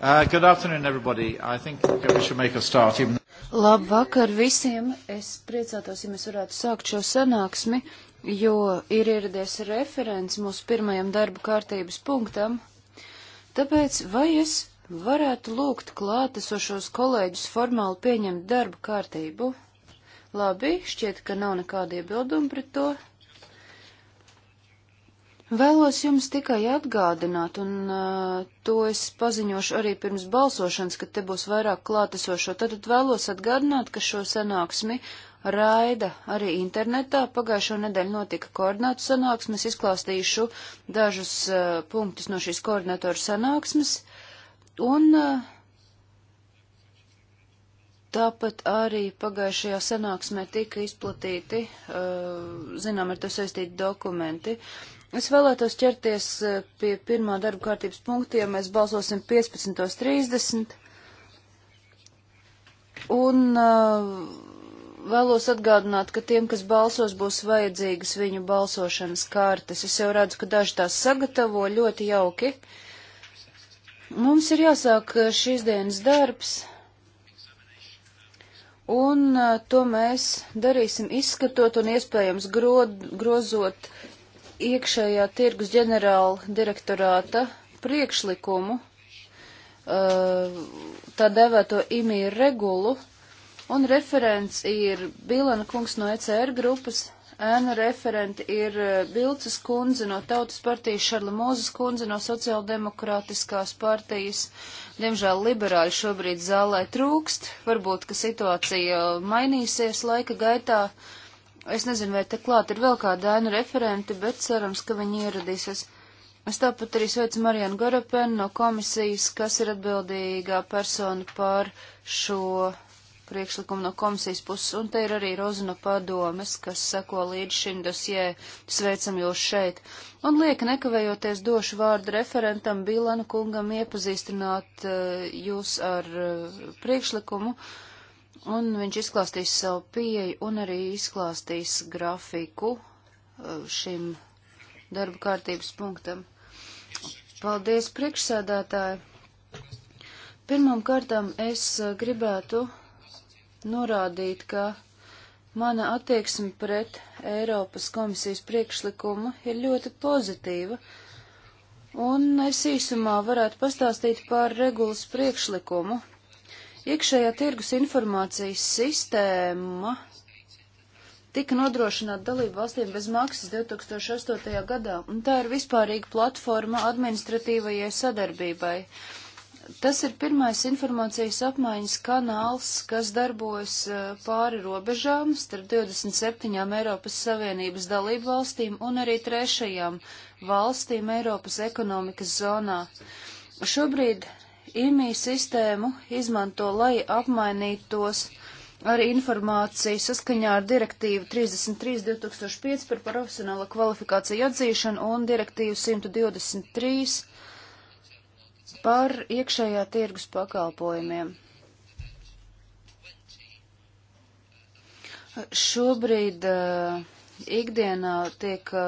Uh, good afternoon, everybody. I think we should make a start. Even... Labvakar visiem! Es priecātos, ja mēs varētu sākt šo sanāksmi, jo ir ieradies referents mūsu pirmajam darba kārtības punktam. Tāpēc vai es varētu lūgt klātesošos kolēģus formāli pieņemt darba kārtību? Labi, šķiet, ka nav nekāda iebilduma pret to. Vēlos jums tikai atgādināt, un uh, to es paziņošu arī pirms balsošanas, kad te būs vairāk klātesošo. Tad vēlos atgādināt, ka šo sanāksmi raida arī internetā. Pagājušo nedēļu notika koordinātu sanāksmes, izklāstīšu dažus uh, punktus no šīs koordinātoru sanāksmes. Un uh, Tāpat arī pagājušajā sanāksmē tika izplatīti, uh, zinām, ar to saistīti dokumenti. Es vēlētos ķerties eh, pie pirmā darba kārtības punktiem. Ja mēs balsosim 15.30. Un uh, vēlos atgādināt, ka tiem, kas balsos, būs vajadzīgas viņu balsošanas kārtas. Es jau redzu, ka daži tās sagatavo ļoti jauki. Mums ir jāsāk eh, šīs dienas darbs. Un uh, to mēs darīsim izskatot un iespējams grod, grozot iekšējā tirgus ģenerāla direktorāta priekšlikumu, uh, tā devēto imīru regulu, un referents ir Bilana kungs no ECR grupas, ēna referenti ir uh, Bilces kundze no Tautas partijas, Šarla Mozes kundze no Sociāldemokrātiskās partijas. Diemžēl liberāļi šobrīd zālē trūkst, varbūt, ka situācija mainīsies laika gaitā. Uh, Es nezinu, vai te klāt ir vēl kāda ainu referenti, bet cerams, ka viņi ieradīsies. Es tāpat arī sveicu Marianu Garapenu no komisijas, kas ir atbildīgā persona par šo priekšlikumu no komisijas puses, un te ir arī Rozina padomes, kas seko līdz šim dosjē. Sveicam jūs šeit. Un liek nekavējoties došu vārdu referentam Bilanu kungam iepazīstināt uh, jūs ar uh, priekšlikumu. Uh, Un viņš izklāstīs savu pieeju un arī izklāstīs grafiku uh, šim darba kārtības punktam. Paldies, priekšsēdētāji! Pirmam kārtam es uh, gribētu norādīt, ka mana attieksme pret Eiropas komisijas priekšlikumu ir ļoti pozitīva, un es īsumā varētu pastāstīt par regulas priekšlikumu, Iekšējā tirgus informācijas sistēma tika nodrošināta dalību valstīm bez maksas 2008. gadā, un tā ir vispārīga platforma administratīvajai sadarbībai. Tas ir pirmais informācijas apmaiņas kanāls, kas darbojas eh, pāri robežām starp 27 Eiropas Savienības dalību valstīm un arī trešajām valstīm Eiropas ekonomikas zonā. Šobrīd IMI sistēmu izmanto, lai apmainītos ar informāciju saskaņā ar direktīvu 33.2005 par profesionālo kvalifikāciju atzīšanu un direktīvu 123 par iekšējā tirgus pakalpojumiem. Šobrīd uh, ikdienā tiek uh,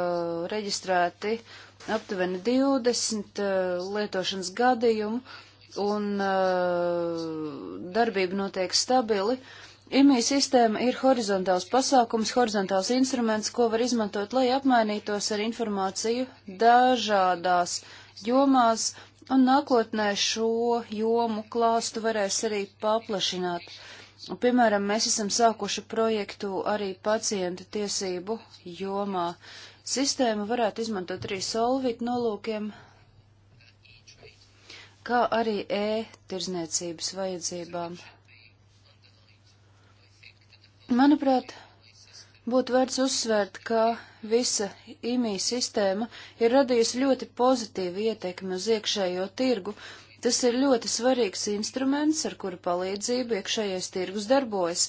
reģistrēti aptuveni 20 uh, eh, lietošanas gadījumu, uh, un uh, darbība notiek stabili. IMI sistēma ir horizontāls pasākums, horizontāls instruments, ko var izmantot, lai apmainītos ar informāciju dažādās jomās, un nākotnē šo jomu klāstu varēs arī paplašināt. Un, piemēram, mēs esam sākuši projektu arī pacienta tiesību jomā. Sistēmu varētu izmantot arī solvīt nolūkiem, kā arī e-tirzniecības vajadzībām. Manuprāt, būtu vērts uzsvērt, ka visa imī sistēma ir radījusi ļoti pozitīvu ietekmi uz iekšējo tirgu. Tas ir ļoti svarīgs instruments, ar kuru palīdzību iekšējais tirgus darbojas.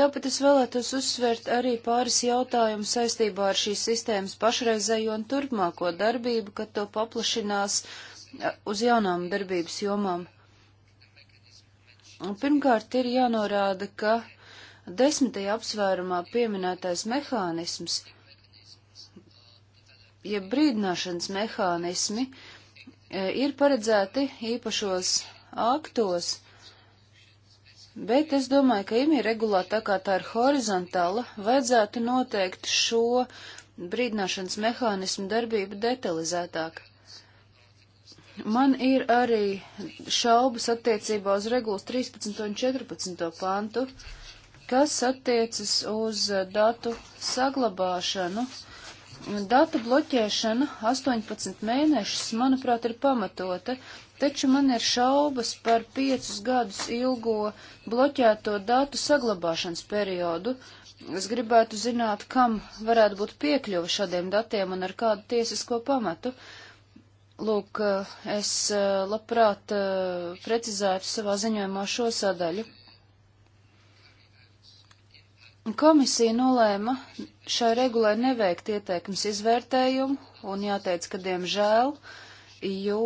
Tāpēc es vēlētos uzsvērt arī pāris jautājumu saistībā ar šīs sistēmas pašreizējo un turpmāko darbību, kad to paplašinās uh, uz jaunām darbības jomām. Pirmkārt, ir jānorāda, ka desmitajā apsvērumā pieminētais mehānisms, jeb ja brīdināšanas mehānismi, e, ir paredzēti īpašos aktos, bet es domāju, ka imī regulā tā kā tā ir horizontāla, vajadzētu noteikt šo brīdināšanas mehānismu darbību detalizētāk. Man ir arī šaubas attiecībā uz regulas 13 un 14 pantu, kas attiecas uz eh, datu saglabāšanu. Datu bloķēšana 18 mēnešus, manuprāt, ir pamatota, taču man ir šaubas par 5 gadus ilgo bloķēto datu saglabāšanas periodu. Es gribētu zināt, kam varētu būt piekļuva šādiem datiem un ar kādu tiesisko pamatu. Uh, Lūk, eh, es eh, labprāt eh, precizētu savā ziņojumā šo sadaļu. Komisija nolēma šai regulai neveikt ieteikums izvērtējumu un jāteic, ka diemžēl, jo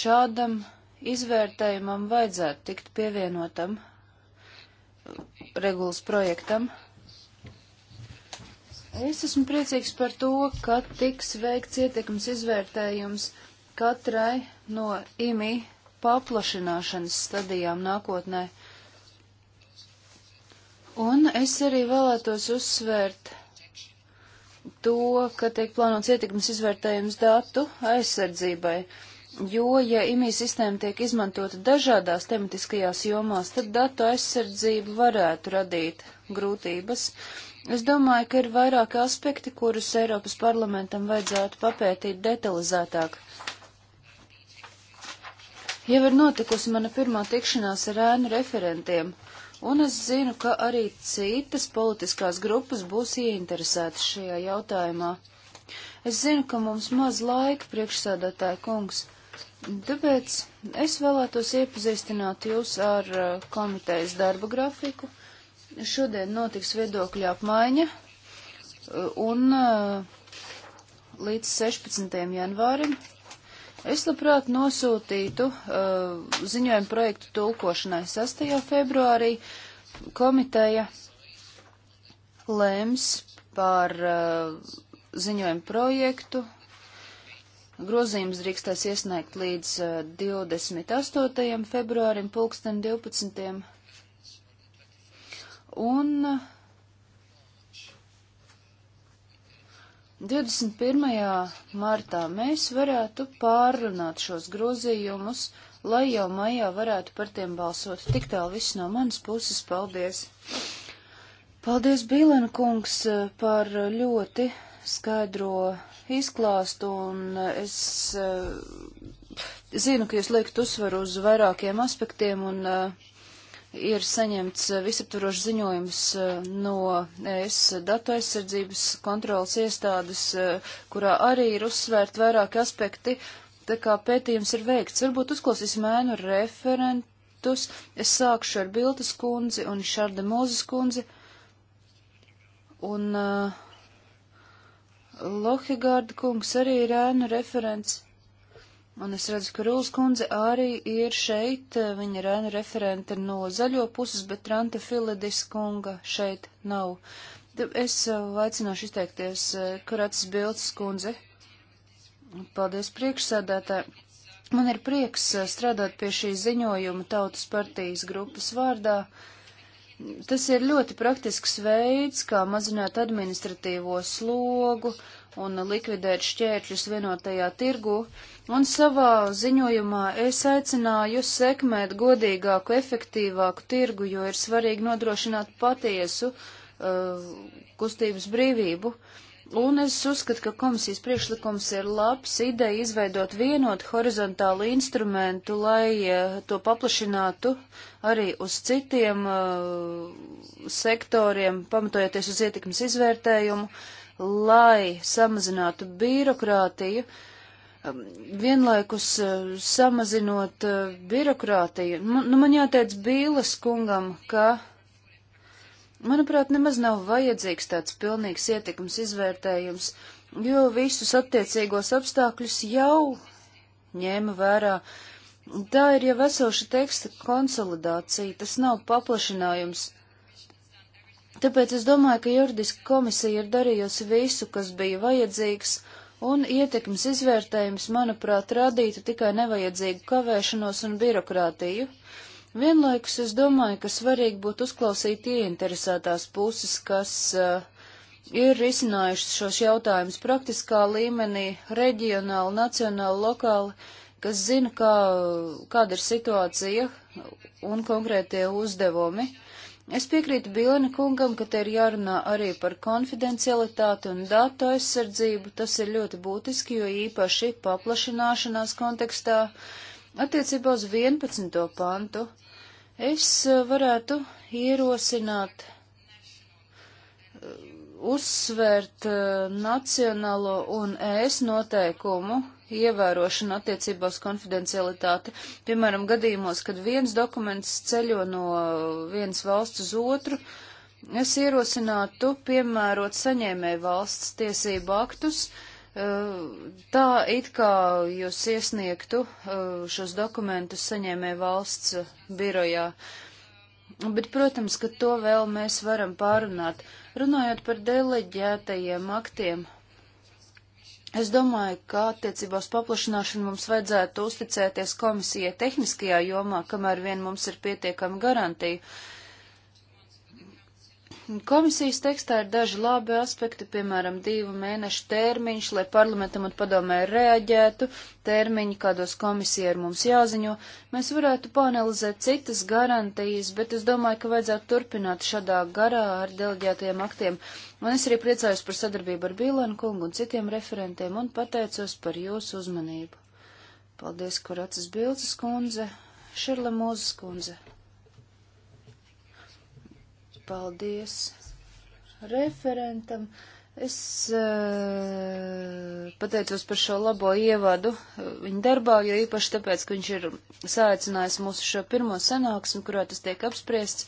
šādam izvērtējumam vajadzētu tikt pievienotam regulas projektam. Es esmu priecīgs par to, ka tiks veikts ietekmes izvērtējums katrai no IMI paplašināšanas stadijām nākotnē. Un es arī vēlētos uzsvērt to, ka tiek plānots ietekmes izvērtējums datu aizsardzībai, jo, ja IMI sistēma tiek izmantota dažādās tematiskajās jomās, tad datu aizsardzība varētu radīt grūtības. Es domāju, ka ir vairāki aspekti, kurus Eiropas parlamentam vajadzētu papētīt detalizētāk. Jau ir notikusi mana pirmā tikšanās ar ēnu referentiem, un es zinu, ka arī citas politiskās grupas būs ieinteresētas šajā jautājumā. Es zinu, ka mums maz laika priekšsēdētāja kungs, tāpēc es vēlētos iepazīstināt jūs ar uh, komitejas darba grafiku. Šodien notiks viedokļa apmaiņa uh, un uh, līdz 16. janvārim es labprāt nosūtītu uh, ziņojumu projektu tulkošanai 6. februārī. Komiteja lēms par ziņojumu projektu. Grozījums drīkstēs iesniegt līdz 28. februārim pulksten 12 un 21. martā mēs varētu pārrunāt šos grozījumus, lai jau maijā varētu par tiem balsot. Tik tālu viss no manas puses, paldies! Paldies, Bīlena kungs, par ļoti skaidro izklāstu, un es eh, zinu, ka jūs liekat uzsvaru uz vairākiem aspektiem, un uh, ir saņemts visaptvarošs ziņojums eh, no ES datu aizsardzības kontrolas iestādes, eh, kurā arī ir uzsvērt vairāki aspekti, tā kā pētījums ir veikts. Varbūt uzklausīsim ēnu referentus. Es sākšu ar Biltas kundzi un Šarda Mūzes kundzi. Un uh, eh, Lohigārda kungs arī ir ēnu referents. Un es redzu, ka Rūlas kundze arī ir šeit, viņa ir ēna referente no zaļo puses, bet Ranta Filedis kunga šeit nav. Es eh, aicināšu izteikties eh, Karatas Bildes kundze. Paldies priekšsēdētāji. Man ir prieks eh, strādāt pie šī ziņojuma Tautas partijas grupas vārdā. Tas ir ļoti praktisks veids, kā mazināt administratīvo slogu un likvidēt šķēršļus vienotajā tirgu, un savā ziņojumā es aicināju sekmēt godīgāku, efektīvāku tirgu, jo ir svarīgi nodrošināt patiesu uh, kustības brīvību. Un es uzskatu, ka komisijas priekšlikums ir labs ideja izveidot vienotu horizontālu instrumentu, lai uh, to paplašinātu arī uz citiem uh, sektoriem, pamatojoties uz ietekmes izvērtējumu. Uh, lai samazinātu birokrātiju, um, vienlaikus uh, samazinot uh, birokrātiju. Nu, nu, man jāteic Bīles kungam, ka, manuprāt, nemaz nav vajadzīgs tāds pilnīgs ietekmes izvērtējums, jo visus attiecīgos apstākļus jau ņēma vērā. Tā ir jau esoša teksta konsolidācija, tas nav paplašinājums. Tāpēc es domāju, ka juridiska komisija ir darījusi visu, kas bija vajadzīgs, un ietekmes izvērtējums, manuprāt, radītu tikai nevajadzīgu kavēšanos un birokrātiju. Vienlaikus es domāju, ka svarīgi būtu uzklausīt ieinteresētās puses, kas uh, ir risinājušas šos jautājumus praktiskā līmenī, reģionāli, nacionāli, lokāli, kas zina, kā, kāda ir situācija un konkrētie uzdevumi. Es piekrītu Bielina kungam, ka te ir jārunā arī par konfidencialitāti un datu aizsardzību. Tas ir ļoti būtiski, jo īpaši paplašināšanās kontekstā attiecībā uz 11. pantu es eh, varētu ierosināt eh, uzsvērt eh, nacionālo un ēs e noteikumu ievērošanu attiecībā uz konfidencialitāti. Piemēram, gadījumos, kad viens dokuments ceļo no vienas valsts uz otru, es ierosinātu piemērot saņēmēju valsts tiesību aktus, eh, tā it kā jūs iesniegtu eh, šos dokumentus saņēmēju valsts birojā. Bet, protams, ka to vēl mēs varam pārunāt. Runājot par deleģētajiem aktiem, Es domāju, ka attiecībā uz paplašināšanu mums vajadzētu uzticēties komisijai tehniskajā jomā, kamēr vien mums ir pietiekami garantija. Uh, Komisijas tekstā ir daži labi aspekti, piemēram, divu mēnešu termiņš, lai parlamentam un padomē reaģētu, termiņi, kādos komisija ir mums jāziņo. Mēs varētu panelizēt citas garantijas, bet es domāju, ka vajadzētu turpināt šādā garā ar deleģētajiem aktiem. Un es arī priecājos par sadarbību ar Bīlēnu kungu un citiem referentiem un pateicos par jūsu uzmanību. Paldies, Kuracas Bilces kundze, Širla Mūzes kundze paldies referentam. Es uh, pateicos par šo labo ievadu eh, viņa darbā, jo īpaši tāpēc, ka viņš ir sācinājis mūsu šo pirmo sanāksmi, kurā tas tiek apspriests.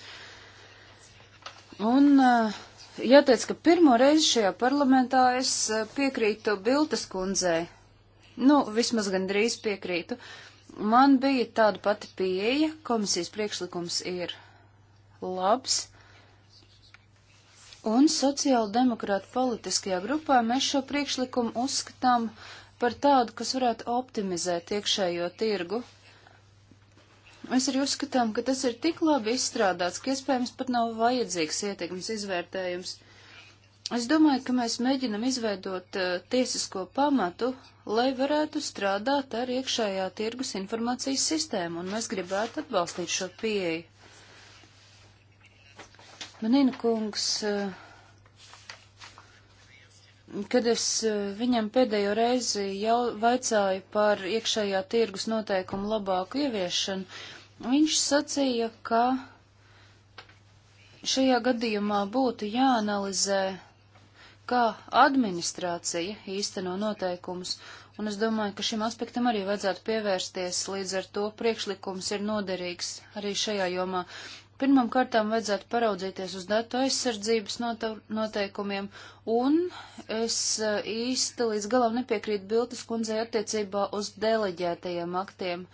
Un uh, jāteic, ka pirmo reizi šajā parlamentā es piekrītu Biltas kundzei. Nu, vismaz gandrīz piekrītu. Man bija tāda pati pieeja, komisijas priekšlikums ir labs Un sociāldemokrāta politiskajā grupā mēs šo priekšlikumu uzskatām par tādu, kas varētu optimizēt iekšējo tirgu. Mēs arī uzskatām, ka tas ir tik labi izstrādāts, ka iespējams pat nav vajadzīgs ietekmes izvērtējums. Es domāju, ka mēs mēģinam izveidot uh, tiesisko pamatu, lai varētu strādāt ar iekšējā tirgus informācijas sistēmu, un mēs gribētu atbalstīt šo pieeju. Manina kungs, eh, kad es eh, viņam pēdējo reizi jau vaicāju par iekšējā tirgus noteikumu labāku ieviešanu, viņš sacīja, ka šajā gadījumā būtu jāanalizē, kā administrācija īsteno noteikumus, un es domāju, ka šim aspektam arī vajadzētu pievērsties, līdz ar to priekšlikums ir noderīgs arī šajā jomā. Pirmam kārtām vajadzētu paraudzīties uz datu aizsardzības noteikumiem, un es eh, īsti līdz galam nepiekrītu Biltas kundzei attiecībā uz deleģētajiem aktiem.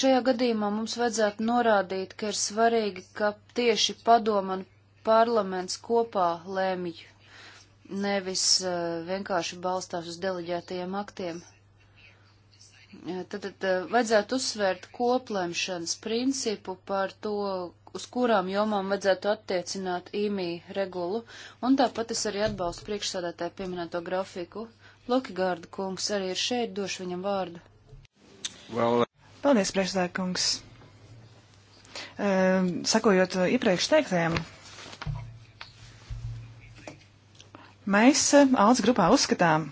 Šajā gadījumā mums vajadzētu norādīt, ka ir svarīgi, ka tieši padoma un parlaments kopā lēmj, nevis uh, vienkārši balstās uz deleģētajiem aktiem. Tad, tad eh, vajadzētu uzsvērt koplemšanas principu par to, uz kurām jomām vajadzētu attiecināt īmī regulu, un tāpat es arī atbalstu priekšsādātāju pieminēto grafiku. Lokigārda kungs arī ir šeit, došu viņam vārdu. Well, uh... Paldies, priekšsādātāju kungs. Uh, sakojot iepriekš teiktajam, mēs uh, Alts grupā uzskatām,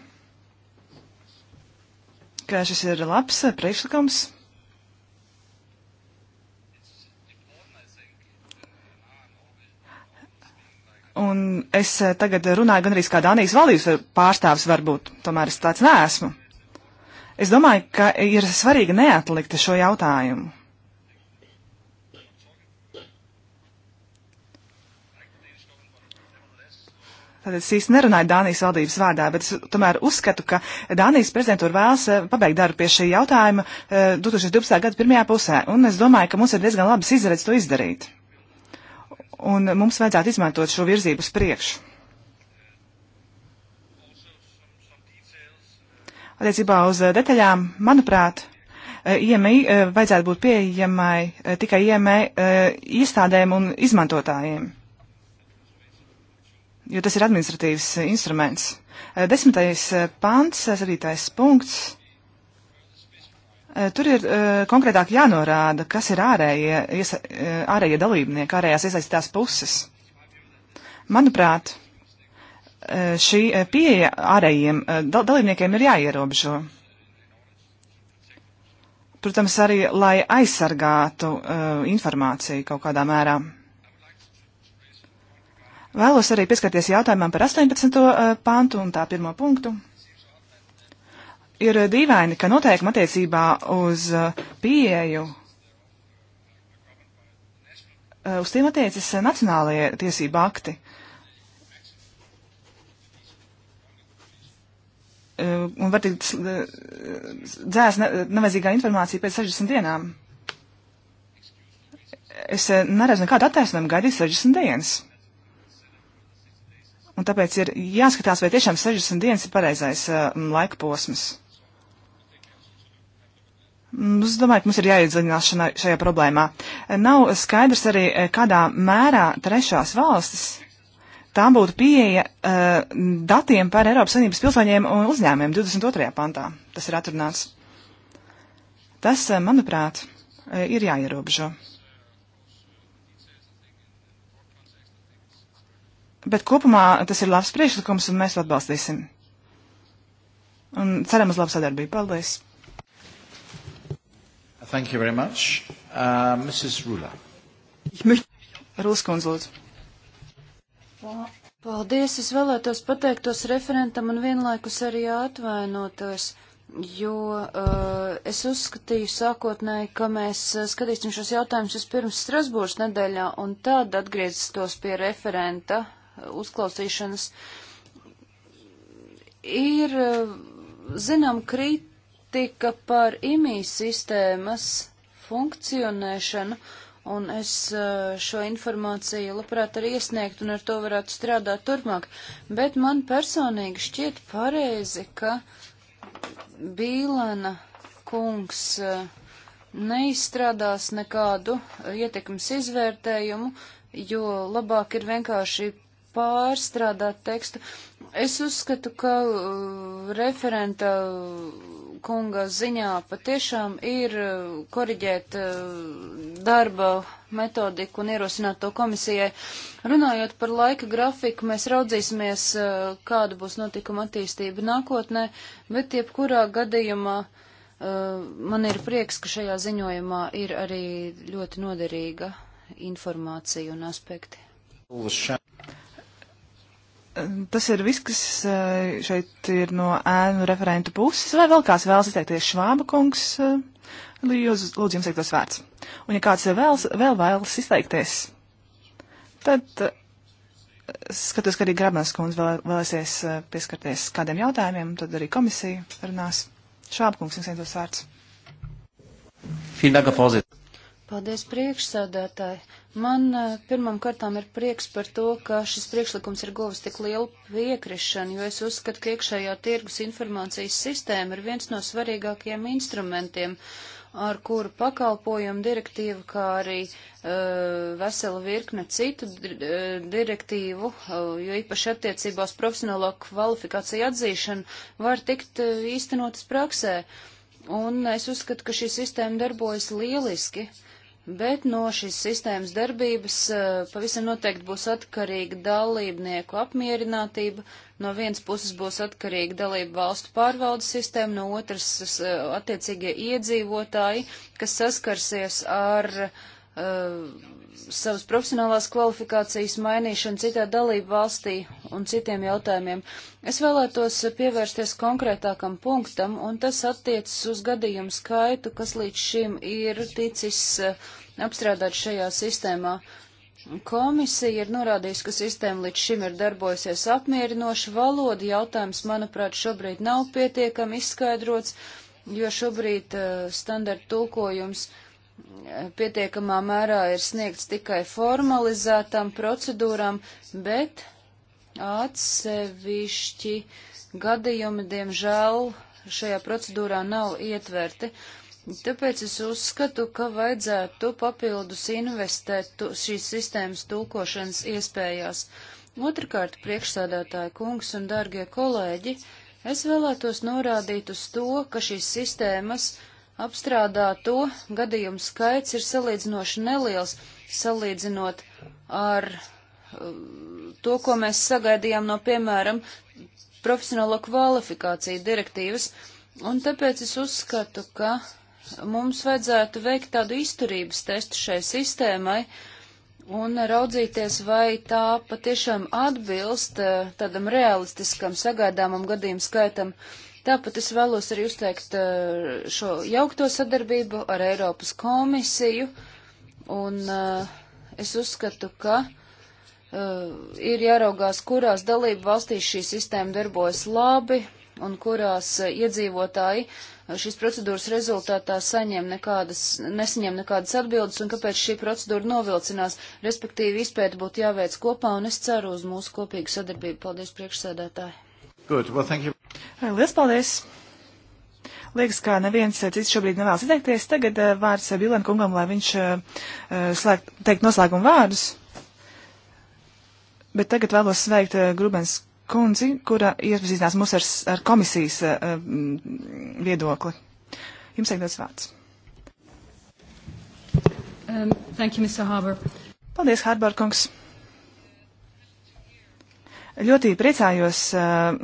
ka šis ir labs eh, priekšlikums Un es eh, tagad runāju gan arī kā Dānijas valdības pārstāvis, varbūt tomēr es tāds neesmu. Es domāju, ka ir svarīgi neatlikt šo jautājumu. Tad es īsti nerunāju Dānijas valdības vārdā, bet es tomēr uzskatu, ka Dānijas prezidentūra vēlas eh, pabeigt darbu pie šī jautājuma eh, 2012. gada pirmajā pusē, un es domāju, ka mums ir diezgan labas izredzes to izdarīt un mums vajadzētu izmantot šo virzību uz priekšu. Attiecībā uz eh, detaļām, manuprāt, IMI eh, eh, vajadzētu būt pieejamai tikai IMI iestādēm un izmantotājiem, jo tas ir administratīvs instruments. Desmitais pants, sarītais punkts Eh, tur ir uh, konkrētāk jānorāda, kas ir ārējie, iesa, eh, ārējie dalībnieki, ārējās iesaistītās puses. Manuprāt, uh, šī pieeja ārējiem uh, dal dalībniekiem ir jāierobežo. Protams, arī, lai aizsargātu uh, informāciju kaut kādā mērā. Vēlos arī pieskarties jautājumam par 18. Uh, pantu un tā pirmo punktu. Ir dīvaini, ka noteikuma attiecībā uz uh, pieeju uh, uz tiem attiecas nacionālajie tiesība akti. Uh, un var tikt dzēs nevajadzīgā informācija pēc 60 dienām. Es neredzu nekādu attaisnojumu gaidīt 60 dienas. Un tāpēc ir jāskatās, vai tiešām 60 dienas ir pareizais laika posms. Mm, es domāju, ka mums ir jāiedziļinās šajā problēmā. Nav skaidrs arī, eh, kādā mērā trešās valstis tām būtu pieeja uh, datiem par Eiropas Savienības pilsoņiem un uzņēmiem 22. pantā. Tas ir atrunāts. Tas, eh, manuprāt, ir jāierobežo. Bet kopumā tas ir labs priekšlikums un mēs to atbalstīsim. Un ceram uz labu sadarbību. Paldies! Thank you very much. Uh, Mrs. Rula. Ich möchte... Rūs kundze, lūdzu. Paldies, es vēlētos pateiktos referentam un vienlaikus arī atvainotos, jo uh, es uzskatīju sākotnēji, ka mēs uh, skatīsim šos jautājumus vispirms Strasbūras nedēļā un tad atgrieztos pie referenta uh, uzklausīšanas. Ir, uh, zinām, krīt kritika par IMI sistēmas funkcionēšanu, un es eh, šo informāciju labprāt arī iesniegtu, un ar to varētu strādāt turpmāk. Bet man personīgi šķiet pareizi, ka Bīlana kungs eh, neizstrādās nekādu eh, ietekmes izvērtējumu, jo labāk ir vienkārši pārstrādāt tekstu. Es uzskatu, ka referenta kunga ziņā patiešām ir uh, koriģēt uh, darba metodiku un ierosināt to komisijai. Runājot par laika grafiku, mēs raudzīsimies, uh, kāda būs notikuma attīstība nākotnē, bet jebkurā gadījumā man ir prieks, ka šajā ziņojumā ir arī ļoti noderīga informācija un aspekti. Uz šā... Tas ir viss, kas eh, šeit ir no ēnu referentu puses, vai vēl kāds vēlas izteikties Švāba kungs, eh, lūdzu, lūdzu jums teiktos vērts. Un ja kāds vēlas, vēl vēlas izteikties, tad eh, skatos, ka arī Grabnas kundze vēl, vēlēsies pieskarties kādiem jautājumiem, tad arī komisija runās. Švāba kungs jums teiktos vērts. Vielen Dank, Herr Vorsitzender. Paldies priekšsēdētāji. Man eh, pirmam kārtām ir prieks par to, ka šis priekšlikums ir guvis tik lielu piekrišanu, jo es uzskatu, ka iekšējā tirgus informācijas sistēma ir viens no svarīgākajiem instrumentiem, ar kuru pakalpojumu direktīvu, kā arī uh, vesela virkne citu eh, direktīvu, uh, jo īpaši attiecībā uz profesionālo kvalifikāciju atzīšanu var tikt uh, īstenotas praksē. Un es uzskatu, ka šī sistēma darbojas lieliski. Uh, bet no šīs sistēmas darbības eh, pavisam noteikti būs atkarīga dalībnieku apmierinātība. No vienas puses būs atkarīga dalība valstu pārvaldes sistēma, no otras eh, attiecīgie iedzīvotāji, kas saskarsies ar uh, Uh, savas profesionālās kvalifikācijas mainīšanu citā dalību valstī un citiem jautājumiem. Es vēlētos pievērsties konkrētākam punktam, un tas attiecas uz gadījumu skaitu, kas līdz šim ir ticis uh, apstrādāt šajā sistēmā. Komisija ir norādījusi, ka sistēma līdz šim ir darbojusies apmierinoši. Valoda jautājums, manuprāt, šobrīd nav pietiekami izskaidrots, jo šobrīd uh, standarta tulkojums uh, pietiekamā mērā ir sniegts tikai formalizētām procedūrām, bet atsevišķi gadījumi, diemžēl, šajā procedūrā nav ietverti. Tāpēc es uzskatu, ka vajadzētu papildus investēt šīs sistēmas tulkošanas iespējās. Otrakārt, priekšsādātāja kungs un dārgie kolēģi, es vēlētos norādīt uz to, ka šīs sistēmas uh, apstrādāto gadījumu skaits ir salīdzinoši neliels, salīdzinot ar uh, to, ko mēs sagaidījām no, piemēram, profesionālo kvalifikāciju direktīvas, un tāpēc es uzskatu, ka mums vajadzētu veikt tādu izturības testu šai sistēmai un raudzīties, vai tā patiešām atbilst uh, tādam realistiskam sagaidāmam gadījumu skaitam. Uh, Tāpat es vēlos arī uzteikt eh, šo jaukto sadarbību ar Eiropas komisiju, un eh, es uzskatu, ka eh, ir jāraugās, kurās dalību valstīs šī sistēma darbojas labi un kurās iedzīvotāji šīs procedūras rezultātā saņem nekādas, nesaņem nekādas atbildes un kāpēc šī procedūra novilcinās, respektīvi izpēta būtu jāveic kopā un es ceru uz mūsu kopīgu sadarbību. Paldies, priekšsēdētāji. Good. Well, thank you. Lielas paldies! Liekas, ka neviens eh, cits šobrīd nevēlas izteikties. Tagad eh, vārds Bilēna eh, kungam, lai viņš slēgt, teikt noslēgumu vārdus. Bet tagad vēlos sveikt Grubens kundzi, kura iepazīstinās mūs ar, ar komisijas viedokli. Jums ir dots vārds. Um, thank you, Mr. Harbour. Paldies, Harbor kungs. Ļoti priecājos uh,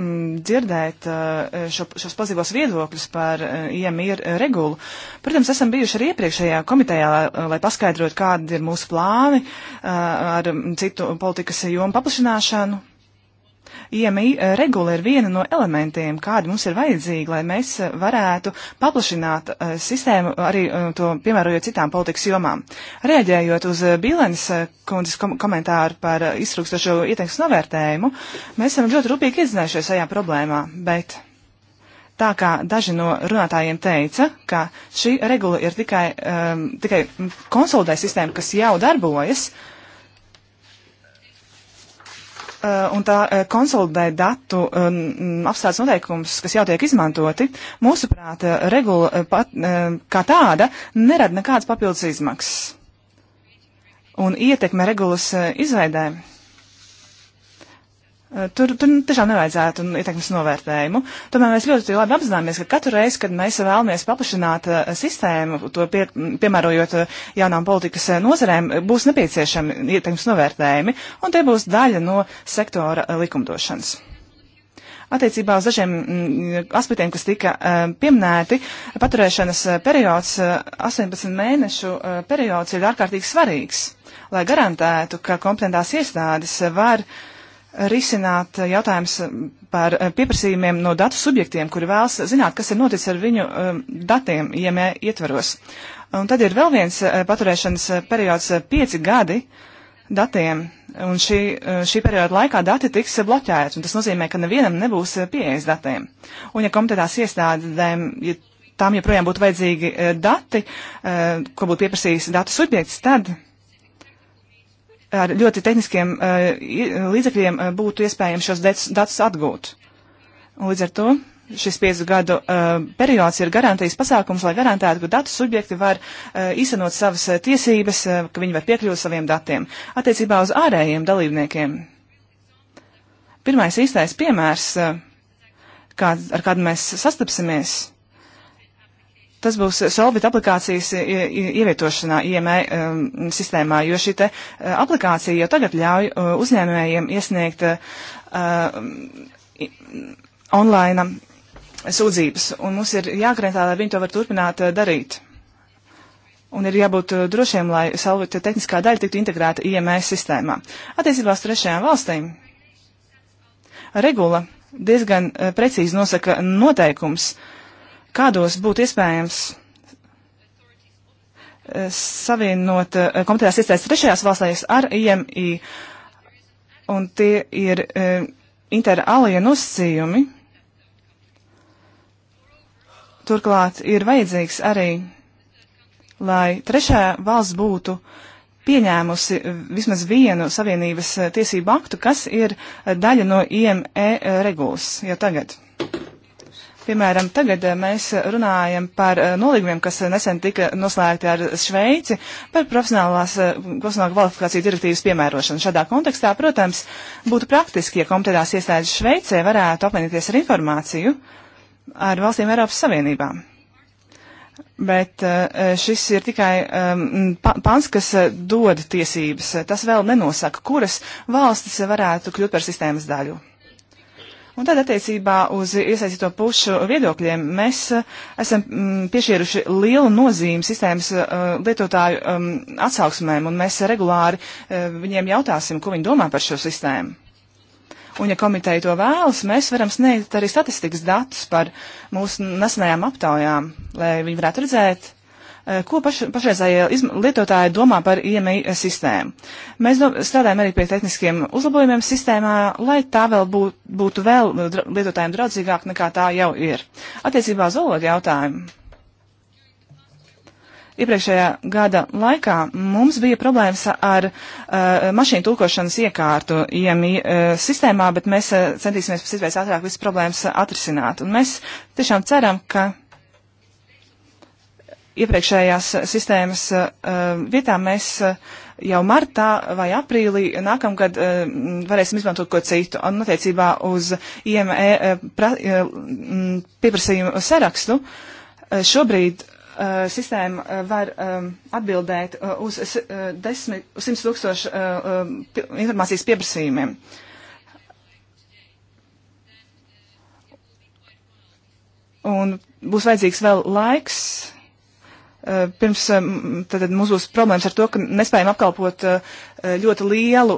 dzirdēt uh, šo, šos pozitīvos viedokļus par uh, iemīru regulu. Protams, esam bijuši arī iepriekšējā komitejā, lai, lai paskaidrotu, kādi ir mūsu plāni uh, ar citu politikas jomu paplašināšanu. IMI e, regula ir viena no elementiem, kādi mums ir vajadzīgi, lai mēs e, varētu paplašināt e, sistēmu arī to piemērojot citām politikas jomām. Rēģējot uz Bilenes kundzes kom komentāru par iztrūkstošo ietekmes novērtējumu, mēs esam ļoti rūpīgi iedzinājušies šajā problēmā, bet. Tā kā daži no runātājiem teica, ka šī regula ir tikai, um, tikai konsolidē sistēma, kas jau darbojas, uh, Eh, un tā eh, konsolidē datu eh, apstrādes noteikumus, kas jau tiek izmantoti, mūsuprāt, regula pat, kā tāda nerada nekādas papildus izmaksas. Un ietekme regulas izveidē Eh, tur, tur tiešām nevajadzētu ietekmes novērtējumu. Tomēr mēs ļoti labi apzināmies, ka katru reizi, kad mēs vēlamies paplašināt uh, sistēmu, to pie, piemērojot uh, jaunām politikas uh, nozarēm, būs nepieciešami ietekmes novērtējumi, un tie būs daļa no sektora likumdošanas. Attiecībā uz dažiem mm, aspektiem, kas tika pieminēti, paturēšanas periods, 18 mēnešu periods ir ārkārtīgi svarīgs, lai garantētu, ka kompetentās iestādes var uh, risināt jautājums par eh, pieprasījumiem no datu subjektiem, kuri vēlas zināt, kas ir noticis ar viņu eh, datiem IME ietvaros. Un tad ir vēl viens eh, paturēšanas periods - pieci gadi datiem, un šī, šī perioda laikā dati tiks bloķēti, un tas nozīmē, ka nevienam nebūs pieejas datiem. Un ja komitētās iestādēm, ja tām joprojām būtu vajadzīgi dati, ko būtu pieprasījis datu subjekts, tad ar ļoti tehniskiem eh, līdzekļiem eh, būtu iespējams šos datus atgūt. Un līdz ar to šis piecu gadu uh, periods ir garantijas pasākums, lai garantētu, ka datu subjekti var uh, īstenot savas uh, tiesības, uh, ka viņi var piekļūt saviem datiem attiecībā uz ārējiem dalībniekiem. Pirmais īstais piemērs, uh, kā, ar kādu mēs sastapsimies, Tas būs Solvit aplikācijas ievietošanā IME um, sistēmā, jo šī te uh, aplikācija jau tagad ļauj uh, uzņēmējiem iesniegt uh, um, online sūdzības, un mums ir jāgarantē, lai viņi to var turpināt uh, darīt. Un ir jābūt uh, drošiem, lai Solvit tehniskā daļa tiktu integrēta IME sistēmā. Attiecībā uz trešajām valstīm regula diezgan uh, precīzi nosaka noteikums, uh, kādos būtu iespējams eh, savienot eh, komitejās iesaistīts trešajās valstīs ar IMI, un tie ir eh, interalija nosacījumi. Turklāt ir vajadzīgs arī, lai trešā valsts būtu pieņēmusi vismaz vienu savienības tiesību aktu, kas ir daļa no IME regulas jau tagad. Piemēram, tagad eh, mēs runājam par eh, nolīgumiem, kas eh, nesen tika noslēgti ar Šveici par profesionālās profesionālā kvalifikāciju direktīvas piemērošanu. Šādā kontekstā, protams, būtu praktiski, ja komitētās iestādes Šveicē varētu apmainīties ar informāciju ar valstīm Eiropas Savienībām. Bet šis ir tikai ehm, pants, kas dod tiesības. Tas vēl nenosaka, kuras valstis varētu kļūt par sistēmas daļu. Un tad attiecībā uz iesaistīto pušu viedokļiem mēs eh, esam mm, piešķīruši lielu nozīmi sistēmas eh, lietotāju mm, atsauksmēm, un mēs regulāri eh, viņiem jautāsim, ko viņi domā par šo sistēmu. Un, ja komiteja to vēlas, mēs varam sniegt arī statistikas datus par mūsu nesenajām aptaujām, lai viņi varētu redzēt, Eh, ko paš, pašreizējie lietotāji domā par IMI eh, sistēmu? Mēs do, strādājam arī pie tehniskiem uzlabojumiem sistēmā, lai tā vēl būt, būtu vēl lietotājiem draudzīgāk nekā tā jau ir. Attiecībā uz valodu jautājumu. Iepriekšējā gada laikā mums bija problēmas ar uh, mašīnu tulkošanas iekārtu IMI uh, sistēmā, bet mēs uh, centīsimies pēc iespējas ātrāk visas problēmas uh, atrisināt. Un mēs tiešām ceram, ka iepriekšējās eh, sistēmas eh, eh, vietā mēs jau martā vai aprīlī nākamgad varēsim izmantot ko citu. Un attiecībā uz IME pra, mm, pieprasījumu sarakstu šobrīd sistēma var atbildēt uz 10, 100 tūkstošu informācijas pieprasījumiem. Un būs vajadzīgs vēl laiks Eh, pirms eh, tad mums būs problēmas ar to, ka nespējam apkalpot eh, ļoti lielu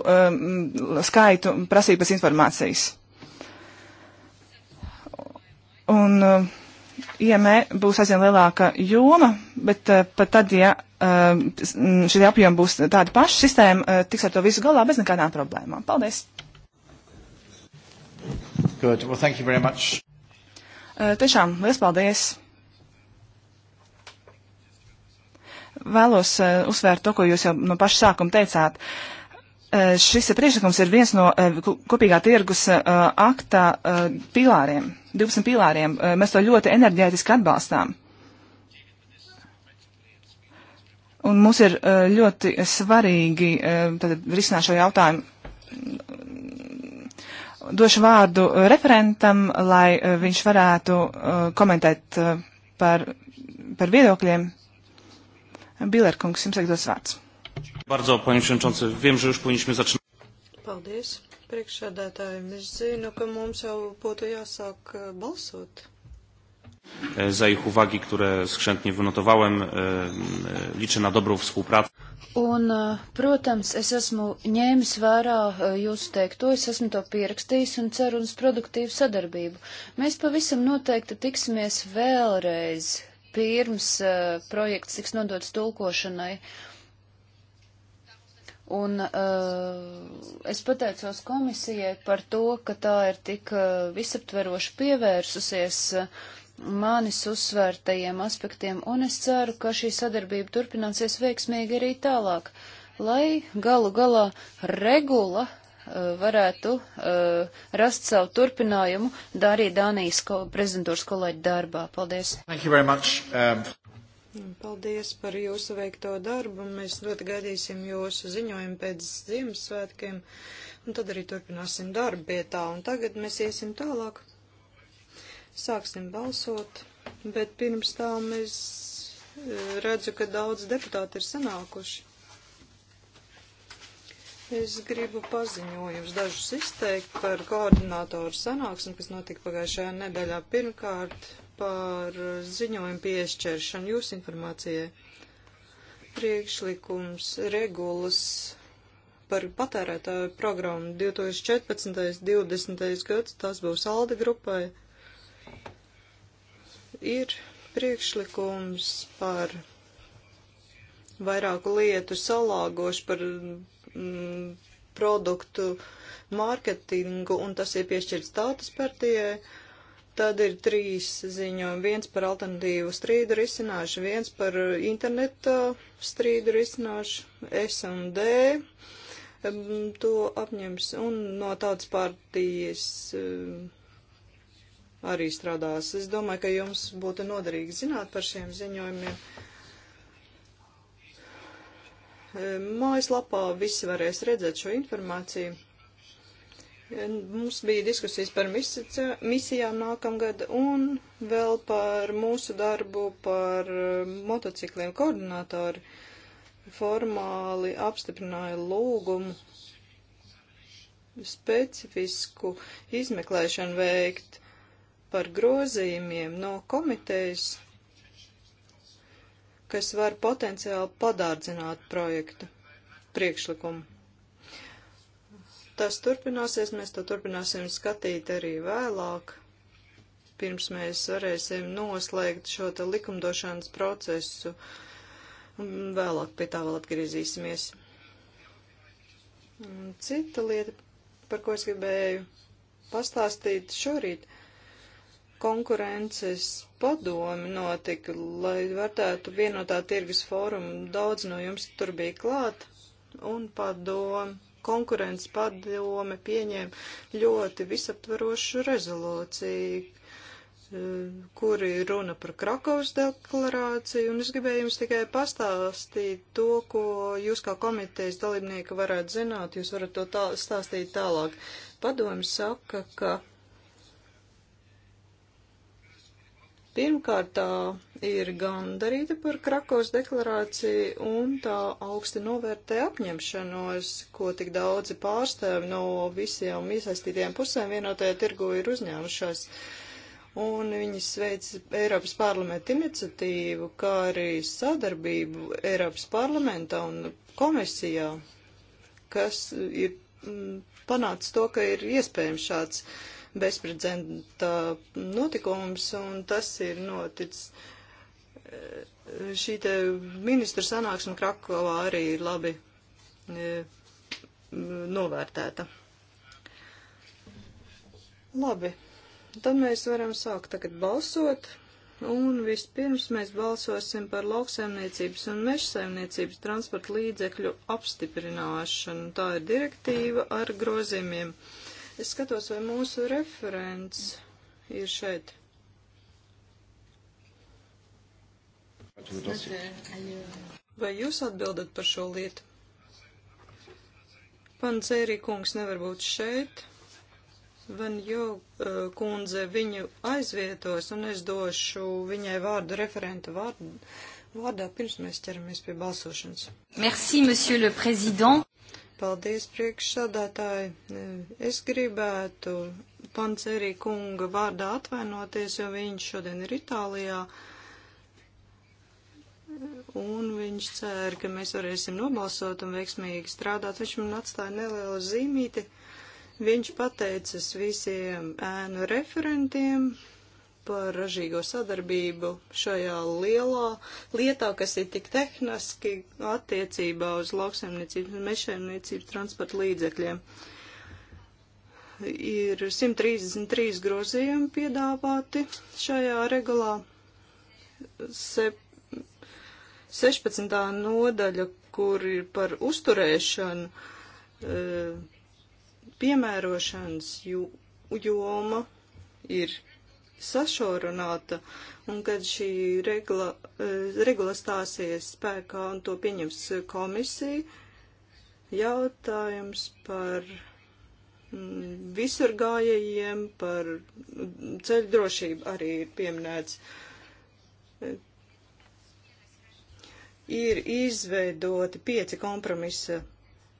skaitu prasības informācijas. Un IME būs aizvien lielāka joma, bet pat tad, ja šī apjoma būs tāda paša, sistēma tiks ar to visu galā bez nekādām problēmām. Paldies! Good. Well, thank you very much. Tiešām, liels paldies! vēlos eh, uzsvērt to, ko jūs jau no paša sākuma teicāt. Eh, šis priekšlikums ir viens no eh, kopīgā tirgus aktā pilāriem, 12 pilāriem. Mēs to ļoti enerģētiski atbalstām. Un mums ir ļoti svarīgi risināt šo jautājumu. Došu vārdu referentam, lai viņš varētu komentēt par, par viedokļiem. Bilerkungs, jums liek dos vārds. Bardzo, paņem šenčonce, viem, že už paņemšmi začināt. Paldies, priekšsēdētājiem. Es zinu, ka mums jau būtu jāsāk eh, balsot. E, za ich uwagi, które skrzętnie wynotowałem, e, e, liczę na dobrą współpracę. Un, protams, es esmu ņēmis vērā jūsu teikto, es esmu to pierakstījis un ceru uz produktīvu sadarbību. Mēs pavisam noteikti tiksimies vēlreiz pirms uh, projekts tiks nodots tulkošanai. Un uh, es pateicos komisijai par to, ka tā ir tik uh, visaptveroši pievērsusies uh, manis uzsvērtajiem aspektiem, un es ceru, ka šī sadarbība turpināsies veiksmīgi arī tālāk, lai galu galā regula varētu uh, rast savu turpinājumu arī Dānijas ko, prezidentūras kolēģi darbā. Paldies! Much, um... Paldies par jūsu veikto darbu. Mēs ļoti gaidīsim jūsu ziņojumu pēc Ziemassvētkiem, un tad arī turpināsim darbu pie tā. Un tagad mēs iesim tālāk. Sāksim balsot, bet pirms tā mēs eh, redzu, ka daudz deputāti ir sanākuši. Es gribu paziņojums dažus izteikt par koordinātoru sanāksmi, kas notika pagājušajā nedēļā. Pirmkārt, par ziņojumu piešķiršanu jūsu informācijai. Priekšlikums regulas par patērētāju programmu 2014.-2020. gads, tas būs Alde grupai, ir priekšlikums par vairāku lietu salāgošu par m, mm, produktu mārketingu, un tas ir piešķirts tautas partijai. Tad ir trīs ziņojumi. Viens par alternatīvu strīdu risināšanu, viens par interneta strīdu risināšanu, S&D mm, to apņems, un no tautas partijas mm, arī strādās. Es domāju, ka jums būtu noderīgi zināt par šiem ziņojumiem mājaslapā visi varēs redzēt šo informāciju. Mums bija diskusijas par misijām nākamgad un vēl par mūsu darbu par eh, motocikliem koordinātori formāli apstiprināja lūgumu specifisku izmeklēšanu veikt par grozījumiem no komitejas kas var potenciāli padārdzināt projektu priekšlikumu. Tas turpināsies, mēs to turpināsim skatīt arī vēlāk, pirms mēs varēsim noslēgt šo te likumdošanas procesu, un vēlāk pie tā vēl atgriezīsimies. Cita lieta, par ko es gribēju pastāstīt šorīt, konkurences padomi notika, lai vērtētu vienotā tirgus fórumu. Daudz no jums tur bija klāt, un padomi, konkurences padome pieņēma ļoti visaptverošu rezolūciju, eh, kur ir runa par Krakovas deklarāciju, un es gribēju jums tikai pastāstīt to, ko jūs kā komitejas dalībnieki varētu zināt, jūs varat to tā, stāstīt tālāk. Padomi saka, ka Pirmkārt, tā ir gandarīta par Krakovas deklarāciju un tā augsti novērtē apņemšanos, ko tik daudzi pārstāvi no visiem iesaistītajiem pusēm vienotajā tirgu ir uzņēmušās. Un viņi sveic Eiropas parlamenta iniciatīvu, kā arī sadarbību Eiropas parlamentā un komisijā, kas ir mm, panācis to, ka ir iespējams šāds uh, bezprecedenta notikums, un tas ir noticis. Šī te ministra sanāksme Krakovā arī ir labi e, novērtēta. Labi, tad mēs varam sākt tagad balsot, un vispirms mēs balsosim par lauksaimniecības un mežsaimniecības transporta līdzekļu apstiprināšanu. Tā ir direktīva ar grozījumiem. Uh, Es skatos, vai mūsu referents ir šeit. Vai jūs atbildat par šo lietu? Pancēri kungs nevar būt šeit. Van Jo uh, kundze viņu aizvietos, un es došu viņai vārdu referenta vārdu, vārdā, pirms mēs ķeramies pie balsošanas. Merci, monsieur le président. Paldies, priekšsādātāji. Es gribētu Pancerī kunga vārdā atvainoties, jo viņš šodien ir Itālijā. Un viņš cer, ka mēs varēsim nobalsot un veiksmīgi strādāt. Viņš man atstāja nelielu zīmīti. Viņš pateicas visiem ēnu referentiem, par ražīgo sadarbību šajā lielā lietā, kas ir tik tehniski attiecībā uz lauksaimniecības un mešaimniecības transporta līdzekļiem. Ir 133 grozījumi piedāvāti šajā regulā. Se 16. nodaļa, kur ir par uzturēšanu, eh, piemērošanas joma ir sašaurināta, un kad šī regla, eh, regula stāsies spēkā un to pieņems komisija, jautājums par mm, visurgājējiem, par ceļu drošību arī ir pieminēts. Ir izveidoti pieci kompromisa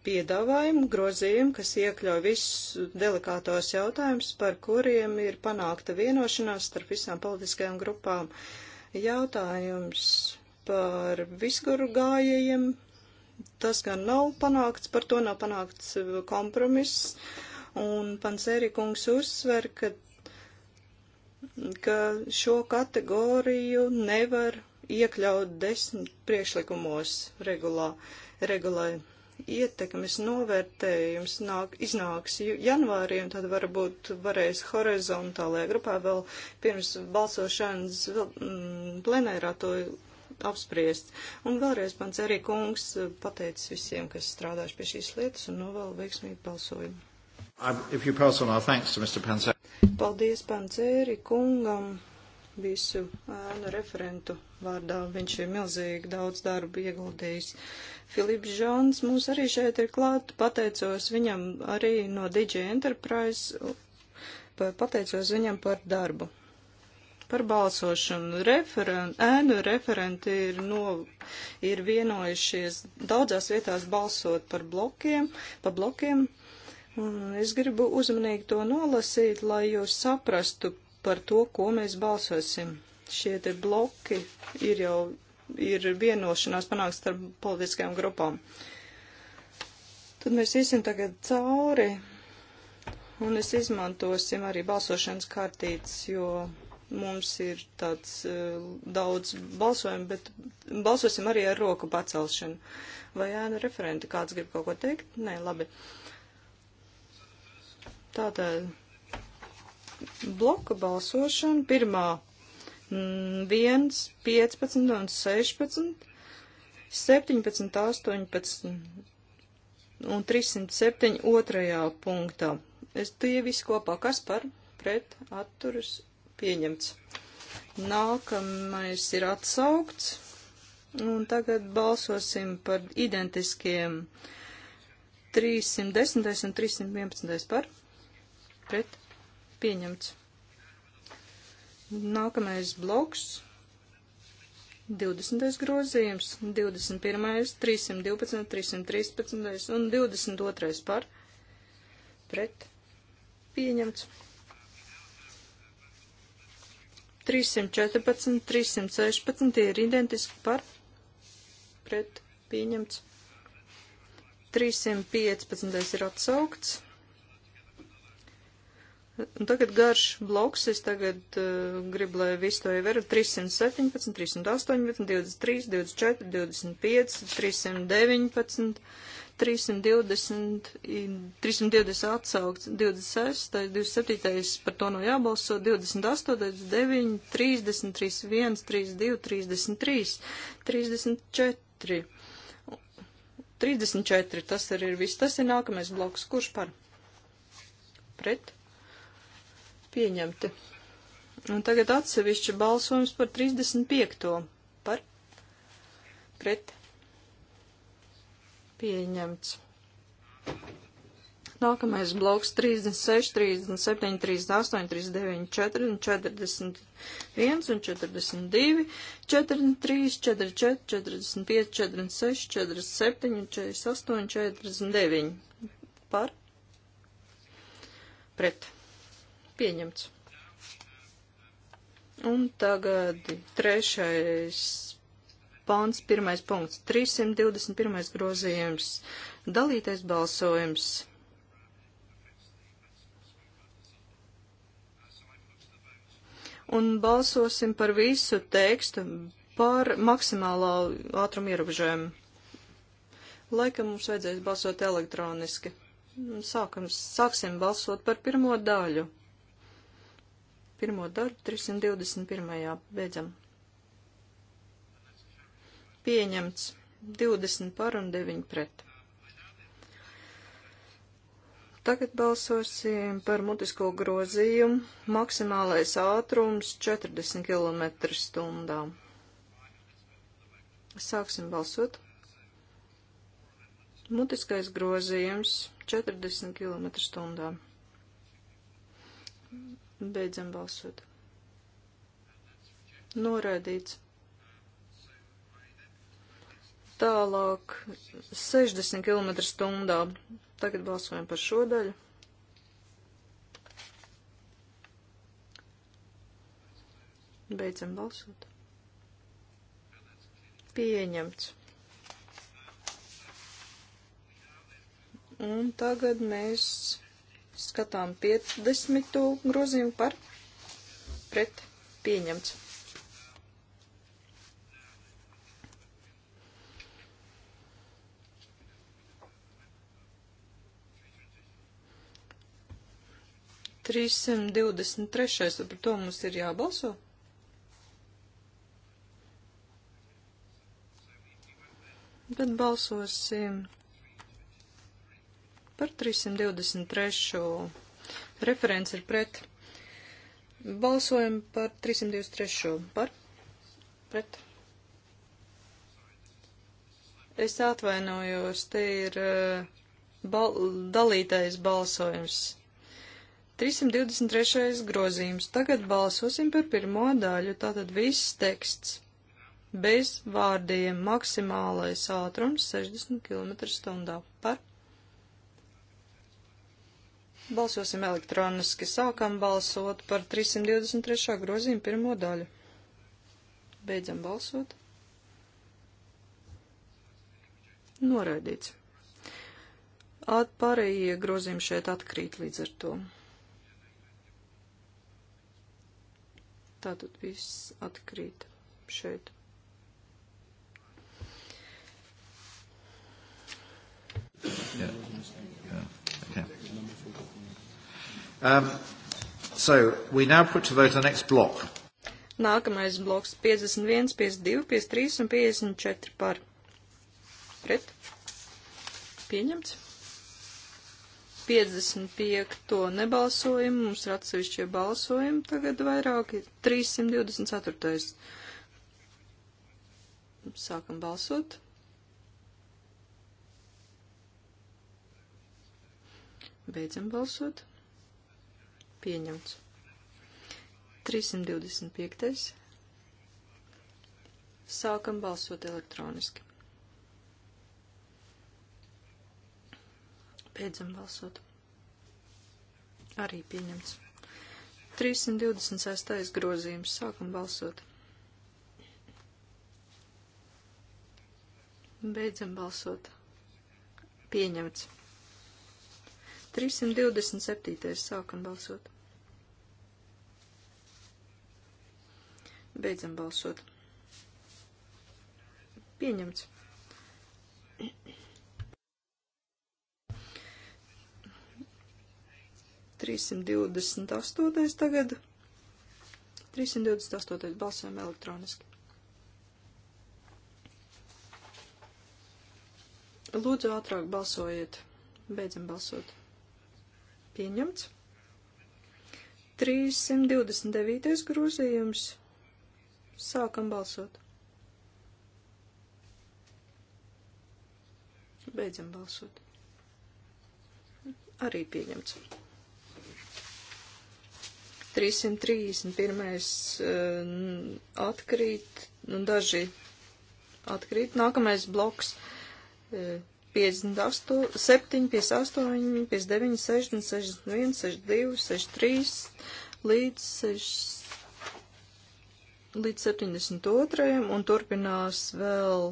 piedāvājumu, grozījumu, kas iekļauj visus delikātos jautājumus, par kuriem ir panākta vienošanās starp visām politiskajām grupām. Jautājums par visgurgājējiem, tas gan nav panākts, par to nav panākts kompromiss, un Pansēri kungs uzsver, ka, ka šo kategoriju nevar iekļaut desmit priekšlikumos regulā, regulai ietekmes novērtējums nāk, iznāks janvārī, un tad varbūt varēs horizontālajā grupā vēl pirms balsošanas mm, plenērā to apspriest. Un vēlreiz pats arī kungs pateicis visiem, kas strādājuši pie šīs lietas, un novēlu veiksmīgu balsojumu. Paldies Pancēri kungam visu ēnu referentu vārdā. Viņš ir milzīgi daudz darbu ieguldījis Filips Žāns mums arī šeit ir klāt, pateicos viņam arī no DJ Enterprise, pateicos viņam par darbu. Par balsošanu referen, ēnu referenti ir, no, ir vienojušies daudzās vietās balsot par blokiem, pa blokiem. Un es gribu uzmanīgi to nolasīt, lai jūs saprastu par to, ko mēs balsosim. Šie te bloki ir jau ir vienošanās panāks starp politiskajām grupām. Tad mēs iesim tagad cauri, un es izmantosim arī balsošanas kartītes, jo mums ir tāds uh, daudz balsojumu, bet balsosim arī ar roku pacelšanu. Vai ēnu referenti kāds grib kaut ko teikt? Nē, labi. Tātad bloka balsošana, pirmā 1, mm, 15 un 16, 17, 18 un 307 otrajā punktā. Es tie visi kopā, kas par pret atturas pieņemts. Nākamais ir atsaukts. Un tagad balsosim par identiskiem 310 un 311 par pret pieņemts. Nākamais bloks. 20. grozījums, 21., 312, 313 un 22. par pret pieņemts. 314, 316 tie ir identiski par pret pieņemts. 315 ir atsaukts. Un tagad garš bloks, es tagad uh, gribu, lai visu to ievēru 317, 318, 23, 24, 25, 319, 320, 320 atsaukts, 26, 27, par to nav jābalso, 28, 9, 30, 31, 32, 33, 34. 34, tas arī ir viss, tas ir nākamais bloks, kurš par? Pret? pieņemti. Un tagad atsevišķi balsojums par 35. par pret pieņemts. Nākamais bloks 36, 37, 38, 39, 40, 41 un 42, 43, 44, 45, 46, 47 un 48, 49. Par? Pret. Pieņemts. Un tagad trešais pāns, pirmais punkts, 321. grozījums, dalītais balsojums. Un balsosim par visu tekstu, par maksimālā ātruma ierobežojumu. Laikam mums vajadzēs balsot elektroniski. Sākam, sāksim balsot par pirmo daļu pirmo darbu 321. Beidzam. Pieņemts 20 par un 9 pret. Tagad balsosim par mutisko grozījumu. Maksimālais ātrums 40 km stundā. Sāksim balsot. Mutiskais grozījums 40 km stundā. Beidzam balsot. Noraidīts. Tālāk 60 km stundā. Tagad balsojam par šo daļu. Beidzam balsot. Pieņemts. Un tagad mēs Skatām 50. grozījumu par pret pieņemts. Trīsim divdesmit trešais, par to mums ir jābalso. Bet balsosim Par 323. referents ir pret. Balsojam par 323. par pret. Es atvainojos, te ir eh, bal dalītais balsojums. 323. grozījums. Tagad balsosim par pirmo daļu, tātad viss teksts. Bez vārdiem maksimālais ātrums 60 km stundā par Balsosim elektroniski. Sākam balsot par 323. grozījumu pirmo daļu. Beidzam balsot. Noraidīts. Atpārējie grozījumi šeit atkrīt līdz ar to. Tātad viss atkrīt šeit. Yeah. Um, so we now put to vote the next block. Nākamais bloks 51, 52, 53 un 54 par. Pret. Pieņemts. 55. To nebalsojumu. Mums ir atsevišķie balsojumi tagad vairāki. 324. Sākam balsot. Beidzam balsot. Pieņemts. 325. Sākam balsot elektroniski. Beidzam balsot. Arī pieņemts. 326. grozījums. Sākam balsot. Beidzam balsot. Pieņemts. 327. sākam balsot. Beidzam balsot. Pieņemts. Trīsimt divdesmit astotais tagad. Trīsimt divdesmit astotais balsojam elektroniski. Lūdzu, ātrāk balsojiet. Beidzam balsot pieņemts. 329. grozījums. Sākam balsot. Beidzam balsot. Arī pieņemts. 331. Uh, atkrīt, un nu, daži atkrīt. Nākamais bloks uh, 58, 7, 58, 59, 60, 61, 62, 63 līdz, 6, līdz 72 un turpinās vēl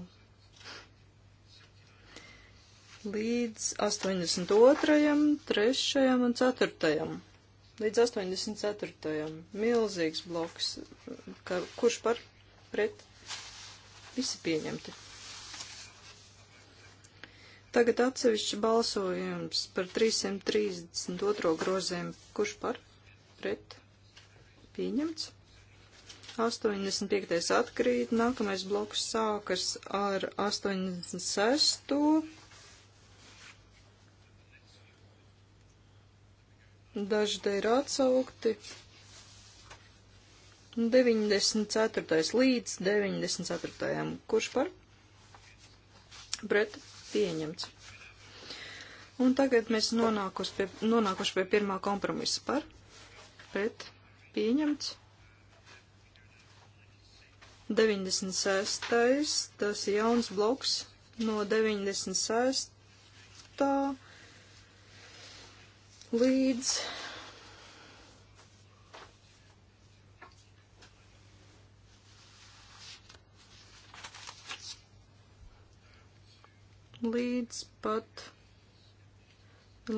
līdz 82, 3 un 4. Līdz 84. Milzīgs bloks, ka, kurš par pret visi pieņemti. Tagad atsevišķi balsojums par 332. grozījumu. Kurš par? Pret? Pieņemts. 85. atkrīt, nākamais bloks sākas ar 86. Daži te ir atsaukti. 94. līdz 94. Kurš par? Pret? pieņemts. Un tagad mēs nonākuši pie, nonākuši pie pirmā kompromisa par, pret, pieņemts. 96. tas jauns bloks no 96. līdz līdz pat,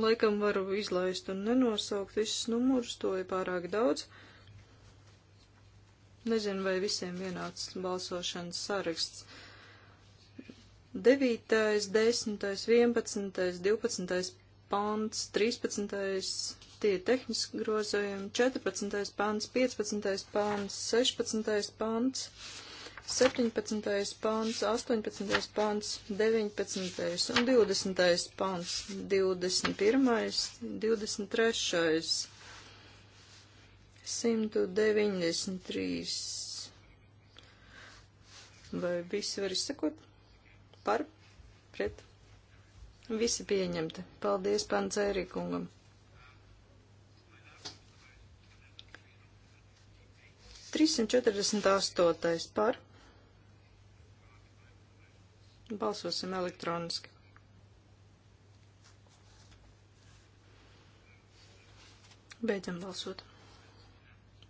laikam varu izlaist un nenosaukt visus numurus, to ir pārāk daudz. Nezinu, vai visiem vienāds balsošanas saraksts. 9., 10., 11., 12. pants, 13. tie tehniski grozojumi, 14. pants, 15. pants, 16. pants. 17. pāns, 18. pāns, 19. un 20. pāns, 21. 23. 193. Vai visi var izsekot? Par? Pret? Visi pieņemti. Paldies Pancēri kungam. Trīsim četrdesmit astotais par. Balsosim elektroniski. Beidzam balsot.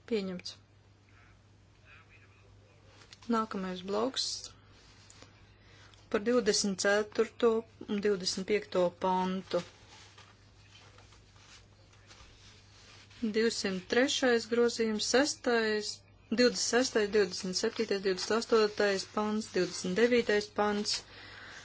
Pieņemts. Nākamais bloks par 24. un 25. pantu. 203. grozījums, 6. 26., 27., 28. pants, 29. pants,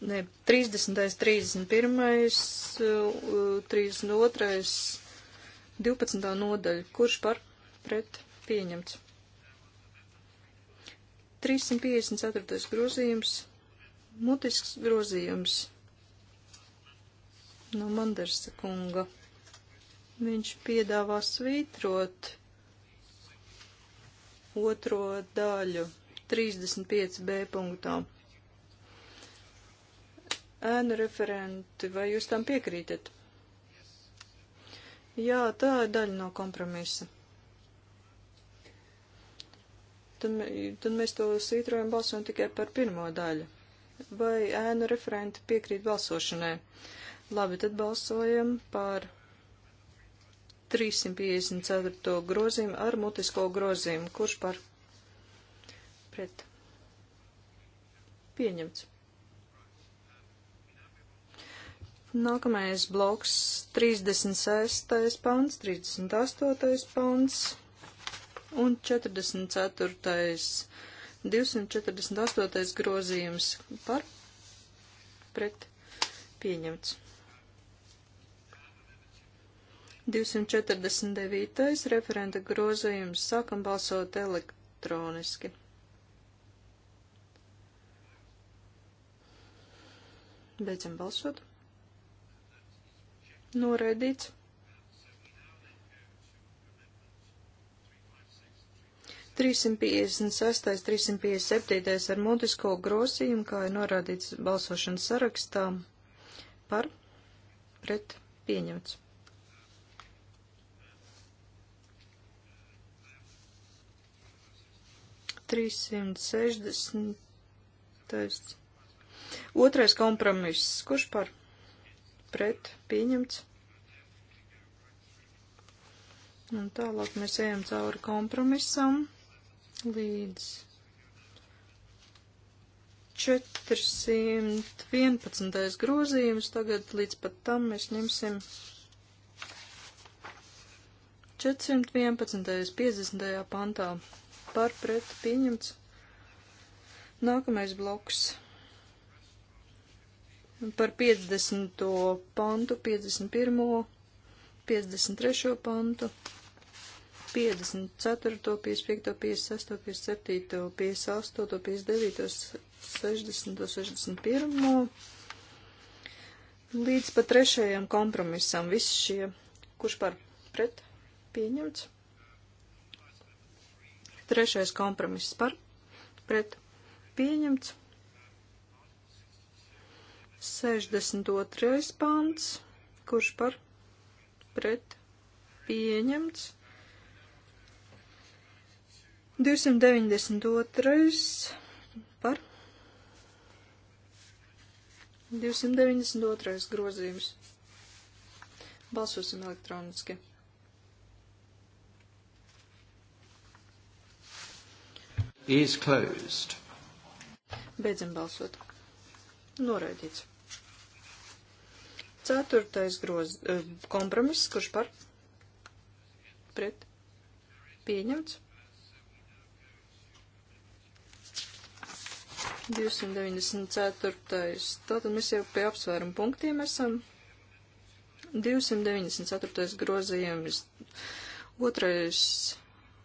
ne, 30. 31. 32. 12. nodaļa. Kurš par pret pieņemts? 354. grozījums. Mutisks grozījums no Mandersa kunga. Viņš piedāvā svītrot otro daļu 35b punktām ēnu referenti, vai jūs tam piekrītat? Jā, tā ir daļa no kompromisa. Tad, tad mēs to svītrojam balsojumu tikai par pirmo daļu. Vai ēnu referenti piekrīt balsošanai? Labi, tad balsojam par 354. grozījumu ar mutisko grozījumu. Kurš par? Pret. Pieņemts. Nākamais bloks 36. pants, 38. pants un 44. 248. grozījums par pret pieņemts. 249. referenta grozījums sākam balsot elektroniski. Beidzam balsot noraidīts. Trīsimt piecdesmit sestais, trīsimt piecdesmit septītais ar mutisko grosījumu, kā ir norādīts balsošanas sarakstā, par pret pieņemts. Trīsimt sešdesmitais. Otrais kompromiss. Kurš par? pret pieņemts. Un tālāk mēs ejam cauri kompromisam līdz 411. grozījums. Tagad līdz pat tam mēs ņemsim 411. 50. pantā par pret pieņemts. Nākamais bloks par 50. pantu, 51. 53. pantu, 54., 55., 56., 57., 58., 59., 60., 61. Līdz pat trešajam kompromisam visi šie, kurš par pret pieņemts. Trešais kompromiss par pret pieņemts. 62. pants, kurš par pret pieņemts. 292. par 292. grozījums. Balsosim elektroniski. Is closed. Beidzam balsot. Noraidīts. Ceturtais groz, e, kompromiss, kurš par pret pieņemts. 294. Tātad mēs jau pie apsvērumu punktiem esam. 294. grozījums, otrais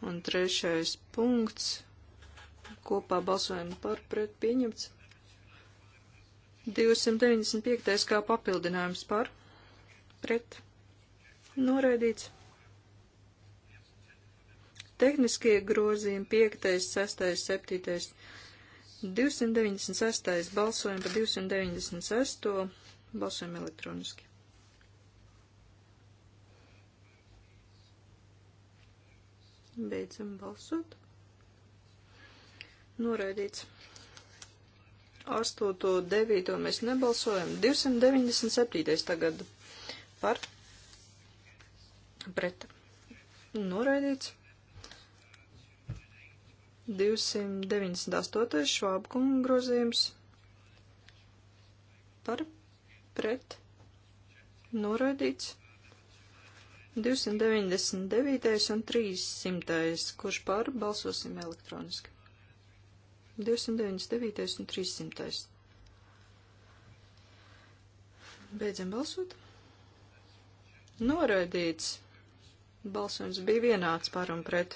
un trešais punkts. Kopā balsojam par pret pieņemts. 295. kā papildinājums par pret noraidīts. Tehniskie grozījumi 5., 6., 7. 296. balsojam par 296. balsojam elektroniski. Beidzam balsot. Noraidīts. 8, 9 mēs nebalsojam. 297 tagad par pret noraidīts. 298 švābkuma grozījums par pret noraidīts. 299 un 300, kurš par balsosim elektroniski. 299 un 300. Beidzam balsot. Noraidīts. Balsojums bija vienāds par un pret.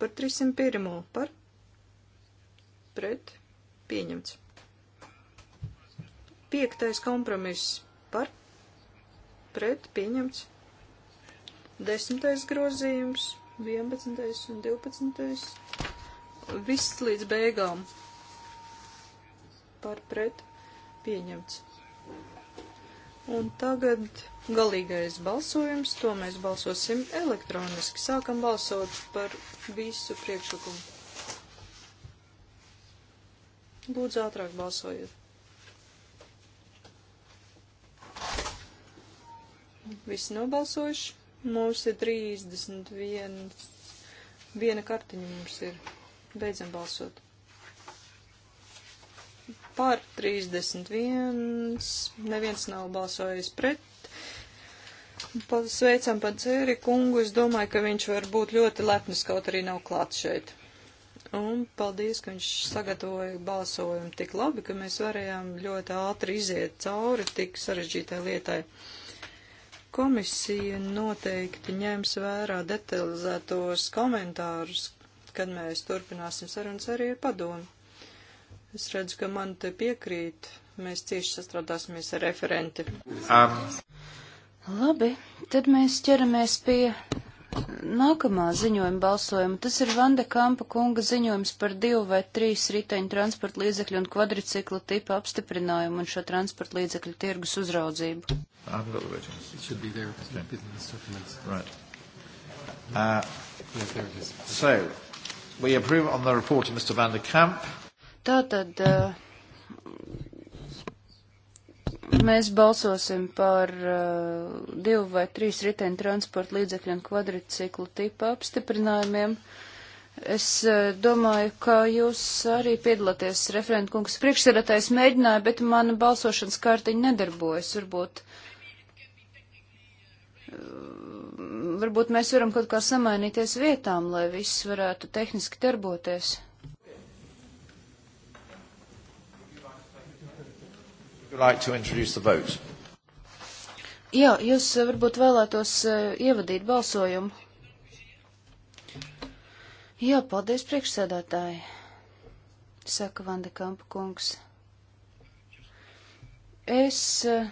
Par 301. par pret pieņemts. Piektais kompromiss par pret pieņemts. Desmitais grozījums, vienpadsmitais un divpadsmitais viss līdz beigām par pret pieņemts. Un tagad galīgais balsojums, to mēs balsosim elektroniski. Sākam balsot par visu priekšlikumu. Lūdzu, ātrāk balsojiet. Visi nobalsojuši. Mums ir 31. Viena kartiņa mums ir. Beidzam balsot. Par 31. Neviens nav balsojis pret. Sveicam pat dzēri kungu. Es domāju, ka viņš var būt ļoti lepnis, kaut arī nav klāts šeit. Un paldies, ka viņš sagatavoja balsojumu tik labi, ka mēs varējām ļoti ātri iziet cauri tik sarežģītai lietai komisija noteikti ņems vērā detalizētos komentārus, kad mēs turpināsim sarunas arī ar padomu. Es redzu, ka man te piekrīt. Mēs cieši sastrādāsimies ar referenti. Um. Labi, tad mēs ķeramies pie nākamā ziņojuma balsojuma. Tas ir Vanda Kampa kunga ziņojums par divu vai trīs riteņu transporta līdzekļu un kvadricikla tipa apstiprinājumu un šo transporta līdzekļu tirgus uzraudzību. Um, Uh, so, We approve on the report of Mr. Van de Kamp. Tātad uh, mēs balsosim par uh, divu vai trīs riteņu transporta līdzekļu un kvadriciklu tipa apstiprinājumiem. Es uh, domāju, ka jūs arī piedalāties referenta kungs priekšsēdētājs mēģināja, bet mana balsošanas kārtiņa nedarbojas. Varbūt uh, varbūt mēs varam kaut kā samainīties vietām, lai viss varētu tehniski darboties. Like Jā, jūs eh, varbūt vēlētos eh, ievadīt balsojumu. Jā, paldies priekšsēdētāji, saka Vanda Kampa kungs. Es uh,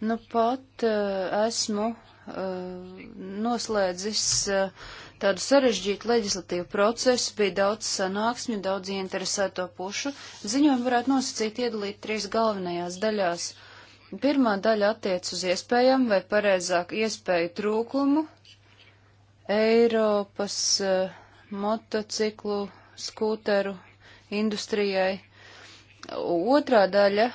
Nu pat uh, esmu Uh, noslēdzis uh, tādu sarežģītu leģislatīvu procesu, bija daudz sanāksmju, daudz ieinteresēto pušu. Ziņojumu varētu nosacīt iedalīt trīs galvenajās daļās. Pirmā daļa attiec uz iespējām, vai pareizāk iespēju trūkumu Eiropas uh, motociklu, skūteru industrijai. Otrā daļa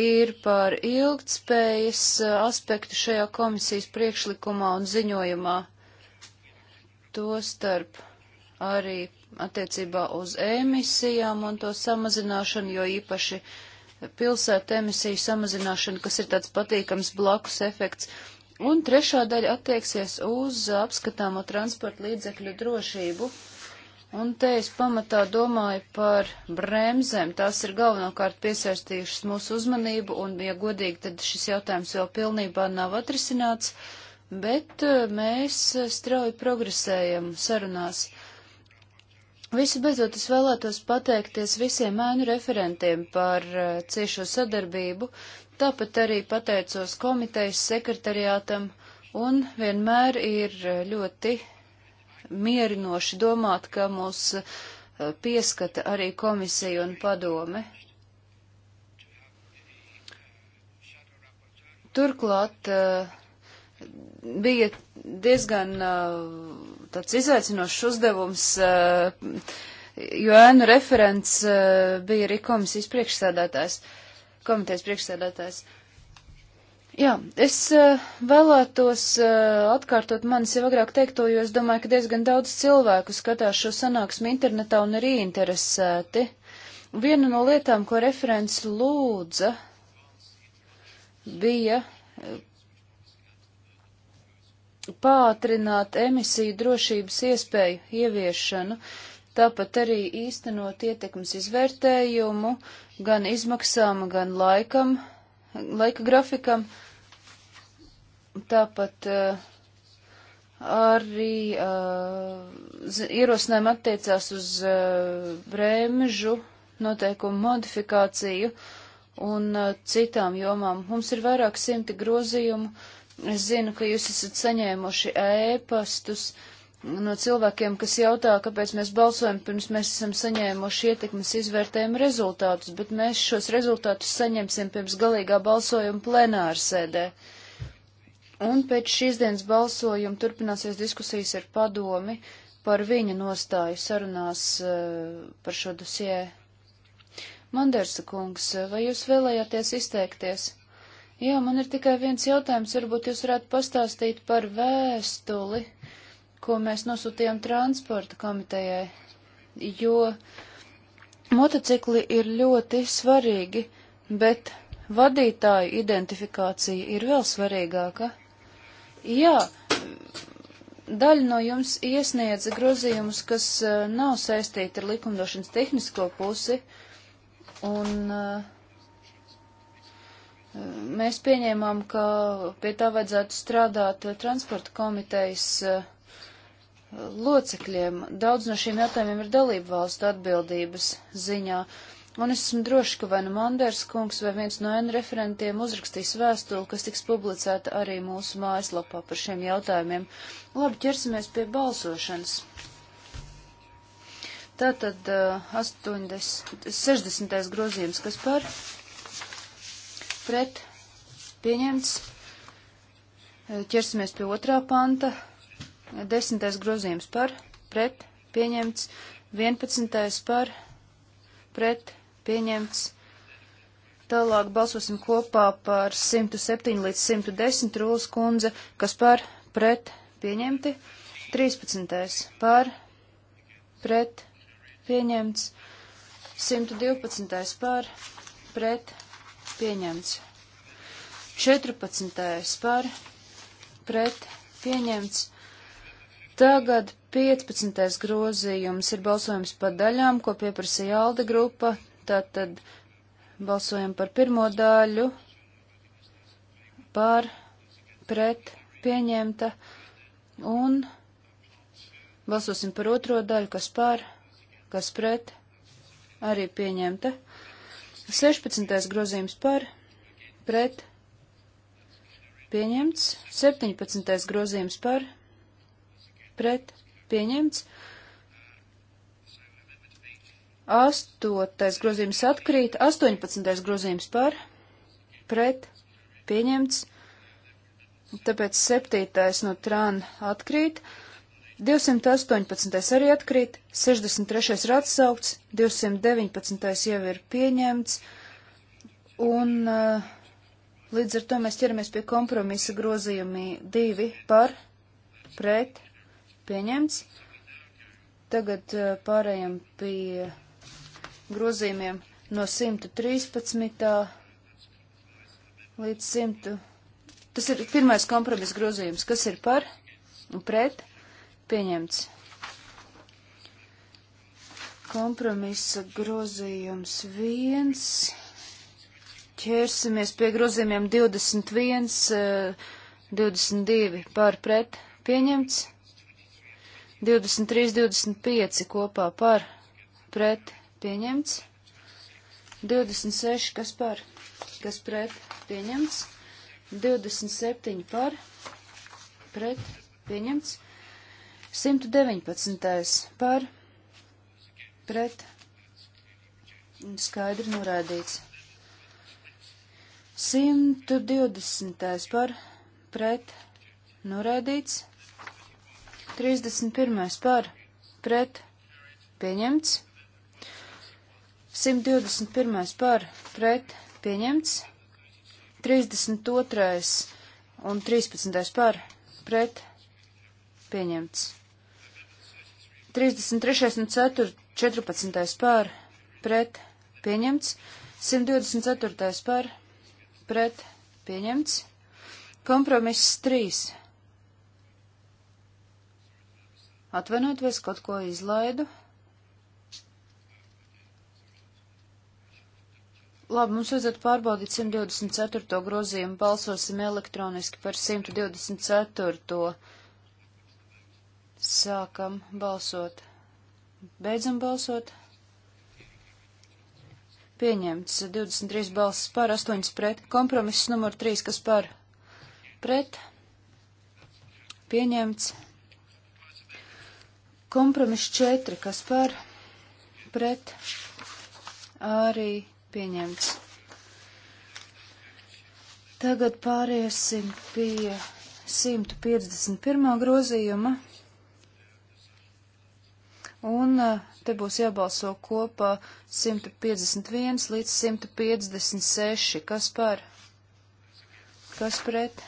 ir par ilgtspējas eh, aspektu šajā komisijas priekšlikumā un ziņojumā, to starp arī attiecībā uz emisijām un to samazināšanu, jo īpaši pilsētu emisiju samazināšanu, kas ir tāds patīkams blakus efekts. Un trešā daļa attieksies uz apskatāmo transporta līdzekļu drošību. Un te es pamatā domāju par bremzēm. Tās ir galvenokārt piesaistījušas mūsu uzmanību, un, ja godīgi, tad šis jautājums vēl pilnībā nav atrisināts, bet eh, mēs eh, strauji progresējam sarunās. Visu beidzot es vēlētos pateikties visiem ēnu referentiem par uh, ciešo sadarbību, tāpat arī pateicos komitejas sekretariātam un vienmēr ir ļoti mierinoši domāt, ka mūs eh, pieskata arī komisija un padome. Turklāt eh, bija diezgan eh, tāds izaicinošs uzdevums, jo ēnu referents bija arī komisijas priekšsēdētājs, komitejas priekšsēdētājs. Uh, Jā, es eh, vēlētos eh, atkārtot manis jau agrāk teikto, jo es domāju, ka diezgan daudz cilvēku skatās šo sanāksmu internetā un ir ieinteresēti. Viena no lietām, ko referents lūdza, bija eh, pātrināt emisiju drošības iespēju ieviešanu, tāpat arī īstenot ietekmes izvērtējumu gan izmaksām, gan laikam laika grafikam. Tāpat uh, arī uh, ierosinājumi attiecās uz uh, eh, brēmežu noteikumu modifikāciju un uh, citām jomām. Mums ir vairāk simti grozījumu. Es zinu, ka jūs esat saņēmuši ēpastus. E no cilvēkiem, kas jautā, kāpēc mēs balsojam, pirms mēs esam saņēmuši ietekmes izvērtējumu rezultātus, bet mēs šos rezultātus saņemsim pirms galīgā balsojuma plenārsēdē. Un pēc šīs dienas balsojuma turpināsies diskusijas ar padomi par viņa nostāju sarunās eh, par šo dosē. Mandersa kungs, vai jūs vēlējāties izteikties? Jā, man ir tikai viens jautājums, varbūt jūs varētu pastāstīt par vēstuli, ko mēs nosūtījām transporta komitejai, jo motocikli ir ļoti svarīgi, bet vadītāju identifikācija ir vēl svarīgāka. Jā, daļa no jums iesniedza grozījumus, kas uh, nav saistīti ar likumdošanas tehnisko pusi, un uh, mēs pieņēmām, ka pie tā vajadzētu strādāt eh, transporta komitejas uh, locekļiem. Daudz no šiem jautājumiem ir dalību valstu atbildības ziņā. Un es esmu droši, ka vai nu Manders kungs vai viens no N referentiem uzrakstīs vēstuli, kas tiks publicēta arī mūsu mājaslapā par šiem jautājumiem. Labi, ķersimies pie balsošanas. Tātad 80, eh, 60. grozījums, kas par pret pieņemts. Eh, ķersimies pie otrā panta. Desmitais grozījums par, pret, pieņemts. Vienpadsmitais par, pret, pieņemts. Tālāk balsosim kopā par 107 līdz 110 rūlas kundze, kas par, pret, pieņemti. 13. par, pret, pieņemts. 112. par, pret, pieņemts. 14. par, pret, pieņemts. Tagad 15. grozījums ir balsojums pa daļām, ko pieprasīja Alde grupa. Tātad balsojam par pirmo daļu, par, pret, pieņemta un balsosim par otro daļu, kas par, kas pret, arī pieņemta. 16. grozījums par, pret, pieņemts. 17. grozījums par, pret pret pieņemts. Astotais grozījums atkrīt, 18. grozījums par pret pieņemts. Tāpēc septītais no trāna atkrīt, 218. arī atkrīt, 63. ir atsaukts, 219. jau ir pieņemts, un uh, līdz ar to mēs ķeramies pie kompromisa grozījumi divi par, pret, pieņemts. Tagad uh, pārējām pie grozījumiem no 113. līdz 100. Tas ir pirmais kompromiss grozījums, kas ir par un pret pieņemts. Kompromisa grozījums 1. Ķersimies pie grozījumiem 21, 22 uh, par pret pieņemts. 23, 25 kopā par pret pieņemts. 26, kas par, kas pret pieņemts. 27 par pret pieņemts. 119 par pret skaidri norādīts. 120 par pret norādīts. 31. par pret pieņemts. 121. par pret pieņemts. 32. un 13. par pret pieņemts. 33. un 4, 14. par pret pieņemts. 124. par pret pieņemts. Kompromiss 3 Atvainojiet, vai es kaut ko izlaidu? Labi, mums vajadzētu pārbaudīt 124. grozījumu. Balsosim elektroniski par 124. Sākam balsot. Beidzam balsot. Pieņemts 23 balsis par, 8 pret. Kompromiss numur 3, kas par? Pret. Pieņemts. Kompromiss 4, kas par pret arī pieņemts. Tagad pāriesim pie 151. grozījuma. Un eh, te būs jābalso kopā 151 līdz 156. Kas par? Kas pret?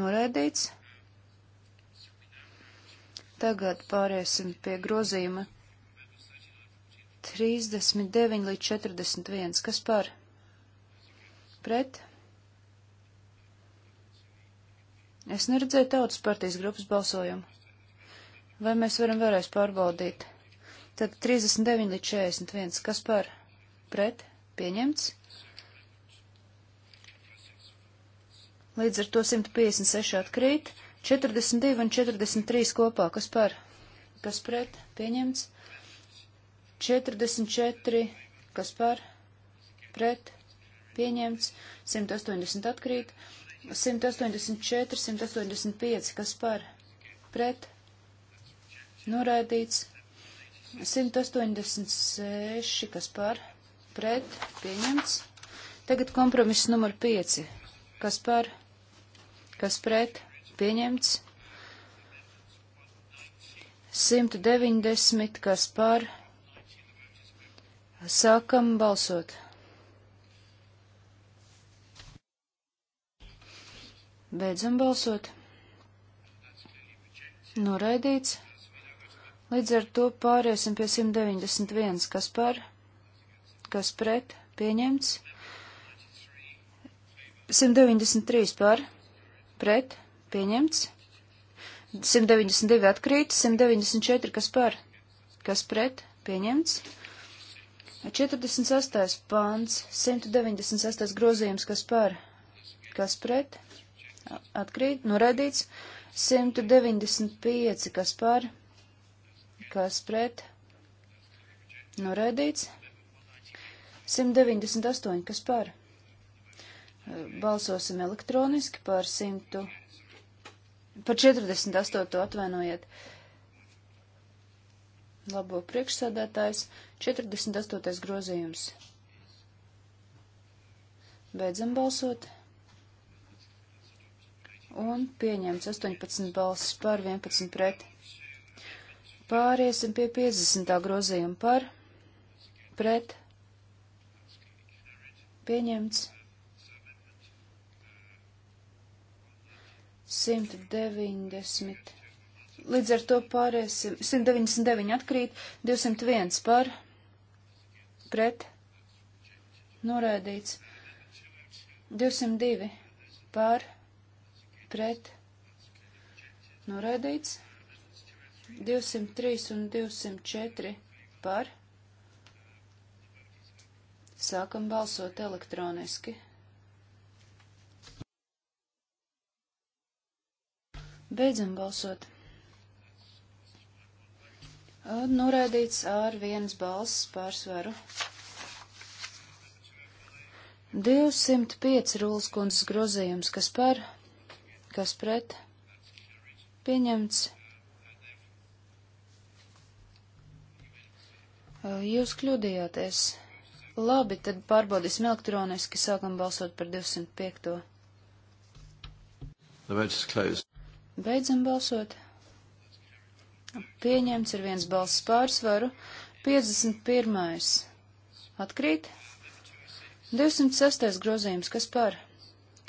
Noraidīts? Tagad pāriesim pie grozījuma 39 līdz 41. Kas par? Pret? Es neredzēju tautas partijas grupas balsojumu. Vai mēs varam vēlreiz pārbaudīt? Tad 39 līdz 41. Kas par? Pret? Pieņemts? Līdz ar to 156 atkrīt. 42 un 43 kopā, kas par, kas pret, pieņemts. 44, kas par, pret, pieņemts. 180 atkrīt. 184, 185, kas par, pret, noraidīts. 186, kas par, pret, pieņemts. Tagad kompromiss numur 5, kas par, kas pret, pieņemts. 190, kas par. Sākam balsot. Beidzam balsot. Noraidīts. Līdz ar to pāriesim pie 191, kas par, kas pret, pieņemts. 193 par, pret, pieņemts. 192 atkrīt, 194 kas par, kas pret, pieņemts. 48. pāns, 198. grozījums, kas par, kas pret, atkrīt, noraidīts. 195, kas par, kas pret, noraidīts. 198, kas par. Balsosim elektroniski par 100. Par 48. atvainojiet. Labo priekšsādātājs. 48. grozījums. Beidzam balsot. Un pieņemts 18 balsis par 11 pret. Pāriesim pie 50. grozījuma par pret. Pieņemts 190. Līdz ar to pārēsim. 199 atkrīt, 201 par pret noraidīts, 202 par pret noraidīts, 203 un 204 par. Sākam balsot elektroniski. Beidzam balsot. Noraidīts ar vienas balss pārsvaru. 205 rūlas kundzes grozījums, kas par, kas pret, pieņemts. Jūs kļūdījāties. Labi, tad pārbaudīsim elektroniski, sākam balsot par 205. The vote is closed. Beidzam balsot. Pieņemts ar viens balss pārsvaru. 51. Atkrīt. 206. grozījums, kas par,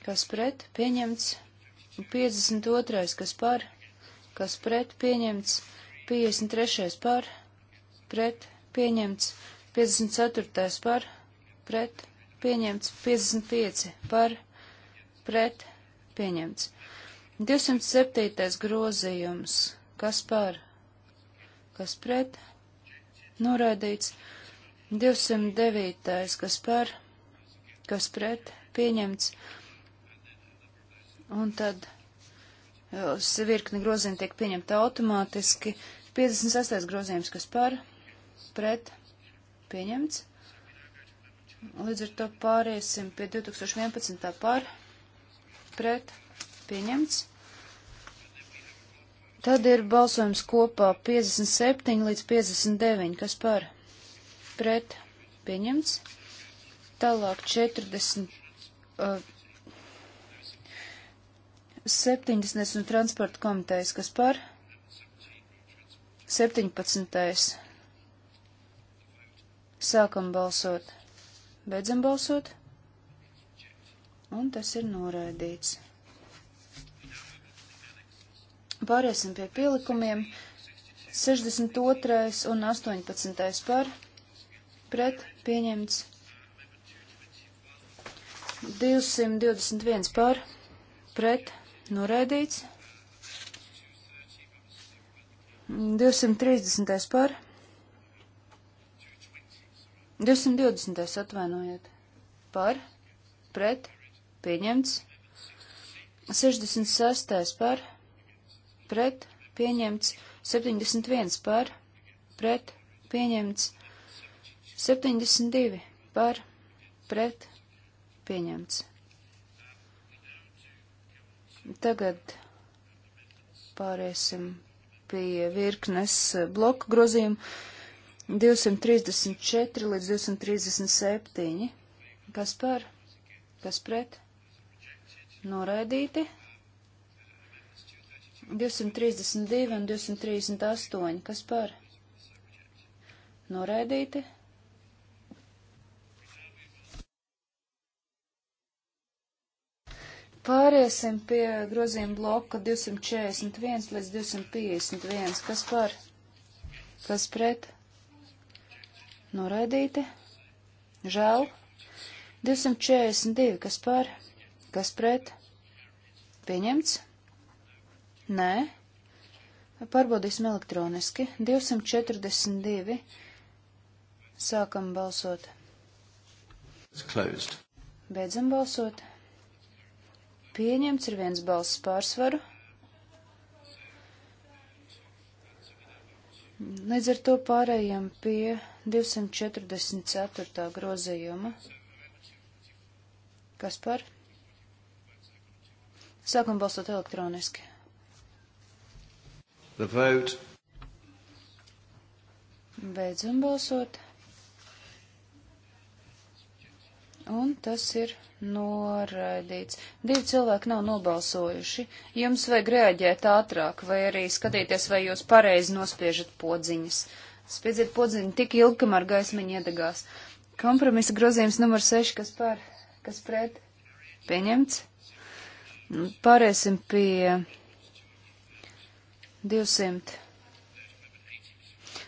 kas pret, pieņemts, 52. kas par, kas pret, pieņemts, 53. par, pret, pieņemts, 54. par, pret, pieņemts, 55. par, pret, pieņemts, 207. grozījums. Kas par? Kas pret? Noraidīts. 209. Kas par? Kas pret? Pieņemts. Un tad uh, virkni grozījumi tiek pieņemti automātiski. 56. grozījums. Kas par? Pret? Pieņemts. Līdz ar to pāriesim pie 2011. par? Pret? Pieņemts. Tad ir balsojums kopā 57 līdz 59. Kas par? Pret. Pieņemts. Tālāk 40. Uh, 70 un transporta komitejas, kas par 17. Sākam balsot, beidzam balsot, un tas ir noraidīts. Pāriesim pie pielikumiem. 62. un 18. par pret pieņemts 221 par pret noraidīts 230 par 220 atvainojiet par pret pieņemts 66 par pret pret pieņemts 71 par pret pieņemts 72 par pret pieņemts. Tagad pāriesim pie virknes bloku grozījumu 234 līdz 237. Kas par? Kas pret? Noraidīti. 232 un 238, kas par? Noraidīti. Pāriesim pie grozījuma bloka 241 līdz 251, kas par? Kas pret? Noraidīti. Žēl. 242, kas par? Kas pret? Pieņemts. Nē. Pārbaudīsim elektroniski. 242. Sākam balsot. Beidzam balsot. Pieņemts ir viens balss pārsvaru. Līdz ar to pārējām pie 244. grozījuma. Kas par? Sākam balsot elektroniski. The vote. Beidzam balsot. Un tas ir noraidīts. Divi cilvēki nav nobalsojuši. Jums vajag reaģēt ātrāk, vai arī skatīties, vai jūs pareizi nospiežat podziņas. Spiedziet podziņu tik ilgi, kamēr gaismiņa iedegās. Kompromisa grozījums numur 6, kas par, kas pret, pieņemts. Nu, pāriesim pie 200.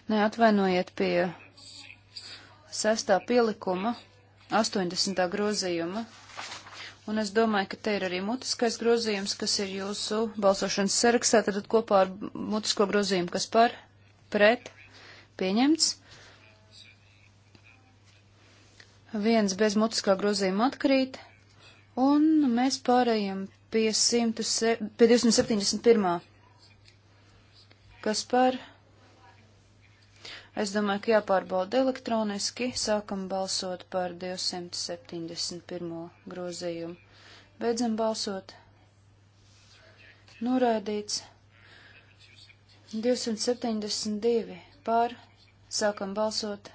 Nē, atvainojiet pie sestā pielikuma, 80. grozījuma. Un es domāju, ka te ir arī mutiskais grozījums, kas ir jūsu balsošanas sarakstā, tad kopā ar mutisko grozījumu, kas par, pret, pieņemts. Viens bez mutiskā grozījuma atkrīt, un mēs pārējiem pie, 100, pie 271. Kas par? Es domāju, ka jāpārbauda elektroniski. Sākam balsot par 271. grozījumu. Beidzam balsot. Norādīts. 272 pār. Sākam balsot.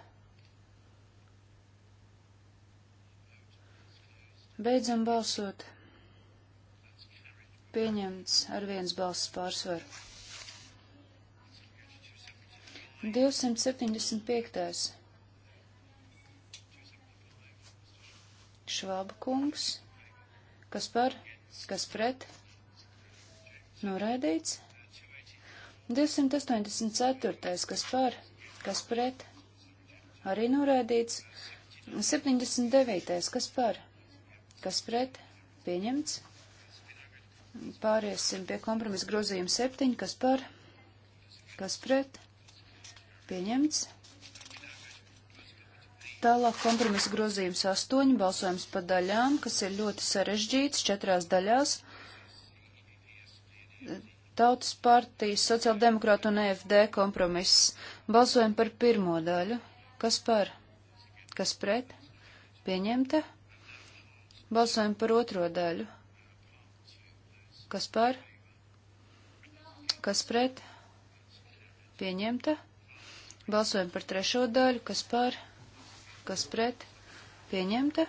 Beidzam balsot. Pieņemts ar viens balss pārsvaru. 275. Švaba kungs, kas par, kas pret, noraidīts. 284. kas par, kas pret, arī noraidīts. 79. kas par, kas pret, pieņemts. Pāriesim pie kompromisa grozījuma 7, kas par, kas pret, pieņemts Pieņemts. Tālāk kompromisa grozījums 8, balsojums pa daļām, kas ir ļoti sarežģīts četrās daļās. Tautas partijas, sociāldemokrāta un EFD kompromiss. Balsojam par pirmo daļu. Kas par? Kas pret? Pieņemta. Balsojam par otro daļu. Kas par? Kas pret? Pieņemta. Balsojam par trešo daļu, kas par, kas pret, pieņemta.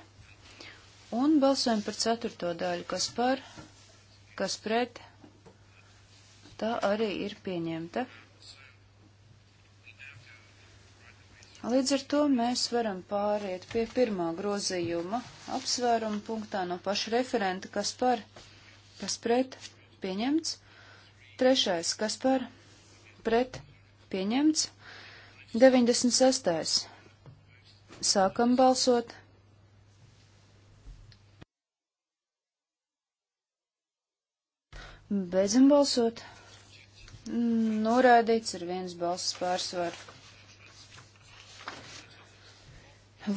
Un balsojam par ceturto daļu, kas par, kas pret, tā arī ir pieņemta. Līdz ar to mēs varam pāriet pie pirmā grozījuma apsvēruma punktā no paša referenta, kas par, kas pret, pieņemts. Trešais, kas par, pret, pieņemts. 96. Sākam balsot. Beidzam balsot. Norādīts ar viens balss pārsvaru.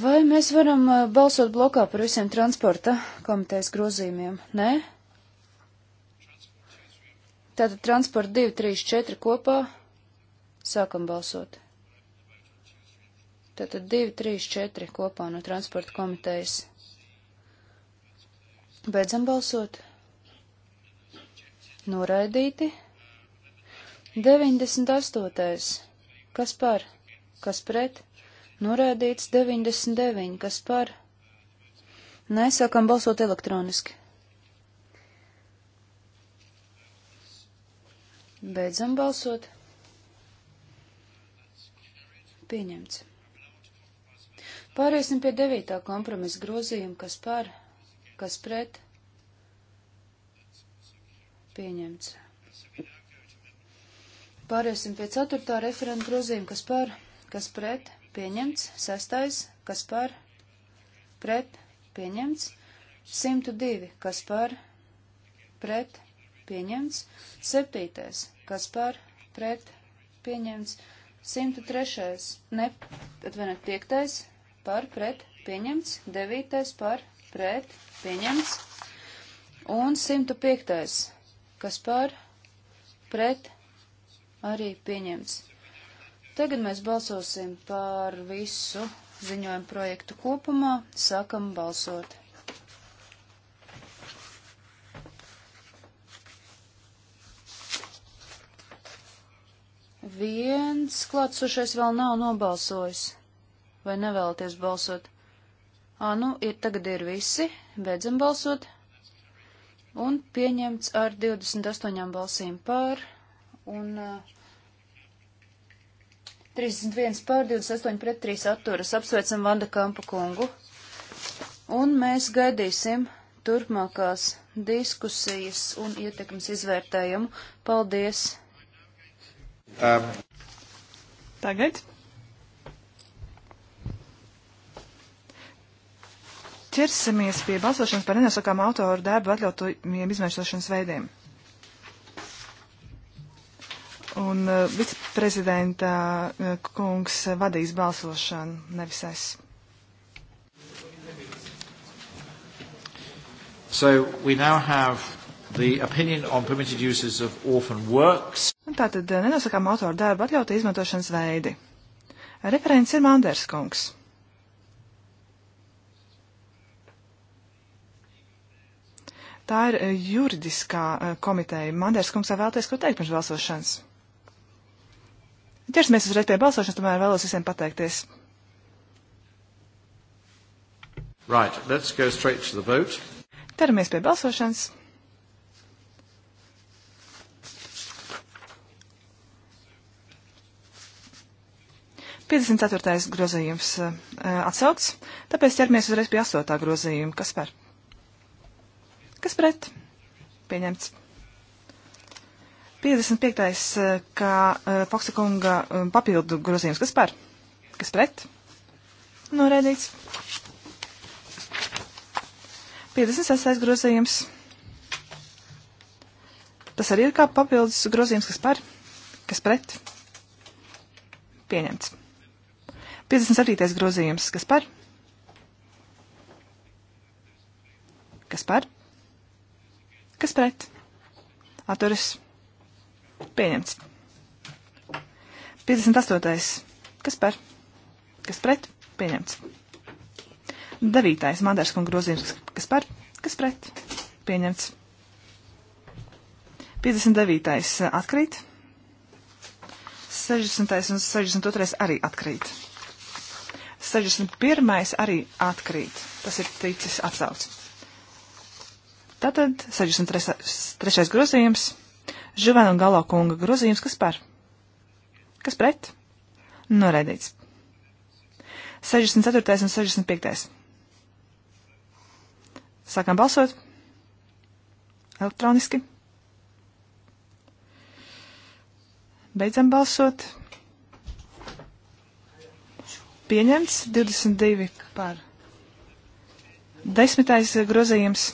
Vai mēs varam uh, balsot blokā par visiem transporta komitejas grozījumiem? Nē? Tātad transporta 2, 3, 4 kopā. Sākam balsot. Tātad 2, 3, 4 kopā no transporta komitejas. Beidzam balsot. Noraidīti. 98. Kas par? Kas pret? Noraidīts 99. Kas par? Nē, sākam balsot elektroniski. Beidzam balsot. Pieņemts. Pāriesim pie devītā kompromisa grozījuma, kas par, kas pret. Pieņemts. Pāriesim pie ceturtā referenta grozījuma, kas par, kas pret. Pieņemts. Sestais, kas par, pret. Pieņemts. 102, kas par, pret. Pieņemts. Septītais, kas par, pret. Pieņemts. 103, ne, atvainojiet, piektais, par pret pieņemts, 9. par pret pieņemts un 105. kas par pret arī pieņemts. Tagad mēs balsosim par visu ziņojumu projektu kopumā. Sākam balsot. Viens klātsošais vēl nav nobalsojis vai nevēlaties balsot? Ā, nu, ir tagad ir visi, beidzam balsot. Un pieņemts ar 28 balsīm pār un uh, 31 pār 28 pret 3 atturas. Apsveicam Vanda Kampa kungu. Un mēs gaidīsim turpmākās diskusijas un ietekmes izvērtējumu. Paldies! Um. Tagad Ķersimies pie balsošanas par nenosakām autoru darbu atļautajiem izmantošanas veidiem. Un uh, viceprezidenta uh, kungs vadīs balsošanu, nevis es. So we now have the opinion on permitted uses of orphan works. Un tātad eh, nenosakām autoru darbu atļautu izmantošanas veidi. Referents ir Manders kungs. Tā ir eh, juridiskā eh, komiteja. Manders kungs, vai vēlaties ko teikt pirms balsošanas? Ķersimies uzreiz pie balsošanas, tomēr vēlos visiem pateikties. Right, let's go straight to the vote. Ķeramies pie balsošanas. Piecdesmit ceturtais grozījums eh, atsaukts, tāpēc ķeramies uzreiz pie astotā grozījuma. Kas par? Kas pret? Pieņemts. 55. kā eh, Foksa kunga um, papildu grozījums. Kas par? Kas pret? Noraidīts. 56. grozījums. Tas arī ir kā papildus grozījums, kas par, kas pret. Pieņemts. 57. grozījums, kas par, kas par, Kas pret? Atturas. Pieņemts. 58. Kas par? Kas pret? Pieņemts. 9. Mandārs kunga grozījums. Kas par? Kas pret? Pieņemts. 59. atkrīt. 60. un 62. arī atkrīt. 61. arī atkrīt. Tas ir ticis atsaucis. Tātad 63. grozījums, Žuvena un Galo kunga grozījums, kas par? Kas pret? Noraidīts. 64. un 65. Sākam balsot elektroniski. Beidzam balsot. Pieņemts 22 par 10. grozījums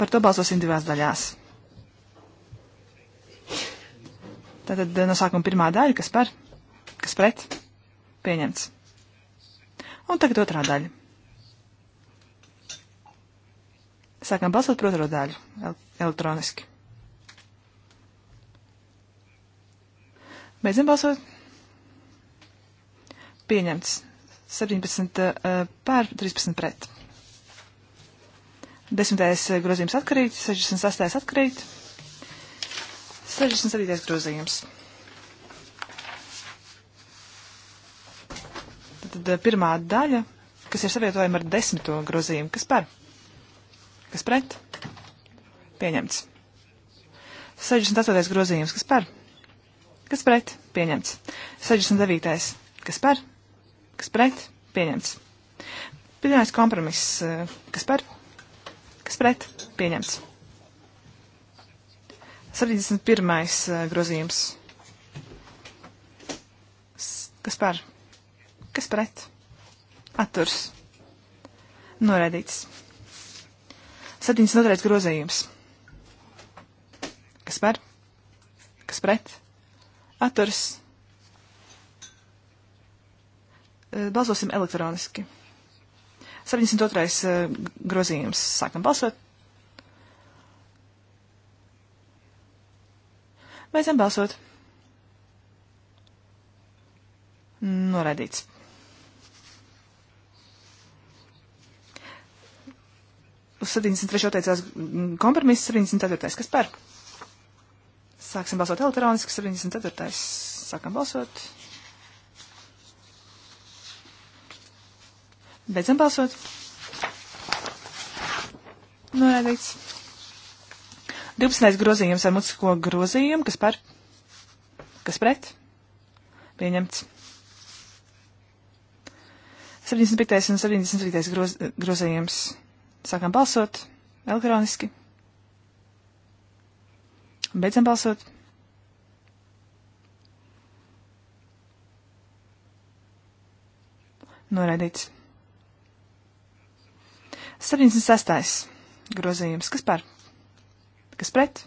par to balsosim divās daļās. Tātad eh, no sākuma pirmā daļa, kas par, kas pret, pieņemts. Un tagad otrā daļa. Sākam balsot par otro daļu el elektroniski. Beidzam balsot. Pieņemts. 17 uh, pār 13 pret. Desmitais grozījums atkarīt, 68. atkarīt, 67. grozījums. Tad pirmā daļa, kas ir savietojama ar desmito grozījumu, kas par? Kas pret? Pieņemts. 68. grozījums, kas par? Kas pret? Pieņemts. 69. Kas par? Kas pret? Pieņemts. Pirmais kompromiss, kas par? Kas pret? Pieņemts. 71. Eh, grozījums. Kas par? Kas pret? Atturs. Noraidīts. 72. grozījums. Kas par? Kas pret? Atturs. Balsosim elektroniski. 72. Uh, grozījums. Sākam balsot. Beidzam balsot. Noraidīts. Uz 73. teicās kompromiss, 74. kas par? Sāksim balsot elektroniski, 74. sākam balsot. Beidzam balsot. Noraidīts. 12. grozījums ar mutisko grozījumu, kas par, kas pret, pieņemts. 75. un 77. Groz, grozījums. Sākam balsot elektroniski. Beidzam balsot. Noraidīts. 76. grozījums. Kas par? Kas pret?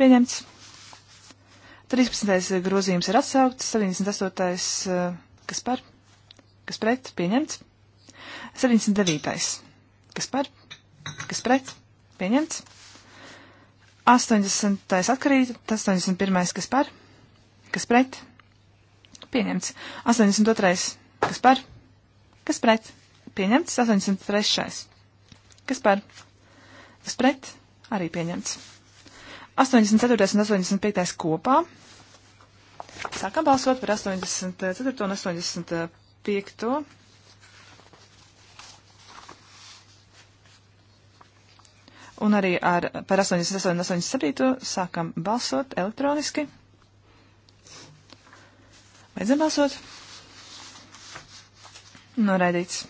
Pieņemts. 13. grozījums ir atsaukts. 78. Kas par? Kas pret? Pieņemts. 79. Kas par? Kas pret? Pieņemts. 80. atkarīt, 81. kas par, kas pret, pieņemts. 82. kas par, kas pret, pieņemts. 83. Kas par? Kas pret? Arī pieņemts. 84. un 85. kopā. Sākam balsot par 84. un 85. Un arī ar, par 88 un 87. sākam balsot elektroniski. Beidzam balsot. Noraidīts.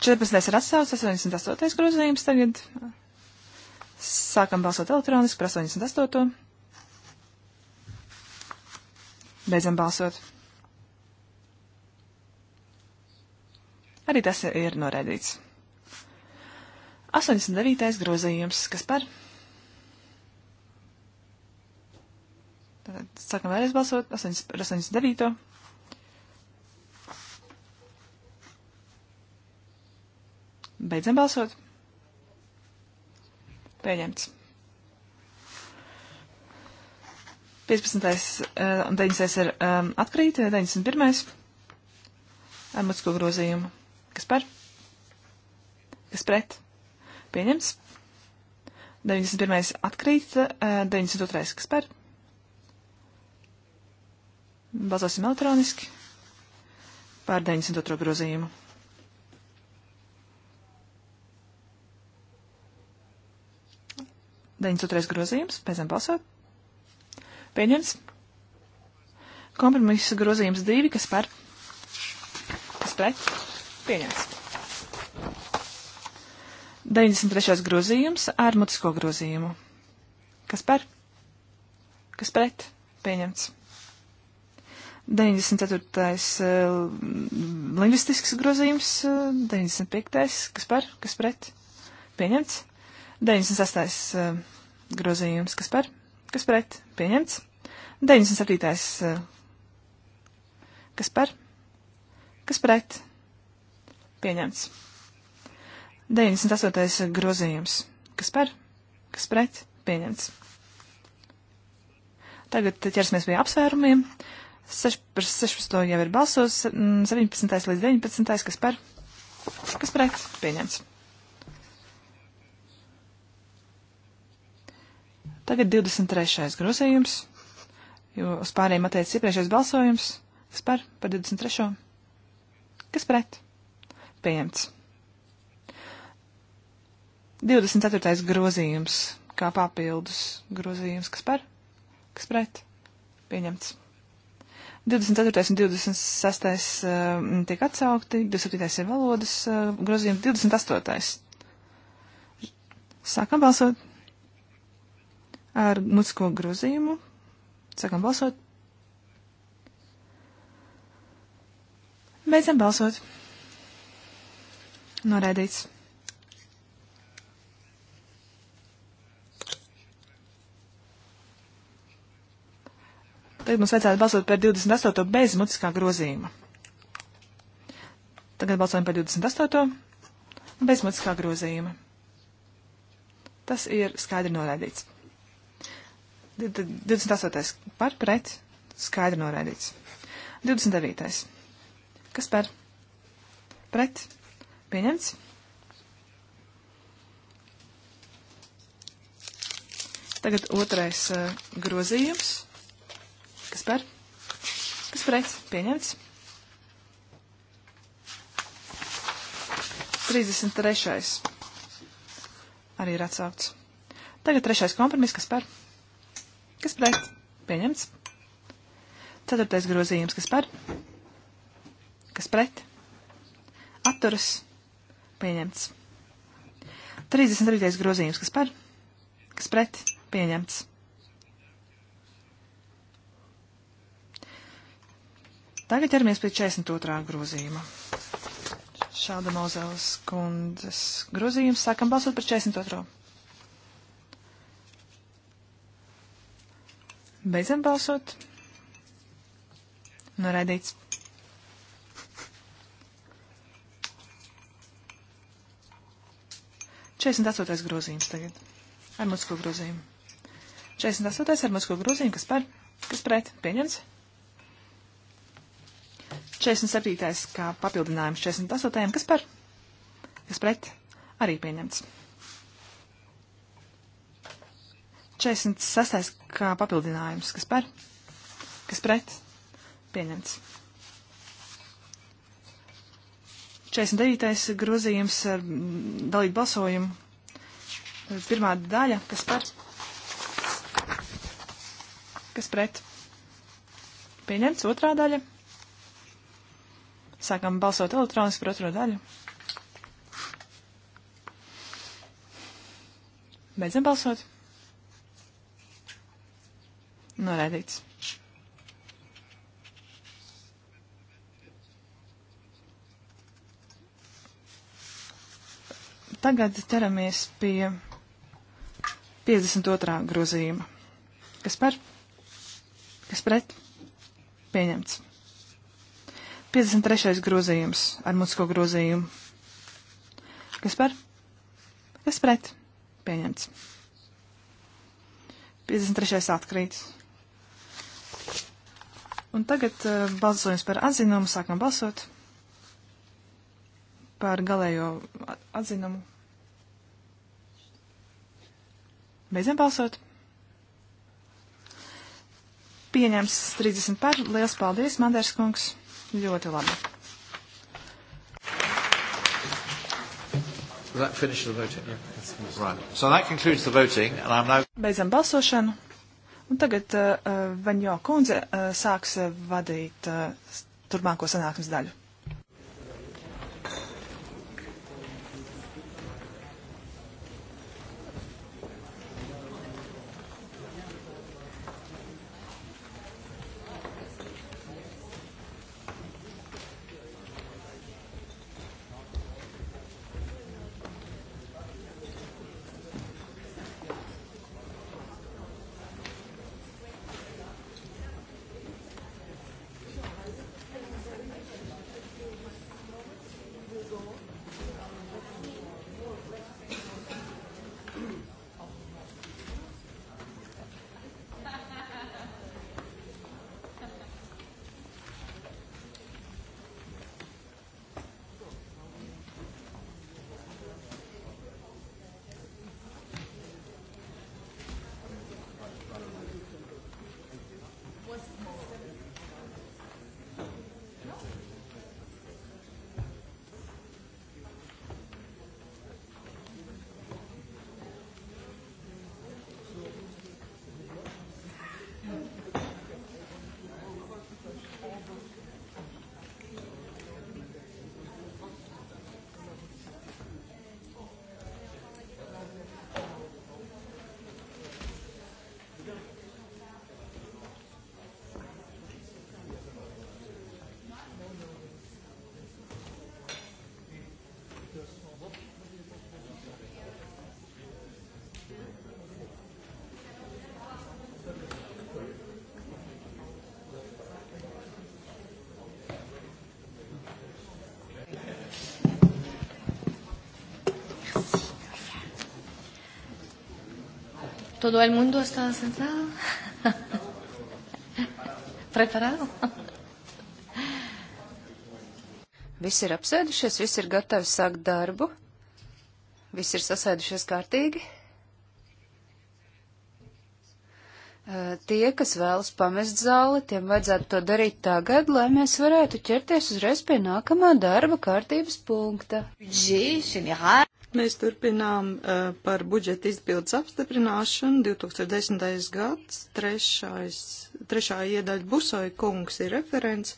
14. ir atsaucis, 88. grozījums tagad. Sākam balsot elektroniski par 88. Beidzam balsot. Arī tas ir noraidīts. 89. grozījums, kas par? Tātad sākam vēlreiz balsot 89. Beidzam balsot. Pieņemts. 15. Eh, un 90. ir um, atkrīt, 91. ar mutisko grozījumu. Kas par? Kas pret? Pieņemts. 91. atkrīt, uh, eh, 92. kas par? Balsosim elektroniski pār 92. grozījumu. 92. grozījums, beidzam balsot. Pieņems. Kompromisa grozījums 2, kas par? Kas pret? Pieņems. 93. grozījums ar mutisko grozījumu. Kas par? Kas pret? Pieņemts. 94. Eh, lingvistisks grozījums, 95. Eh, kas par? Kas pret? Pieņemts. 98. grozījums, kas par, kas pret, pieņemts. 97. kas par, kas pret, pieņemts. 98. grozījums, kas par, kas pret, pieņemts. Tagad ķersimies pie apsvērumiem. 16. jau ir balsos, 17. līdz 19. kas par, kas pret, pieņemts. Tagad 23. grozījums, jo uz pārējiem attiec iepriekšējais balsojums. Kas par? Par 23. Kas pret? Pieņemts. 24. grozījums, kā papildus grozījums, kas par? Kas pret? Pieņemts. 24. un 26. Uh, eh, tiek atsaukti, 27. ir valodas uh, grozījums, 28. Sākam balsot ar mutisko grozījumu. Sākam balsot. Beidzam balsot. Noraidīts. Tagad mums vajadzētu balsot par 28. bez mutiskā grozījuma. Tagad balsojam par 28. bez mutiskā grozījuma. Tas ir skaidri noraidīts. 28. par pret skaidri noraidīts. 29. Kas par? Pret. Pieņemts. Tagad otrais uh, grozījums. Kas par? Kas pret? Pieņemts. 33. Arī ir atsaukts. Tagad trešais kompromiss, kas par? Kas pret? Pieņemts. Ceturtais grozījums. Kas par? Kas pret? Atturas. Pieņemts. 33. grozījums. Kas par? Kas pret? Pieņemts. Tagad ķeramies pie 42. grozījuma. Šāda Mozeles kundzes grozījums sākam balsot par 42. Beidzam balsot. Noraidīts. Četrdesmit astotais grozījums tagad. Ar musko grozījumu. Četrdesmit astotais ar musko grozījumu, kas par, kas pret, pieņems. 47. kā papildinājums 48. kas par, kas pret, arī pieņemts. 46. kā papildinājums. Kas par? Kas pret? Pieņemts. 49. grozījums ar dalību balsojumu. Pirmā daļa. Kas par? Kas pret? Pieņemts. Otrā daļa. Sākam balsot elektroniski par otro daļu. Beidzam balsot. Noraidīts. Tagad ķeramies pie 52. grozījuma. Kas par? Kas pret? Pieņemts. 53. grozījums ar musko grozījumu. Kas par? Kas pret? Pieņemts. 53. atkrīts. Un tagad uh, balsojums par atzinumu, sākam balsot par galējo atzinumu. Beidzam balsot. Pieņems 30 par. Liels paldies, Manders kungs. Ļoti labi. That finished the voting. Yeah, right. So that concludes the voting, and I'm now. Beidzam balsošanu. Un tagad uh, eh, eh, Vaņo kundze uh, sāks vadīt uh, turpmāko sanāksmes daļu. ¿Todo el mundo está sentado? Preparado? Visi ir apsēdušies, visi ir gatavi sākt darbu, visi ir sasēdušies kārtīgi. Eh, tie, kas vēlas pamest zāli, tiem vajadzētu to darīt tagad, lai mēs varētu ķerties uzreiz pie nākamā darba kārtības punkta. Žī, mēs turpinām uh, par budžeta izpildes apstiprināšanu. 2010. gads, trešais, trešā iedaļa Busoja kungs ir referents.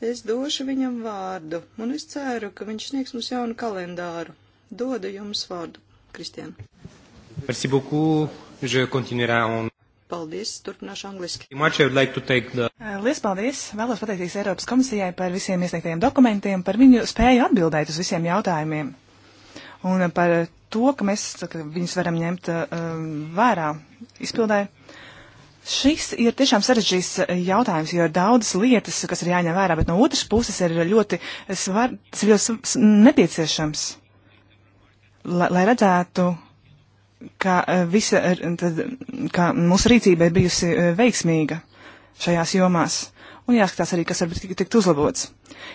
Es došu viņam vārdu, un es ceru, ka viņš sniegs mums jaunu kalendāru. Dodu jums vārdu, Kristian. Merci beaucoup. Je continuerai en Paldies, turpināšu angliski. Like the... Eh, Lies paldies! Vēlos pateikties Eiropas komisijai par visiem iesniegtajiem dokumentiem, par viņu spēju atbildēt uz visiem jautājumiem un par to, ka mēs ka viņus varam ņemt eh, vērā izpildē. Šis ir tiešām sarežģīts jautājums, jo ir daudzas lietas, kas ir jāņem vērā, bet no otras puses ir ļoti, svar, tas ir ļoti nepieciešams, lai, lai redzētu, ka, eh, visa, eh, tad, ka mūsu rīcība ir bijusi veiksmīga šajās jomās. Un jāskatās arī, kas varbūt tikt uzlabots.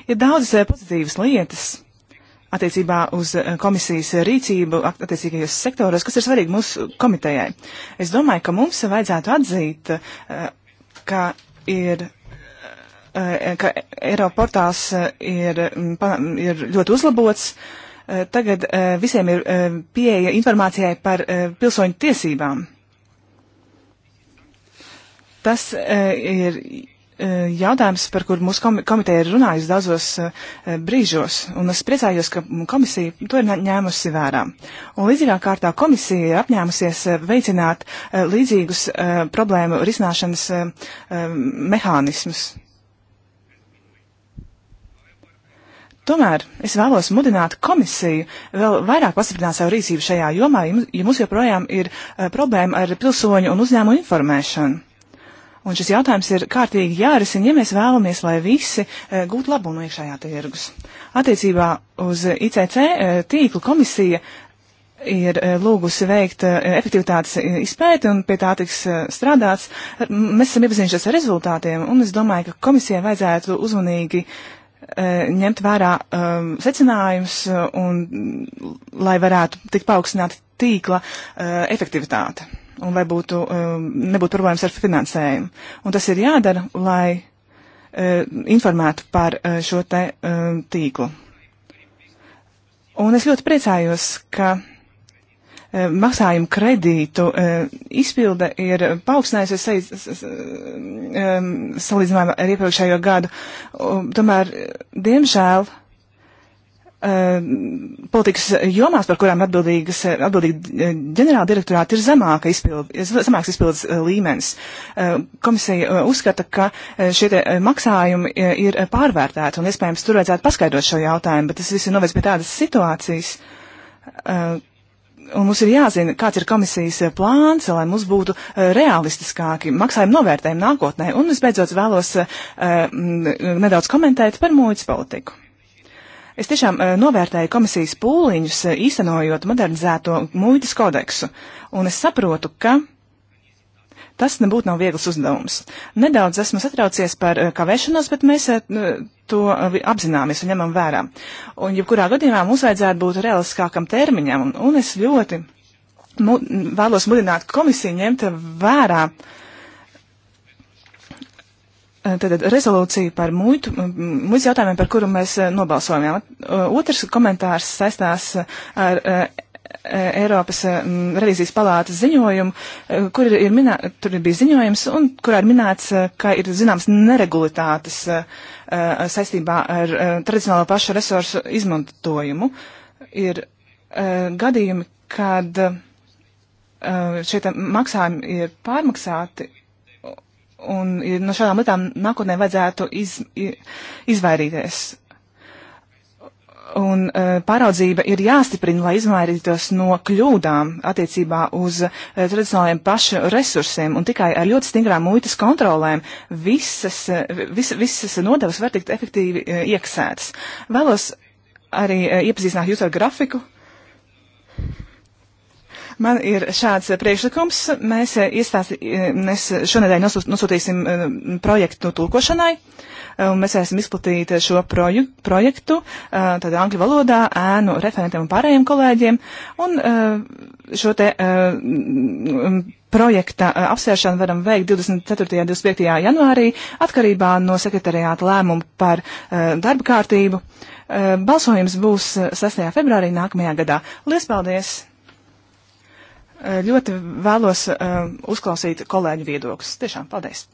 Ir daudzas pozitīvas lietas, attiecībā uz eh, komisijas rīcību attiecīgajos sektoros, kas ir svarīgi mūsu komitejai. Es domāju, ka mums vajadzētu atzīt, eh, ka ir eh, ka Eiroportāls ir, ir ļoti uzlabots. Tagad visiem ir pieeja informācijai par pilsoņu tiesībām. Tas ir E, jautājums, par kur mūsu komiteja ir runājusi daudzos e, brīžos, un es priecājos, ka komisija to ir ņēmusi vērā. Un līdzīgā kārtā komisija ir apņēmusies e, veicināt līdzīgus problēmu risināšanas mehānismus. Tomēr es vēlos mudināt komisiju vēl vairāk pastiprināt savu rīcību šajā jomā, jo mums joprojām ir problēma ar pilsoņu un uzņēmu informēšanu Un šis jautājums ir kārtīgi jārisina, ja mēs vēlamies, lai visi eh, gūtu labumu no iekšējā tirgus. Attiecībā uz ICC eh, tīklu komisija ir eh, lūgusi veikt efektivitātes izpēti un pie tā tiks strādāts. Mēs esam iepazinušies ar rezultātiem un es domāju, ka komisijai vajadzētu uzmanīgi ņemt vērā um, secinājumus un lai varētu tik paaugstināt tīkla uh, efektivitāte un lai būtu, um, nebūtu problēmas ar finansējumu. Un tas ir jādara, lai uh, informētu par uh, šo te um, tīklu. Un es ļoti priecājos, ka uh, maksājumu kredītu izpilde ir paaugstinājusies um, salīdzinājumā ar iepriekšējo gadu. Tomēr, diemžēl, Eh, politikas jomās, par kurām atbildīgas, eh, atbildīgi eh, ģenerāla direktorāti, ir zemāka izpild, zemāks izpildes līmenis. Komisija uzskata, ka šie maksājumi ir pārvērtēti, un iespējams tur vajadzētu paskaidrot šo jautājumu, bet tas viss ir novēc pie tādas situācijas. Un mums ir jāzina, kāds ir komisijas plāns, lai mums būtu realistiskāki maksājumi novērtējumi nākotnē. Un visbeidzot vēlos nedaudz komentēt par mūjas politiku. Es tiešām eh, novērtēju komisijas pūliņus, eh, īstenojot modernizēto muitas kodeksu, un es saprotu, ka tas nebūtu nav viegls uzdevums. Nedaudz esmu satraucies par eh, kavēšanos, bet mēs to apzināmies un ņemam vērā. Un jebkurā gadījumā mums vajadzētu būt realistiskākam termiņam, un, un es ļoti mu vēlos mudināt komisiju ņemt vērā uh, Eh, tātad rezolūcija par muitu, muitas jautājumiem, par kuru mēs eh, nobalsojām. Otrs komentārs saistās eh, ar e, Eiropas revīzijas palātas ziņojumu, kur ir, ir minē, tur bija ziņojums un kurā ir minēts, ka ir zināms neregulitātes saistībā ar tradicionālo pašu resursu izmantojumu. Ir gadījumi, kad šie maksājumi ir pārmaksāti Un no šādām lietām nākotnē vajadzētu iz, izvairīties. Un uh, pāraudzība ir jāstiprina, lai izvairītos no kļūdām attiecībā uz uh, e, tradicionālajiem pašu resursiem. Un tikai ar ļoti stingrām muitas kontrolēm visas, uh, vis, visas nodevas var tikt efektīvi uh, iekasētas. Vēlos arī uh, iepazīstināt jūs ar grafiku. Uh, Man ir šāds priekšlikums. Mēs, eh, iestāsti, eh, mēs šonadēļ nosūtīsim eh, projektu tulkošanai. Mēs esam izplatīt šo proju, projektu tādā angļu valodā ēnu referentiem un pārējiem kolēģiem. Un šo te projekta apsvēršanu varam veikt 24. un 25. janvārī atkarībā no sekretariāta lēmumu par darba kārtību. Balsojums būs 6. februārī nākamajā gadā. Lies paldies! ļoti vēlos uh, uzklausīt kolēģu viedokļus. Tiešām, paldies!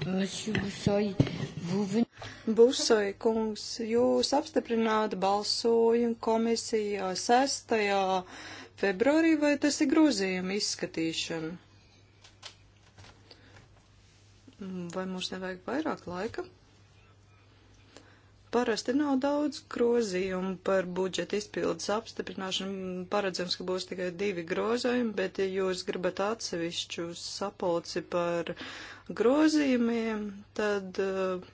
Monsieur Boussoy, vous venez. Busai kungs, jūs apstiprināt balsojumu komisijā 6. februārī, vai tas ir grozījuma izskatīšana? Vai mums nevajag vairāk laika? Parasti nav daudz grozījumu par budžeta izpildes apstiprināšanu. Paredzams, ka būs tikai divi grozījumi, bet ja jūs gribat atsevišķu sapulci par grozījumiem, tad uh,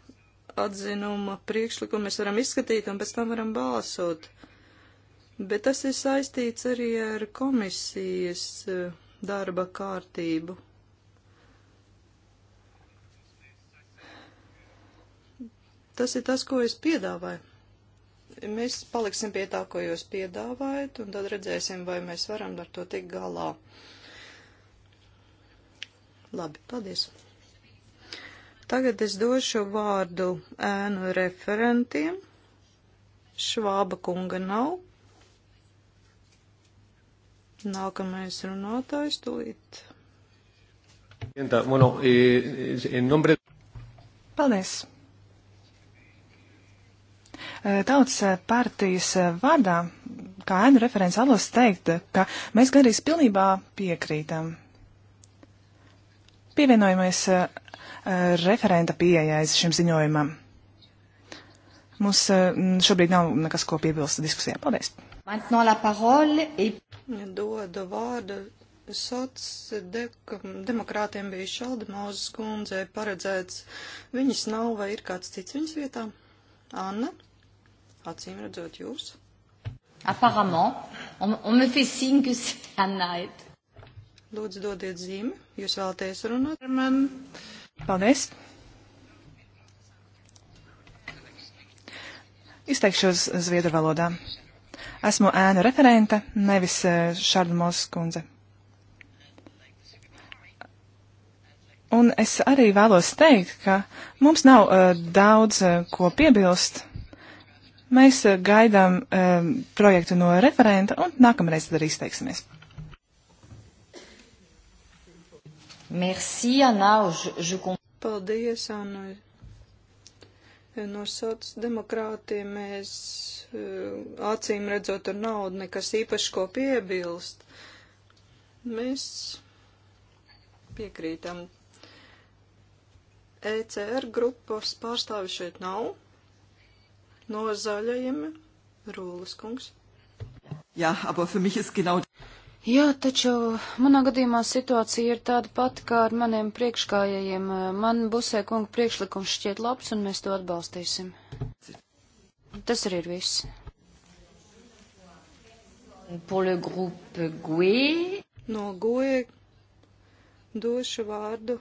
atzinuma priekšlikumu mēs varam izskatīt un pēc tam varam balsot. Bet tas ir saistīts arī ar komisijas eh, darba kārtību. Tas ir tas, ko es piedāvāju. Mēs paliksim pie tā, ko jūs piedāvājat, un tad redzēsim, vai mēs varam ar to tikt galā. Labi, paldies! Tagad es došu vārdu ēnu referentiem. Švāba kunga nav. Nākamais runātājs tūlīt. Eh, Paldies. Eh, tautas partijas vārdā, kā ēnu referents, vēlos teikt, ka mēs gandrīz pilnībā piekrītam Pievienojamies eh, eh, referenta pieejais šim ziņojumam. Mums eh, šobrīd nav nekas, ko piebilst diskusijā. Paldies! Dodu vārdu sociāldemokrātiem bija šalda mauzes kundzei paredzēts. Viņas nav vai ir kāds cits viņas vietā? Anna? Acīm redzot jūs. Apparemment, on, on me fait signe que c'est Anna. Et... Lūdzu, dodiet zīmi, jūs vēlaties runāt ar mani. Paldies! Izteikšos zviedru valodā. Esmu ēnu referente, nevis e, Šardamos kundze. Un es arī vēlos teikt, ka mums nav uh, daudz uh, ko piebilst. Mēs uh, gaidām uh, projektu no referenta un nākamreiz tad arī izteiksimies. Merci, Anna. Je, je... Paldies, Anna. No sauc demokrātiem mēs eh, acīm redzot ar naudu nekas īpaši ko piebilst. Mēs piekrītam. ECR grupas pārstāvi šeit nav. No zaļajiem Rūlis kungs. Jā, aber für mich ist genau. Jā, taču manā gadījumā situācija ir tāda pati kā ar maniem priekškājējiem. Man busē kunga priekšlikums šķiet labs, un mēs to atbalstīsim. Tas arī ir viss. No GUE došu vārdu.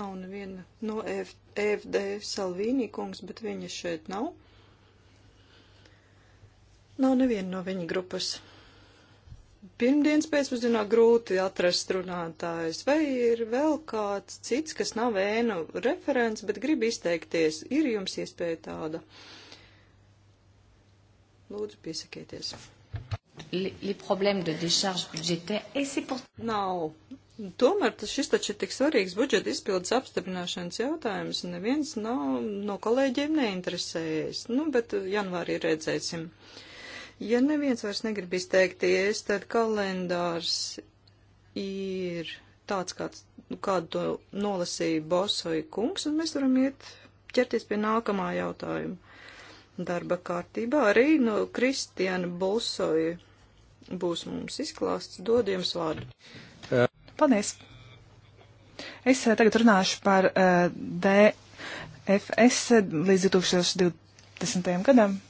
Nav neviena no EFD Salvīnī kungs, bet viņa šeit nav. Nav neviena no viņa grupas pirmdienas pēcpusdienā grūti atrast runātājus, vai ir vēl kāds cits, kas nav ēnu referents, bet grib izteikties, ir jums iespēja tāda. Lūdzu, piesakieties. Nav. Tomēr tas šis taču ir tik svarīgs budžeta izpildes apstiprināšanas jautājums, neviens nav no kolēģiem neinteresējies. Nu, bet eh, janvārī redzēsim. Uh, Ja neviens vairs negrib izteikties, tad kalendārs ir tāds, kāds, nu, kādu to nolasīja Bosoja kungs, un mēs varam iet ķerties pie nākamā jautājuma. Darba kārtībā arī no Kristiana Bosoja būs mums izklāsts. Dod jums vārdu. Paldies! Es eh, tagad runāšu par uh, eh, DFS eh, līdz 2020. gadam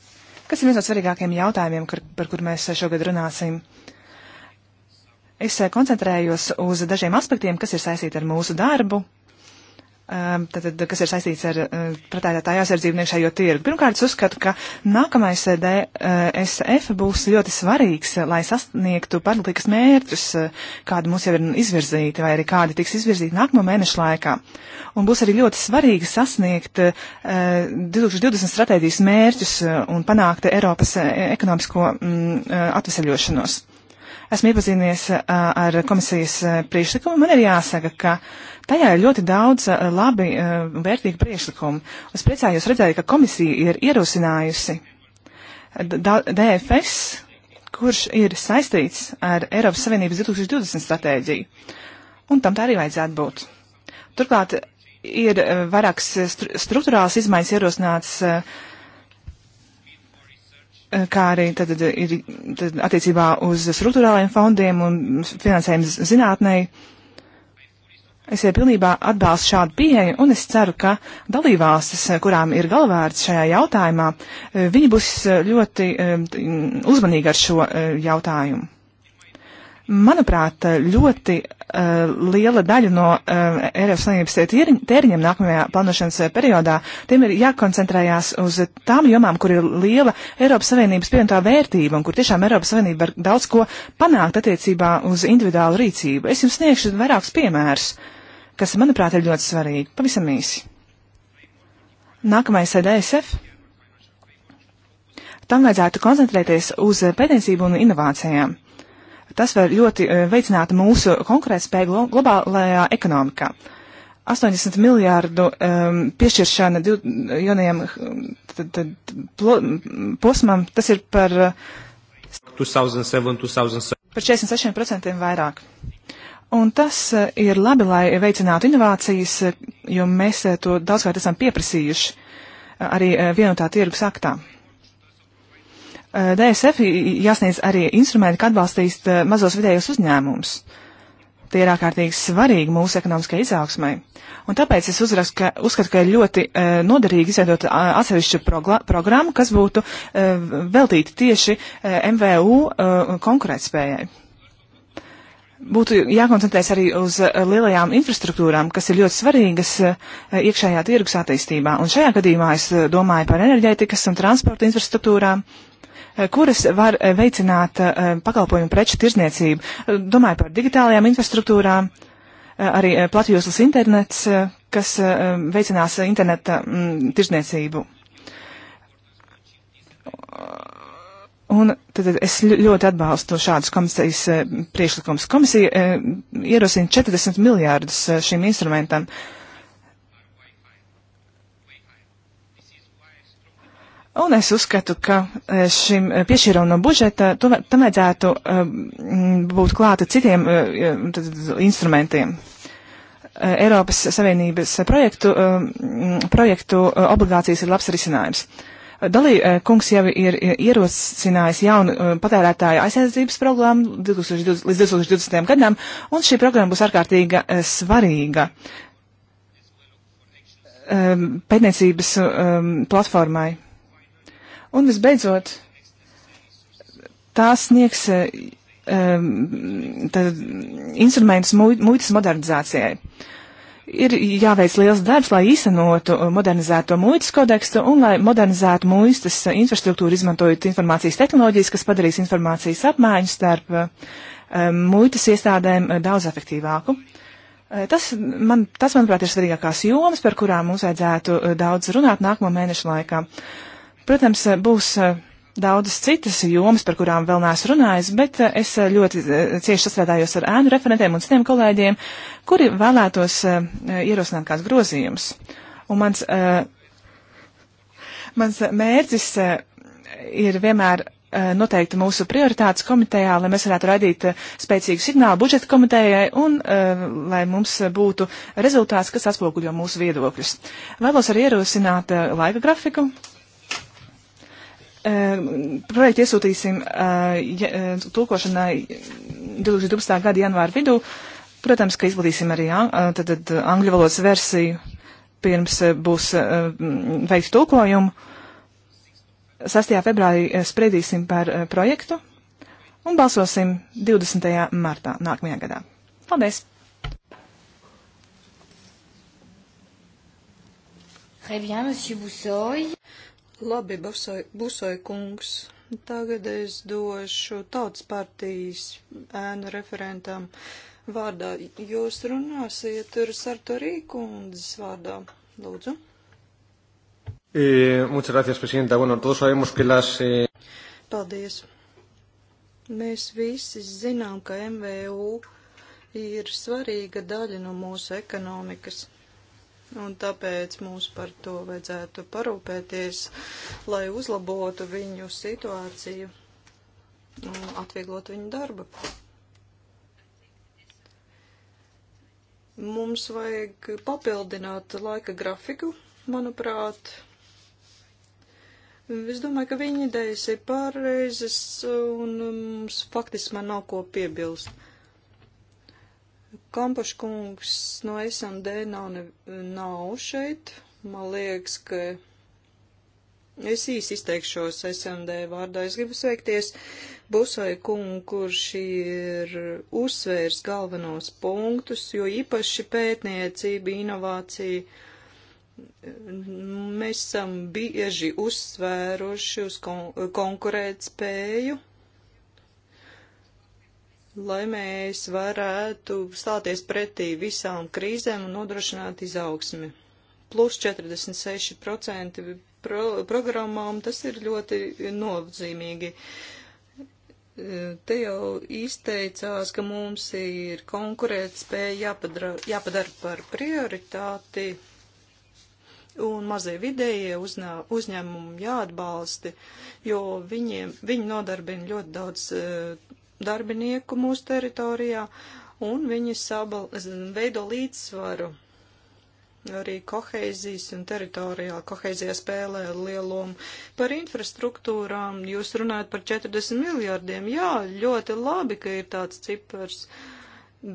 kas ir viens no svarīgākajiem jautājumiem, kar, par kur mēs šogad runāsim. Es eh, koncentrējos uz dažiem aspektiem, kas ir saistīti ar mūsu darbu, tātad, um, kas ir saistīts ar uh, pretētātāju aizsardzību iekšējo tirgu. Pirmkārt, es uzskatu, ka nākamais uh, DSF būs ļoti svarīgs, uh, lai sasniegtu politikas mērķus, kādi mums jau ir izvirzīti, vai arī kādi tiks izvirzīti nākamo mēnešu laikā. Un būs arī ļoti svarīgi sasniegt 2020 stratēģijas mērķus un panākt Eiropas ekonomisko mm, atveseļošanos. Esmu iepazinies ar komisijas priekšlikumu. Man ir jāsaka, ka uh, Tajā ir ļoti daudz eh, labi un eh, vērtīgi priekšlikumu. Es priecājos redzēju, ka komisija ir ierosinājusi DFS, kurš ir saistīts ar Eiropas Savienības 2020 stratēģiju. Un tam tā arī vajadzētu būt. Turklāt ir eh, vairākas stru struktūrāls izmaiņas ierosināts, kā arī tad ir tad attiecībā uz struktūrālajiem fondiem un finansējumu zinātnei. Es pilnībā atbalstu šādu pieeju, un es ceru, ka dalībvalstis, kurām ir galvārds šajā jautājumā, eh, viņi būs eh, ļoti eh, uzmanīgi ar šo jautājumu. Manuprāt, ļoti liela daļa no Eiropas Savienības tēriņiem nākamajā plānošanas periodā, tiem ir jākoncentrējās uz tām jomām, kur ir liela Eiropas Savienības pievienotā vērtība un kur tiešām Eiropas Savienība var daudz ko panākt attiecībā uz individuālu rīcību. Es jums sniegšu vairākus piemērus. Uh, kas, manuprāt, ir ļoti svarīgi. Pavisam īsi. Nākamais ir DSF. Tam vajadzētu koncentrēties uz pētniecību un inovācijām. Tas var ļoti eh, veicināt mūsu konkurētspēju globālajā ekonomikā. 80 miljārdu um, piešķiršana div, jaunajam tad, tad, plo, posmam, tas ir par, 2007, eh, 2007. par 46% vairāk. Un tas eh, ir labi, lai veicinātu inovācijas, eh, jo mēs eh, to daudzkārt esam pieprasījuši arī vienotā tirgus aktā. DSF jāsniedz arī instrumenti, kā atbalstīt mazos vidējos uzņēmumus. Tie ir ārkārtīgi svarīgi mūsu ekonomiskai izaugsmai. Un tāpēc es uzrakstu, ka, uzskatu, ka ir ļoti uh, noderīgi izveidot uh, atsevišķu programmu, kas būtu uh, veltīta tieši uh, MVU uh, konkurētspējai būtu jākoncentrēs arī uz eh, lielajām infrastruktūrām, kas ir ļoti svarīgas eh, iekšējā tirgus attīstībā. Un šajā gadījumā es eh, domāju par enerģētikas un transporta infrastruktūrām, kuras var veicināt pakalpojumu preču tirzniecību. Domāju par digitālajām infrastruktūrām, arī platjoslas internets, kas veicinās interneta mm, tirzniecību Un tad es ļoti atbalstu šādus komisijas eh, priešlikumus. Komisija eh, ierosina 40 miljārdus eh, šim instrumentam. Un es uzskatu, ka šim piešķīram no budžeta tam vajadzētu būt klāta citiem instrumentiem. Eiropas Savienības projektu, projektu obligācijas ir labs risinājums. Ar Dalī eh, kungs jau ir eh, ierosinājis jaunu eh, patērētāju aizsardzības programmu 2020, līdz 2020. gadam, un šī programma būs ārkārtīga svarīga ehm, pētniecības ehm, platformai. Un visbeidzot, tās sniegs ehm, instrumentus muitas modernizācijai ir jāveic liels darbs, lai īstenotu uh, modernizēto muitas kodekstu un lai modernizētu muitas uh, infrastruktūru izmantojot informācijas tehnoloģijas, kas padarīs informācijas apmaiņu starp uh, um, muitas iestādēm uh, daudz efektīvāku. Uh, tas, man, tas, manuprāt, ir svarīgākās jomas, par kurām mums vajadzētu daudz runāt nākamo mēnešu laikā. Protams, būs uh, daudzas citas jomas, par kurām vēl neesmu runājis, bet eh, es eh, ļoti eh, cieši sastrādājos ar ēnu referentiem un citiem kolēģiem, kuri vēlētos ierosināt kāds grozījums. Un mans, mans mērķis ir vienmēr noteikti mūsu prioritātes komitejā, lai mēs varētu radīt spēcīgu signālu budžeta komitejai un uh, lai mums būtu rezultāts, kas atspoguļo mūsu viedokļus. Vēlos arī ierosināt uh, laika grafiku, projektu iesūtīsim ja, tulkošanai 2012. gada janvāra vidū. Protams, ka izplatīsim arī tad, tad, angļu valodas versiju, pirms būs veikts tulkojumu. 6. februārī spriedīsim par projektu un balsosim 20. martā nākamajā gadā. Paldies! Très bien, monsieur Boussoy. Labi, Busoja kungs, tagad es došu tautas partijas ēnu referentam vārdā. Jūs runāsiet ar Sartorī kundzes vārdā. Lūdzu. E, muchas gracias, presidenta. Bueno, todos sabemos que las. E... Paldies. Mēs visi zinām, ka MVU ir svarīga daļa no mūsu ekonomikas un tāpēc mums par to vajadzētu parūpēties, lai uzlabotu viņu situāciju un atvieglotu viņu darbu. Mums vajag papildināt laika grafiku, manuprāt. Es domāju, ka viņa idejas ir pareizes, un mums faktiski man nav ko piebilst. Kampaškungs no SMD nav, ne, nav šeit. Man liekas, ka es īsi izteikšos SMD vārdā. Es gribu sveikties Busoja kungu, kurš ir uzsvērs galvenos punktus, jo īpaši pētniecība, inovācija. Mēs esam bieži uzsvēruši uz kon konkurēt spēju lai mēs varētu stāties pretī visām krīzēm un nodrošināt izaugsmi. Plus 46% pro programmām tas ir ļoti nozīmīgi. Te jau izteicās, ka mums ir konkurētspēja jāpadara, jāpadara par prioritāti un mazie vidējie uznā, uzņēmumi jāatbalsti, jo viņiem, viņi nodarbina ļoti daudz uh, darbinieku mūsu teritorijā, un viņi sabal, veido līdzsvaru arī koheizijas un teritorijā. Koheizijā spēlē lielumu par infrastruktūrām. Jūs runājat par 40 miljārdiem. Jā, ļoti labi, ka ir tāds cipars,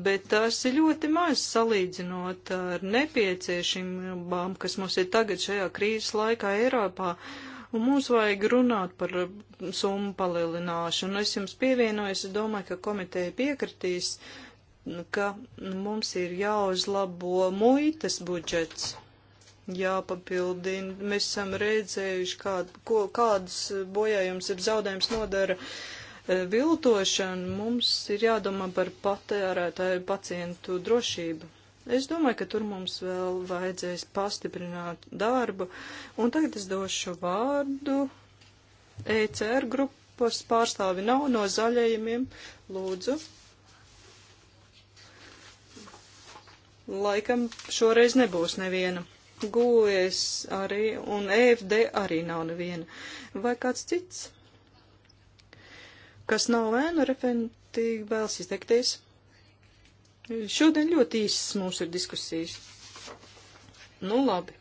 bet tas ir ļoti maz salīdzinot ar nepieciešamībām, kas mums ir tagad šajā krīzes laikā Eiropā. Uh, un nu, mums vajag runāt par mm, summu palielināšanu. Es jums pievienojos, es domāju, ka komiteja piekritīs, nu, ka nu, mums ir jāuzlabo muitas budžets. Jāpapildina. Mēs esam redzējuši, kād, ko, kādas bojājums ir zaudējums nodara e, viltošana. Mums ir jādomā par patērētāju pacientu drošību. Es domāju, ka tur mums vēl vajadzēs pastiprināt darbu, un tagad es došu vārdu ECR grupas pārstāvi nav no zaļajiem, lūdzu. Laikam šoreiz nebūs neviena. Gūjas arī, un EFD arī nav neviena. Vai kāds cits, kas nav vēnu referentīgi vēlas izteikties? Šodien ļoti īsas mums ir diskusijas. Nu, labi.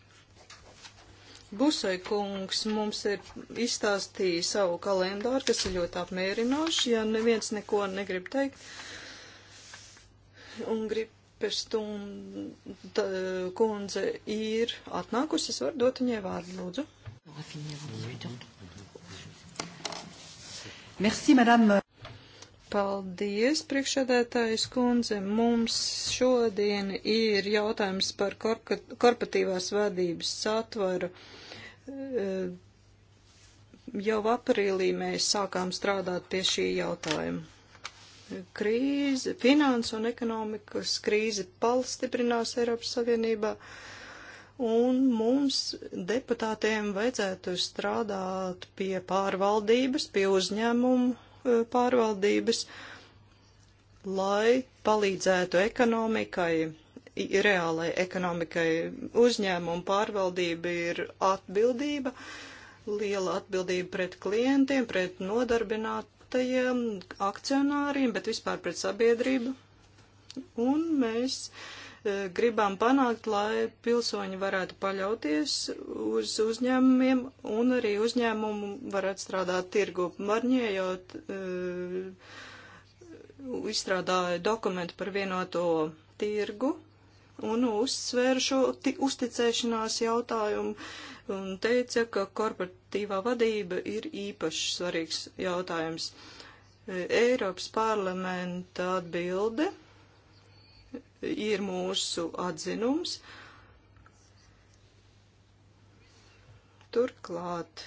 Busai kungs mums ir izstāstīja savu kalendāru, kas ir ļoti apmierinoši, ja neviens neko negrib teikt. Un grib stunda kundze ir atnākusi, es varu dot viņai vārdu, lūdzu. Merci, madame. Paldies, priekšsēdētājs kundze. Mums šodien ir jautājums par korporatīvās vadības satvaru. Eh, jau aprīlī mēs sākām strādāt pie šī jautājuma. Krīze, finanses un ekonomikas krīze palstiprinās Eiropas Savienībā, un mums deputātiem vajadzētu strādāt pie pārvaldības, pie uzņēmumu Eh, pārvaldības, lai palīdzētu ekonomikai, reālai ekonomikai uzņēmumu pārvaldība ir atbildība, liela atbildība pret klientiem, pret nodarbinātajiem akcionāriem, bet vispār pret sabiedrību. Un mēs uh, Eh, gribam panākt, lai pilsoņi varētu paļauties uz uzņēmumiem un arī uzņēmumu varētu strādāt tirgu. Marņējot eh, izstrādāja dokumentu par vienoto tirgu un uzsvēra šo uzticēšanās jautājumu un teica, ka korporatīvā vadība ir īpaši svarīgs jautājums. Eh, Eiropas parlamenta atbilde ir mūsu atzinums. Turklāt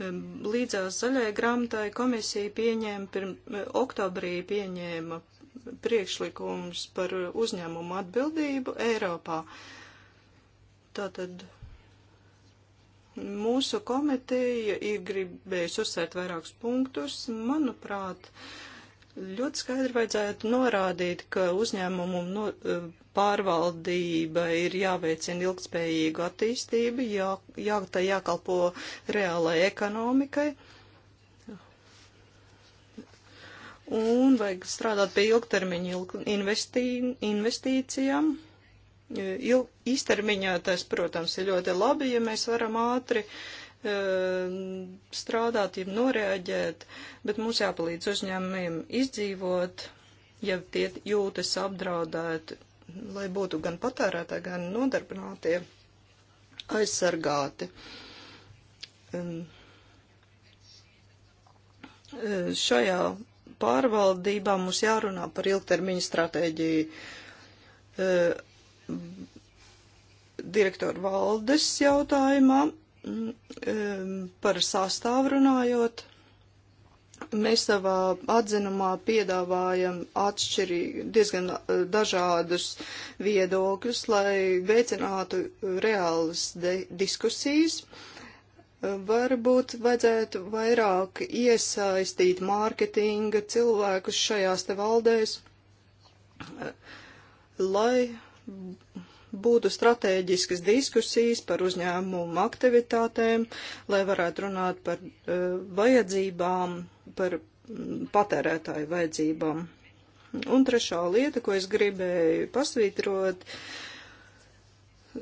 līdzās zaļai grāmatai komisija pieņēma, pirm, oktobrī pieņēma priekšlikums par uzņēmumu atbildību Eiropā. Tātad mūsu komiteja ir gribējusi uzsvērt vairākus punktus. Manuprāt, uh, Ļoti skaidri vajadzētu norādīt, ka uzņēmumu no, e, pārvaldība ir jāveicina ilgspējīgu attīstību, jā, jā, tā jākalpo reālai ekonomikai. Un vajag strādāt pie ilgtermiņa ilg, investī, investīcijām. E, ilg, īstermiņā tas, protams, ir ļoti labi, ja mēs varam ātri uh, Um, strādāt, jau noreaģēt, bet mums jāpalīdz uzņēmumiem izdzīvot, ja tie jūtas apdraudēti, lai būtu gan patērētāji, gan nodarbinātie aizsargāti. Um, uh, šajā pārvaldībā mums jārunā par ilgtermiņa stratēģiju uh, direktoru valdes jautājumā par sastāvu runājot, mēs savā atzinumā piedāvājam atšķirīgi, diezgan eh, dažādus viedokļus, lai veicinātu reālas diskusijas. Varbūt vajadzētu vairāk iesaistīt mārketinga cilvēkus šajās te valdēs, eh, lai būtu strateģiskas diskusijas par uzņēmumu aktivitātēm, lai varētu runāt par uh, vajadzībām, par mm, patērētāju vajadzībām. Un trešā lieta, ko es gribēju pasvītrot,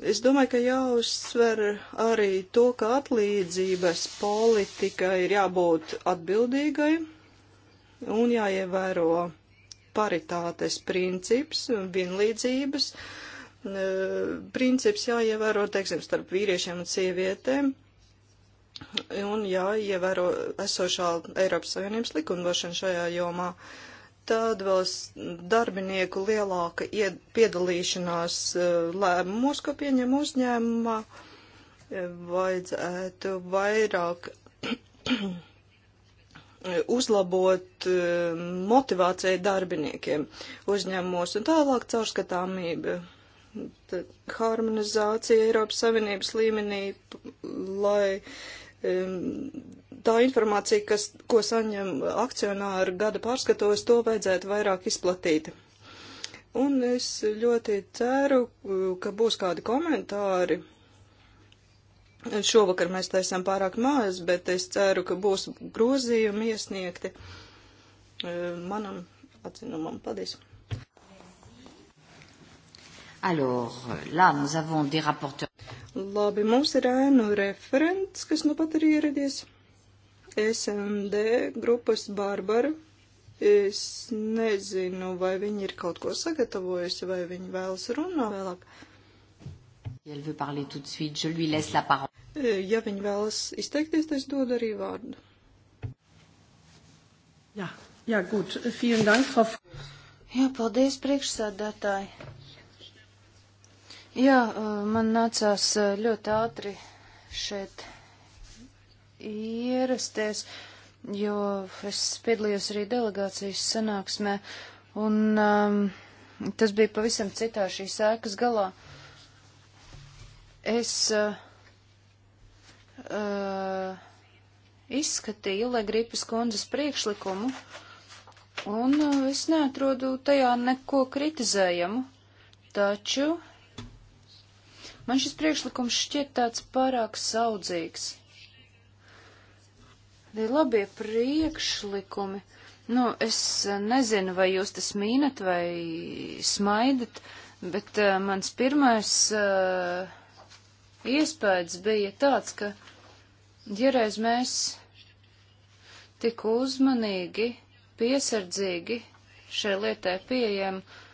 es domāju, ka jāuzsver arī to, ka atlīdzības politika ir jābūt atbildīgai un jāievēro paritātes princips, vienlīdzības, uh, Eh, princips jāievēro, teiksim, starp vīriešiem un sievietēm un jāievēro esošā Eiropas Savienības likumdošana šajā jomā. Tad vēl darbinieku lielāka piedalīšanās eh, lēmumos, ko pieņem uzņēmumā, eh, vajadzētu vairāk uzlabot motivāciju darbiniekiem uzņēmumos un tālāk caurskatāmību tad, harmonizācija Eiropas Savienības līmenī, lai um, tā informācija, kas, ko saņem akcionāri gada pārskatos, to vajadzētu vairāk izplatīt. Un es ļoti ceru, ka būs kādi komentāri. Šovakar mēs taisām pārāk maz, bet es ceru, ka būs grozījumi iesniegti um, manam atzinumam. Paldies! Alors, là, nous avons des rapporteurs. Labi, mums ir ēnu referents, kas nu pat ir ieradies. SMD grupas Barbara. Es nezinu, vai viņi ir kaut ko sagatavojusi, vai viņi vēlas runāt vēlāk. E, ja viņi vēlas izteikties, tad es dodu arī vārdu. Jā, jā, gut. Vielen Dank, Frau. Jā, paldies, priekšsādātāji. Jā, uh, man nācās uh, ļoti ātri šeit ierasties, jo es piedalījos arī delegācijas sanāksmē, un um, tas bija pavisam citā šīs ēkas galā. Es uh, uh, izskatīju Legripas kundzes priekšlikumu, un uh, es neatrodu tajā neko kritizējumu, taču Man šis priekšlikums šķiet tāds pārāk saudzīgs. Tie labie priekšlikumi. Nu, es eh, nezinu, vai jūs tas mīnat vai smaidat, bet uh, mans pirmais uh, iespējas bija tāds, ka, ja reiz mēs tik uzmanīgi, piesardzīgi šai lietai pieejam, uh,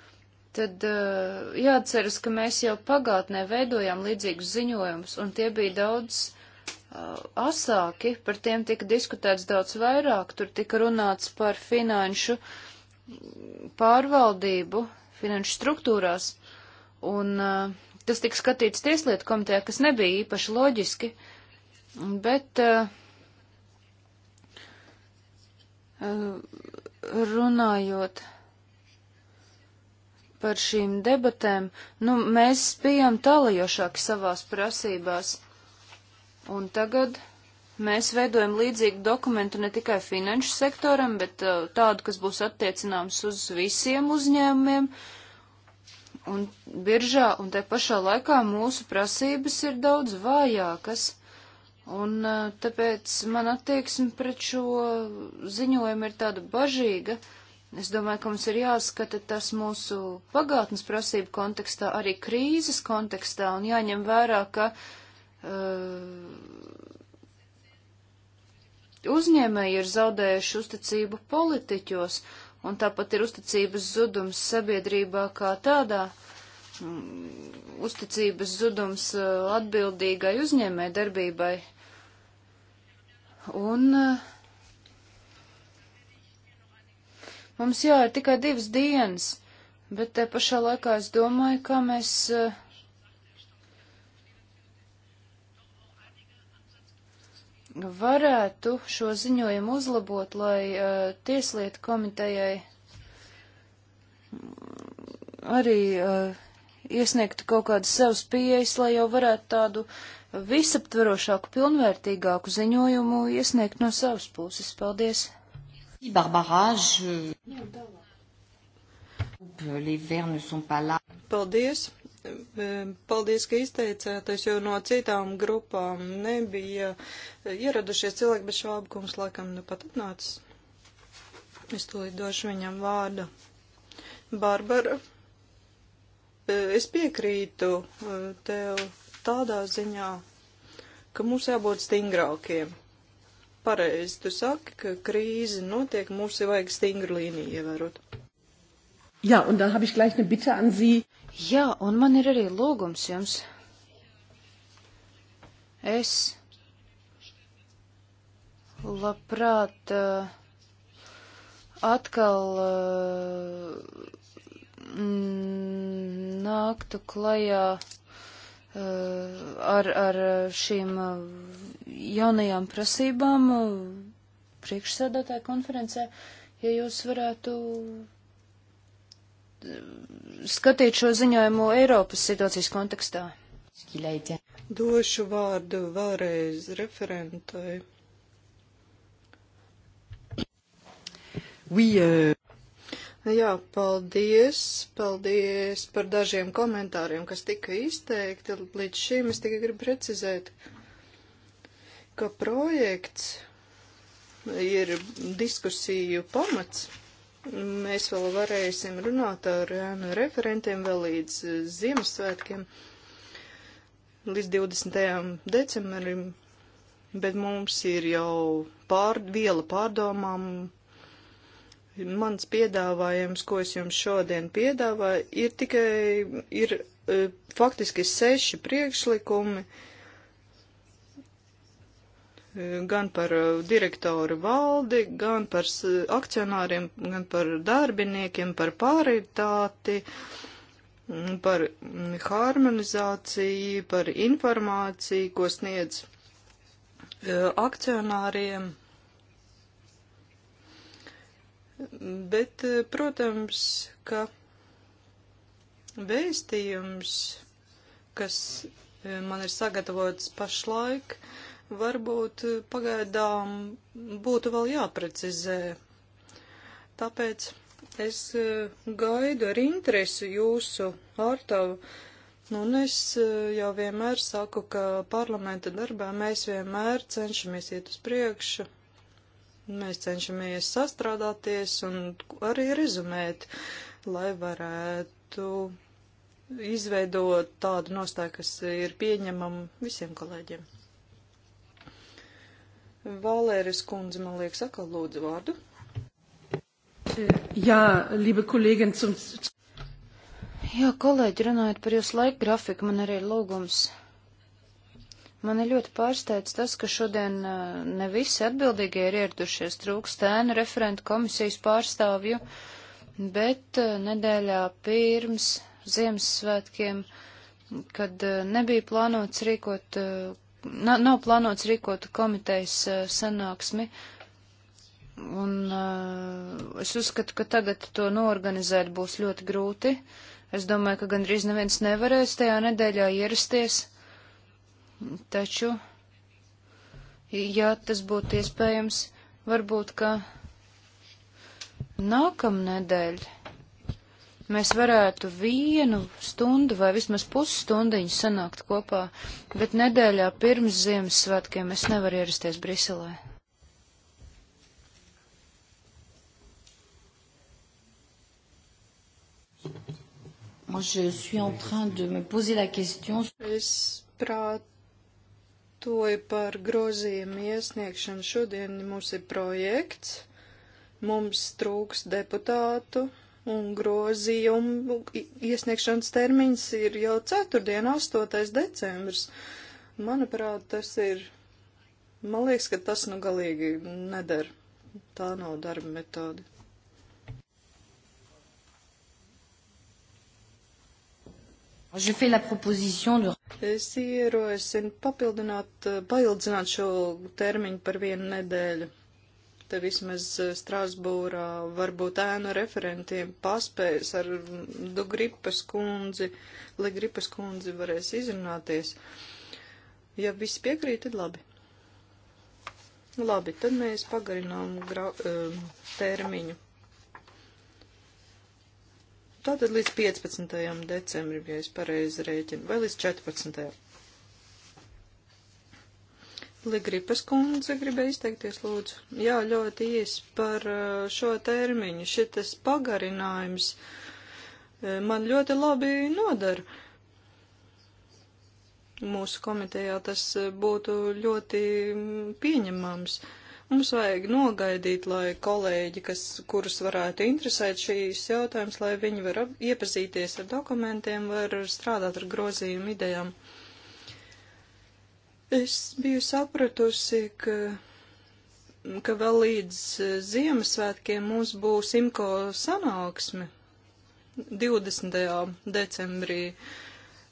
tad uh, jāatceras, ka mēs jau pagātnē veidojām līdzīgus ziņojumus, un tie bija daudz uh, asāki, par tiem tika diskutēts daudz vairāk, tur tika runāts par finanšu pārvaldību, finanšu struktūrās, un uh, tas tika skatīts tieslietu komitejā, kas nebija īpaši loģiski, bet runājot par šīm debatēm, nu, mēs bijām tālajošāki savās prasībās. Un tagad mēs veidojam līdzīgu dokumentu ne tikai finanšu sektoram, bet uh, tādu, kas būs attiecināms uz visiem uzņēmumiem un biržā, un te pašā laikā mūsu prasības ir daudz vājākas. Un uh, tāpēc man attieksme pret šo ziņojumu ir tāda bažīga. Uh, Es domāju, ka mums ir jāskata tas mūsu pagātnes prasību kontekstā, arī krīzes kontekstā, un jāņem vērā, ka uh, uzņēmēji ir zaudējuši uzticību politiķos, un tāpat ir uzticības zudums sabiedrībā kā tādā mm, uzticības zudums uh, atbildīgai uzņēmē darbībai. Un uh, Mums jā, ir tikai divas dienas, bet te pašā laikā es domāju, kā mēs. Eh, varētu šo ziņojumu uzlabot, lai uh, tieslietu komitejai arī uh, iesniegtu kaut kādas savas pieejas, lai jau varētu tādu visaptverošāku, pilnvērtīgāku ziņojumu iesniegt no savas puses. Paldies! Barbara, je... Paldies! Paldies, ka izteicāties, jo no citām grupām nebija eh, ieradušies cilvēki, bet švābkums laikam nu pat atnācis. Es tūlīt došu viņam vārdu. Barbara, eh, es piekrītu eh, tev tādā ziņā, ka mums jābūt stingrākiem pareizi tu saki, ka krīze notiek, mums ir vajag stingru līniju ievērot. Jā, un dann habe ich gleich eine Bitte an Sie. Jā, un man ir arī lūgums jums. Es labprāt uh, atkal uh, nāktu klajā ar, ar šīm uh, jaunajām prasībām uh, priekšsēdētāja konferencē, ja jūs varētu uh, skatīt šo ziņojumu Eiropas situācijas kontekstā. Došu vārdu vēlreiz referentai. Oui, euh... Jā, paldies, paldies par dažiem komentāriem, kas tika izteikti līdz šim. Es tikai gribu precizēt, ka projekts ir diskusiju pamats. Mēs vēl varēsim runāt ar ēnu referentiem vēl līdz Ziemassvētkiem, līdz 20. decembrim, bet mums ir jau pār, viela pārdomām Mans piedāvājums, ko es jums šodien piedāvāju, ir tikai, ir e, faktiski seši priekšlikumi e, gan par e, direktoru valdi, gan par akcionāriem, gan par darbiniekiem, par paritāti, par harmonizāciju, par informāciju, ko sniedz akcionāriem Bet, eh, protams, ka vēstījums, kas eh, man ir sagatavots pašlaik, varbūt eh, pagaidām būtu vēl jāprecizē. Tāpēc es gaidu ar interesi jūsu ārtavu, nu, un es jau vienmēr saku, ka parlamenta darbā mēs vienmēr cenšamies iet uz priekšu Mēs cenšamies sastrādāties un arī rezumēt, lai varētu izveidot tādu nostāju, kas ir pieņemama visiem kolēģiem. Valēris kundze, man liekas, atkal lūdzu vārdu. Jā, liba kolēģi, un... Jā, kolēģi, runājot par jūsu laika grafiku, man arī ir lūgums Mani ļoti pārsteidz tas, ka šodien uh, ne visi atbildīgie ir ieradušies, trūkst ēnu referentu komisijas pārstāvju, bet uh, nedēļā pirms Ziemassvētkiem, kad uh, nebija plānots rīkot, nav plānots rīkot komitejas sanāksmi, un es uzskatu, ka tagad to norganizēt būs ļoti grūti. Es domāju, ka gandrīz neviens nevarēs tajā nedēļā ierasties. Taču, ja tas būtu iespējams, varbūt, ka nākamnedēļ mēs varētu vienu stundu vai vismaz pusstundiņu sanākt kopā, bet nedēļā pirms Ziemassvētkiem es nevaru ierasties Briselē. Es prāt, balsoja par grozījumu iesniegšanu. Šodien mums ir projekts, mums trūks deputātu un grozījumu iesniegšanas termiņš ir jau ceturtdien, 8. decembris. Manuprāt, tas ir, man liekas, ka tas nu galīgi nedara. Tā nav darba metode. Es ierosinu papildināt, eh, paildzināt šo termiņu par vienu nedēļu. Te vismaz eh, Strasbūrā varbūt ēnu referentiem paspējas ar mm, Gripas kundzi, lai Gripas kundzi varēs izrunāties. Ja visi piekrīt, tad labi. Labi, tad mēs pagarinām gra, eh, termiņu Tātad līdz 15. decembrim, ja es pareizi rēķinu, vai līdz 14. Ligripas kundze gribēja izteikties, lūdzu. Jā, ļoti īsi par uh, šo termiņu. Šitas pagarinājums uh, man ļoti labi nodara. Mūsu komitejā tas uh, būtu ļoti mm, pieņemams. Uh, Mums vajag nogaidīt, lai kolēģi, kas, kurus varētu interesēt šīs jautājums, lai viņi var iepazīties ar dokumentiem, var strādāt ar grozījumu idejām. Es biju sapratusi, ka, ka vēl līdz e, Ziemassvētkiem mums būs IMCO sanāksme 20. decembrī. Uh,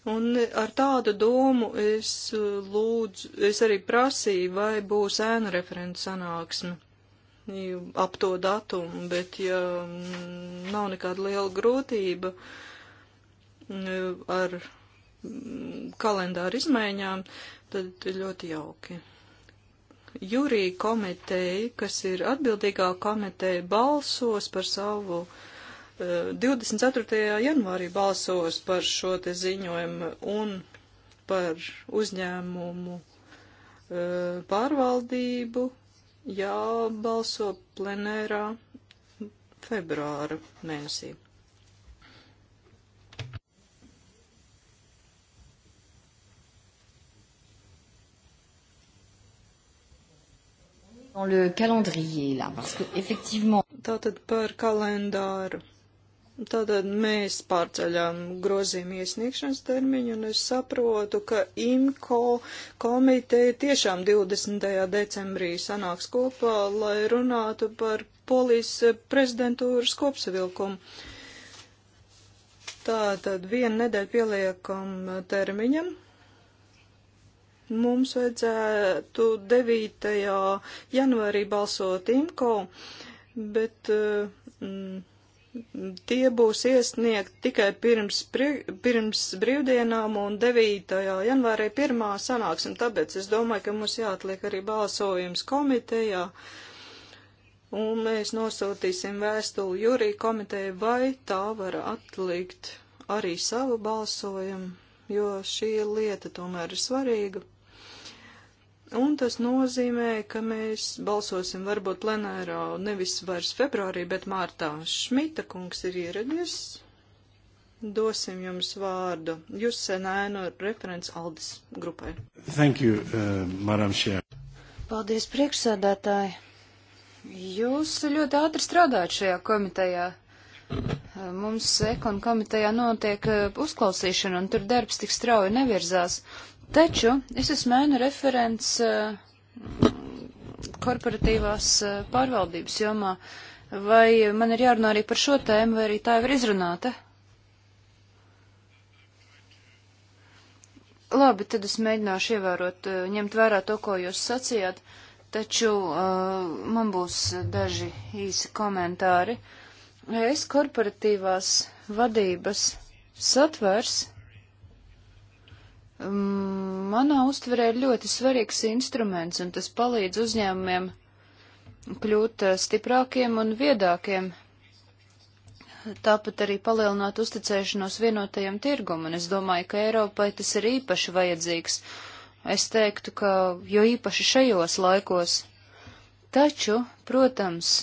Un ar tādu domu es uh, lūdzu, es arī prasīju, vai būs ēnu referentu sanāksme ap to datumu, bet ja mm, nav nekāda liela grūtība mm, ar mm, kalendāru izmaiņām, tad ļoti jauki. Jurija komiteja, kas ir atbildīgā komiteja, balsos par savu uh, 24. Eh, janvārī balsos par šo te ziņojumu un par uzņēmumu eh, pārvaldību jābalso plenērā februāra mēnesī. dans le calendrier là parce que effectivement Tātad par kalendāru. Tātad mēs pārceļam grozījumu iesniegšanas termiņu, un es saprotu, ka IMCO komiteja tiešām 20. decembrī sanāks kopā, lai runātu par polijas prezidentūras kopsavilkumu. Tātad vienu nedēļu pieliekam termiņam. Mums vajadzētu 9. janvārī balsot IMCO, bet. Mm, Tie būs iesniegt tikai pirms, pirms brīvdienām un 9. janvārī pirmā sanāksim, tāpēc es domāju, ka mums jāatliek arī balsojums komitejā, un mēs nosūtīsim vēstuli jūrī komiteju, vai tā var atlikt arī savu balsojumu, jo šī lieta tomēr ir svarīga. Un tas nozīmē, ka mēs balsosim varbūt plenērā nevis vairs februārī, bet mārtā. Šmita kungs ir ieradies. Dosim jums vārdu. Jūs senēnu referents Aldis grupai. Thank you, uh, Madam Chair. Paldies, priekšsēdētāji. Jūs ļoti ātri strādājat šajā komitejā. Uh, mums ekon komitejā notiek uh, uzklausīšana, un tur darbs tik strauji nevirzās. Taču es esmu ēnu referents eh, korporatīvās eh, pārvaldības jomā. Vai man ir jārunā arī par šo tēmu, vai arī tā jau ir izrunāta? Labi, tad es mēģināšu ievērot, eh, ņemt vērā to, ko jūs sacījāt, taču uh, man būs daži īsi komentāri. Es korporatīvās vadības satvers Mm, manā uztverē ir ļoti svarīgs instruments, un tas palīdz uzņēmumiem kļūt eh, stiprākiem un viedākiem. Tāpat arī palielināt uzticēšanos vienotajam tirgum, un es domāju, ka Eiropai tas ir īpaši vajadzīgs. Es teiktu, ka jo īpaši šajos laikos. Taču, protams,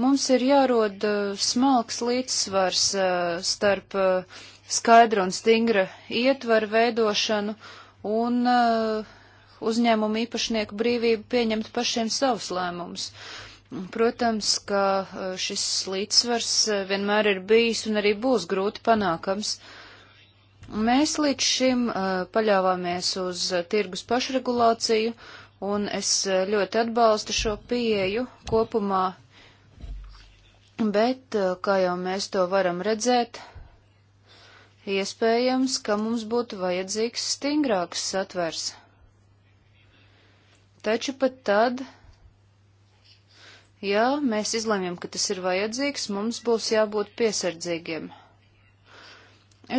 mums ir jārod eh, smalks līdzsvars eh, starp skaidra un stingra ietvara veidošanu un uh, uzņēmumu īpašnieku brīvību pieņemt pašiem savus lēmumus. Protams, ka uh, šis līdzsvars uh, vienmēr ir bijis un arī būs grūti panākams. Mēs līdz šim uh, paļāvāmies uz tirgus pašregulāciju, un es ļoti atbalstu šo pieeju kopumā, bet, kā jau mēs to varam redzēt, Iespējams, ka mums būtu vajadzīgs stingrāks satvers. Taču pat tad, ja mēs izlemjam, ka tas ir vajadzīgs, mums būs jābūt piesardzīgiem.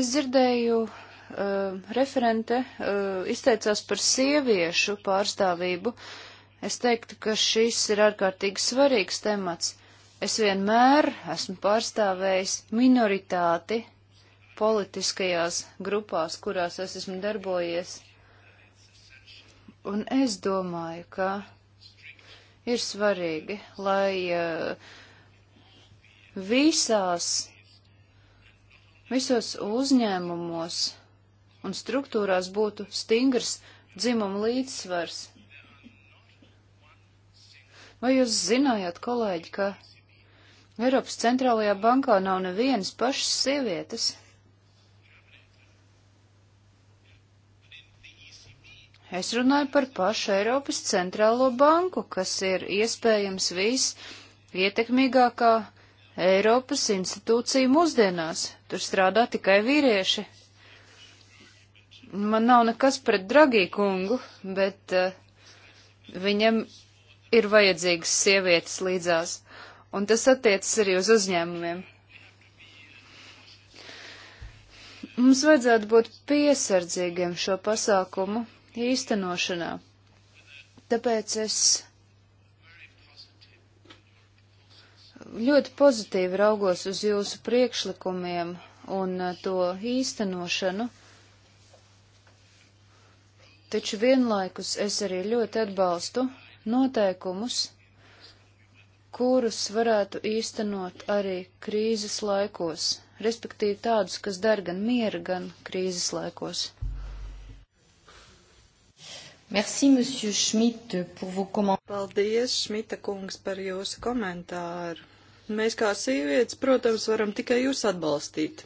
Es dzirdēju, uh, referente uh, izteicās par sieviešu pārstāvību. Es teiktu, ka šis ir ārkārtīgi svarīgs temats. Es vienmēr esmu pārstāvējis minoritāti politiskajās grupās, kurās es esmu darbojies. Un es domāju, ka ir svarīgi, lai eh, visās, visos uzņēmumos un struktūrās būtu stingrs dzimuma līdzsvars. Vai jūs zinājāt, kolēģi, ka Eiropas centrālajā bankā nav nevienas pašas sievietes? Es runāju par pašu Eiropas centrālo banku, kas ir iespējams viss ietekmīgākā Eiropas institūcija mūsdienās. Tur strādā tikai vīrieši. Man nav nekas pret Dragī kungu, bet uh, viņam ir vajadzīgas sievietes līdzās, un tas attiecas arī uz uzņēmumiem. Mums vajadzētu būt piesardzīgiem šo pasākumu īstenošanā. Tāpēc es ļoti pozitīvi raugos uz jūsu priekšlikumiem un uh, to īstenošanu, taču vienlaikus es arī ļoti atbalstu noteikumus, kurus varētu īstenot arī krīzes laikos, respektīvi tādus, kas dar gan miera, gan krīzes laikos. Merci, monsieur Schmidt, pour vos commentaires. Paldies, Šmita kungs, par jūsu komentāru. Mēs kā sievietes, protams, varam tikai jūs atbalstīt.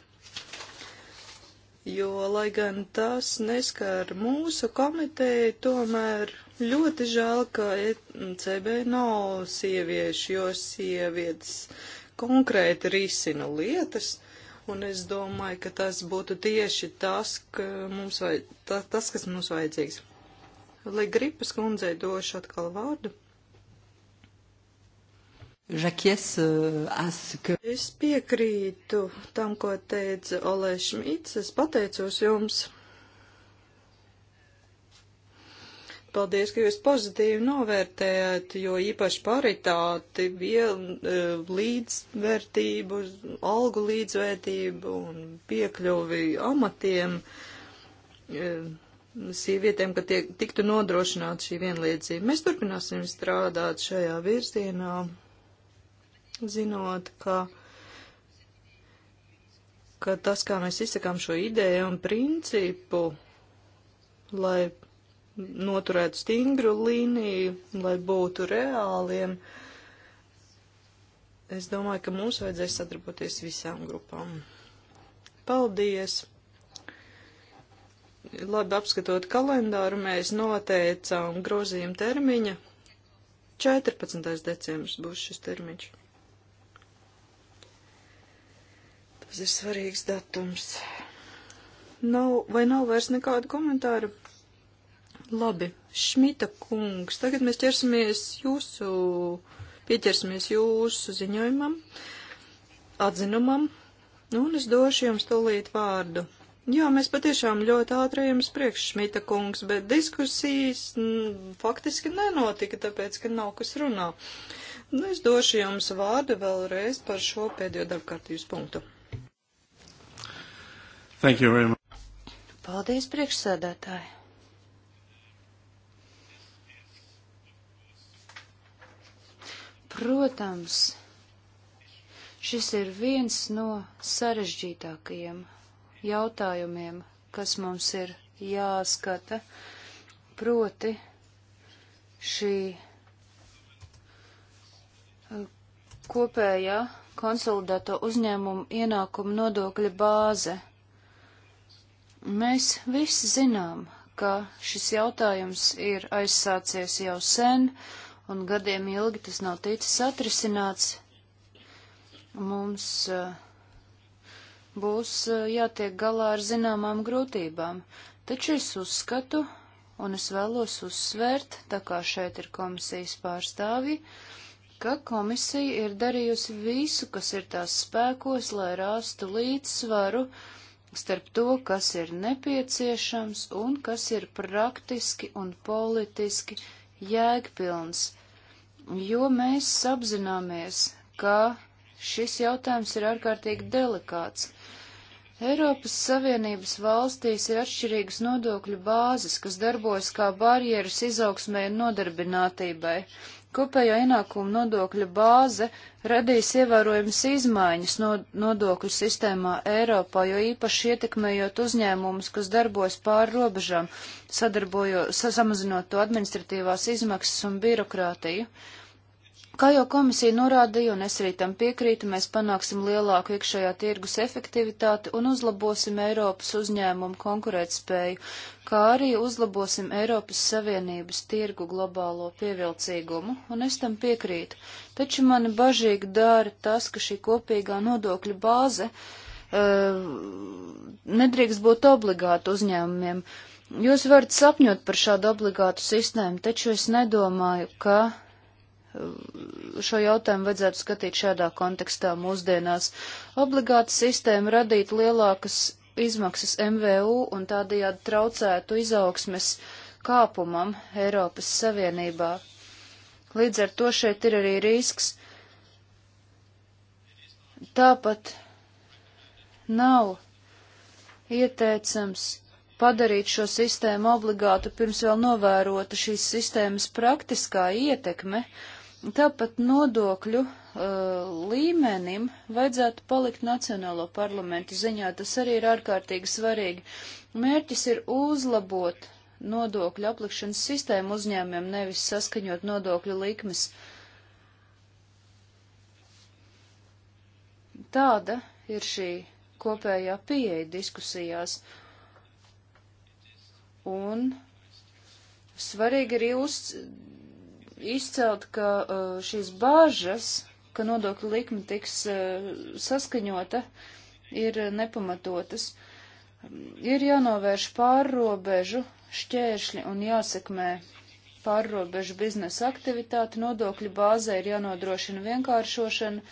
Jo, lai gan tas neskar mūsu komiteju, tomēr ļoti žēl, ka ECB nav sieviešu, jo sievietes konkrēti risina lietas un es domāju, ka tas būtu tieši tas, ka mums vajad, ta, tas kas mums vajadzīgs. Lai gripas kundzei došu atkal vārdu. Euh, es piekrītu tam, ko teica Olē Šmīts. Es pateicos jums. Paldies, ka jūs pozitīvi novērtējat, jo īpaši paritāti, viel, eh, līdzvērtību, algu līdzvērtību un piekļuvi amatiem. Mm sīvietēm, ka tiek, tiktu nodrošināta šī vienlīdzība. Mēs turpināsim strādāt šajā virzienā, zinot, ka, ka tas, kā mēs izsakām šo ideju un principu, lai noturētu stingru līniju, lai būtu reāliem, es domāju, ka mums vajadzēs sadarboties visām grupām. Paldies! labi apskatot kalendāru, mēs noteicām grozījuma termiņa. 14. decembris būs šis termiņš. Tas ir svarīgs datums. Nav, vai nav vairs nekādu komentāru? Labi, Šmita kungs, tagad mēs ķersimies jūsu, pieķersimies jūsu ziņojumam, atzinumam, nu, un es došu jums tūlīt vārdu. Jā, mēs patiešām ļoti ātri jums priekš, Šmita kungs, bet diskusijas n, faktiski nenotika, tāpēc, ka nav kas runā. Nu, es došu jums vārdu vēlreiz par šo pēdējo darbkārtības punktu. Thank you very much. Paldies, priekšsēdētāji. Protams, šis ir viens no sarežģītākajiem jautājumiem, kas mums ir jāskata, proti šī eh, kopējā konsolidēto uzņēmumu ienākumu nodokļa bāze. Mēs visi zinām, ka šis jautājums ir aizsācies jau sen, un gadiem ilgi tas nav ticis atrisināts. Mums uh, būs eh, jātiek galā ar zināmām grūtībām, taču es uzskatu, un es vēlos uzsvērt, tā kā šeit ir komisijas pārstāvji, ka komisija ir darījusi visu, kas ir tās spēkos, lai rāstu līdzsvaru starp to, kas ir nepieciešams un kas ir praktiski un politiski jēgpilns, jo mēs apzināmies, ka Šis jautājums ir ārkārtīgi delikāts. Eiropas Savienības valstīs ir atšķirīgas nodokļu bāzes, kas darbojas kā barjeras izaugsmē un nodarbinātībai. Kopējo ienākumu nodokļa bāze radīs ievērojamas izmaiņas no nodokļu sistēmā Eiropā, jo īpaši ietekmējot uzņēmumus, kas darbojas pāri robežām, samazinot to administratīvās izmaksas un birokrātiju. Kā jau komisija norādīja, un es arī tam piekrītu, mēs panāksim lielāku iekšējā tirgus efektivitāti un uzlabosim Eiropas uzņēmumu konkurētspēju, kā arī uzlabosim Eiropas Savienības tirgu globālo pievilcīgumu, un es tam piekrītu. Taču mani bažīgi dara tas, ka šī kopīgā nodokļu bāze uh, nedrīkst būt obligāta uzņēmumiem. Jūs varat sapņot par šādu obligātu sistēmu, taču es nedomāju, ka šo jautājumu vajadzētu skatīt šādā kontekstā mūsdienās. Obligāta sistēma radītu lielākas izmaksas MVU un tādējādi traucētu izaugsmes kāpumam Eiropas Savienībā. Līdz ar to šeit ir arī risks. Tāpat nav ieteicams padarīt šo sistēmu obligātu pirms vēl novērota šīs sistēmas praktiskā ietekme, uh, Tāpat nodokļu uh, līmenim vajadzētu palikt Nacionālo parlamentu ziņā. Tas arī ir ārkārtīgi svarīgi. Mērķis ir uzlabot nodokļu aplikšanas sistēmu uzņēmiem, nevis saskaņot nodokļu likmes. Tāda ir šī kopējā pieeja diskusijās. Un svarīgi arī uz, izcelt, ka uh, šīs bāžas, ka nodokļu likme tiks uh, saskaņota, ir nepamatotas. Ir jānovērš pārrobežu šķēršļi un jāsekmē pārrobežu biznesa aktivitāti, nodokļu bāzē ir jānodrošina vienkāršošana,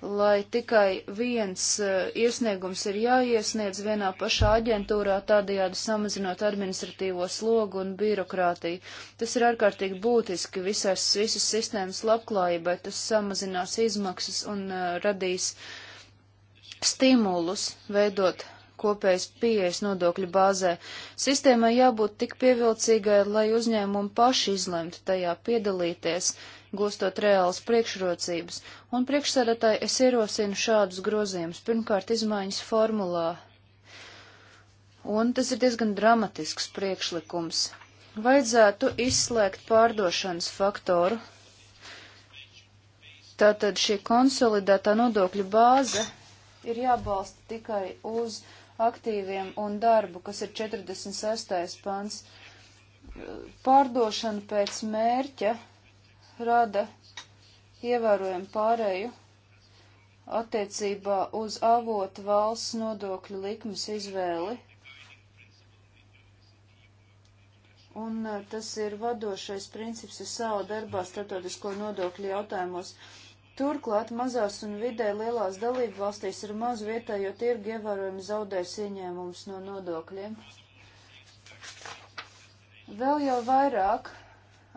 lai tikai viens eh, iesniegums ir jāiesniedz vienā pašā aģentūrā, tādējādi samazinot administratīvo slogu un birokrātiju. Tas ir ārkārtīgi būtiski visās, visas sistēmas labklājībai, tas samazinās izmaksas un uh, radīs stimulus veidot kopējas pieejas nodokļu bāzē. Sistēmai jābūt tik pievilcīgai, lai uzņēmumi paši izlemtu tajā piedalīties. Uh, gūstot reālas priekšrocības, un priekšsēdētāji es ierosinu šādus grozījumus. Pirmkārt, izmaiņas formulā, un tas ir diezgan dramatisks priekšlikums. Vajadzētu izslēgt pārdošanas faktoru. Tātad šī konsolidētā nodokļu bāze ir jābalsta tikai uz aktīviem un darbu, kas ir 46. pants. Pārdošana pēc mērķa rada ievērojumu pārēju attiecībā uz avotu valsts nodokļu likmes izvēli. Un e, tas ir vadošais princips ir savā darbā starptautisko nodokļu jautājumos. Turklāt mazās un vidē lielās dalību valstīs ir maz vietējo tirgu ievērojami zaudēs ieņēmumus no nodokļiem. Vēl jau vairāk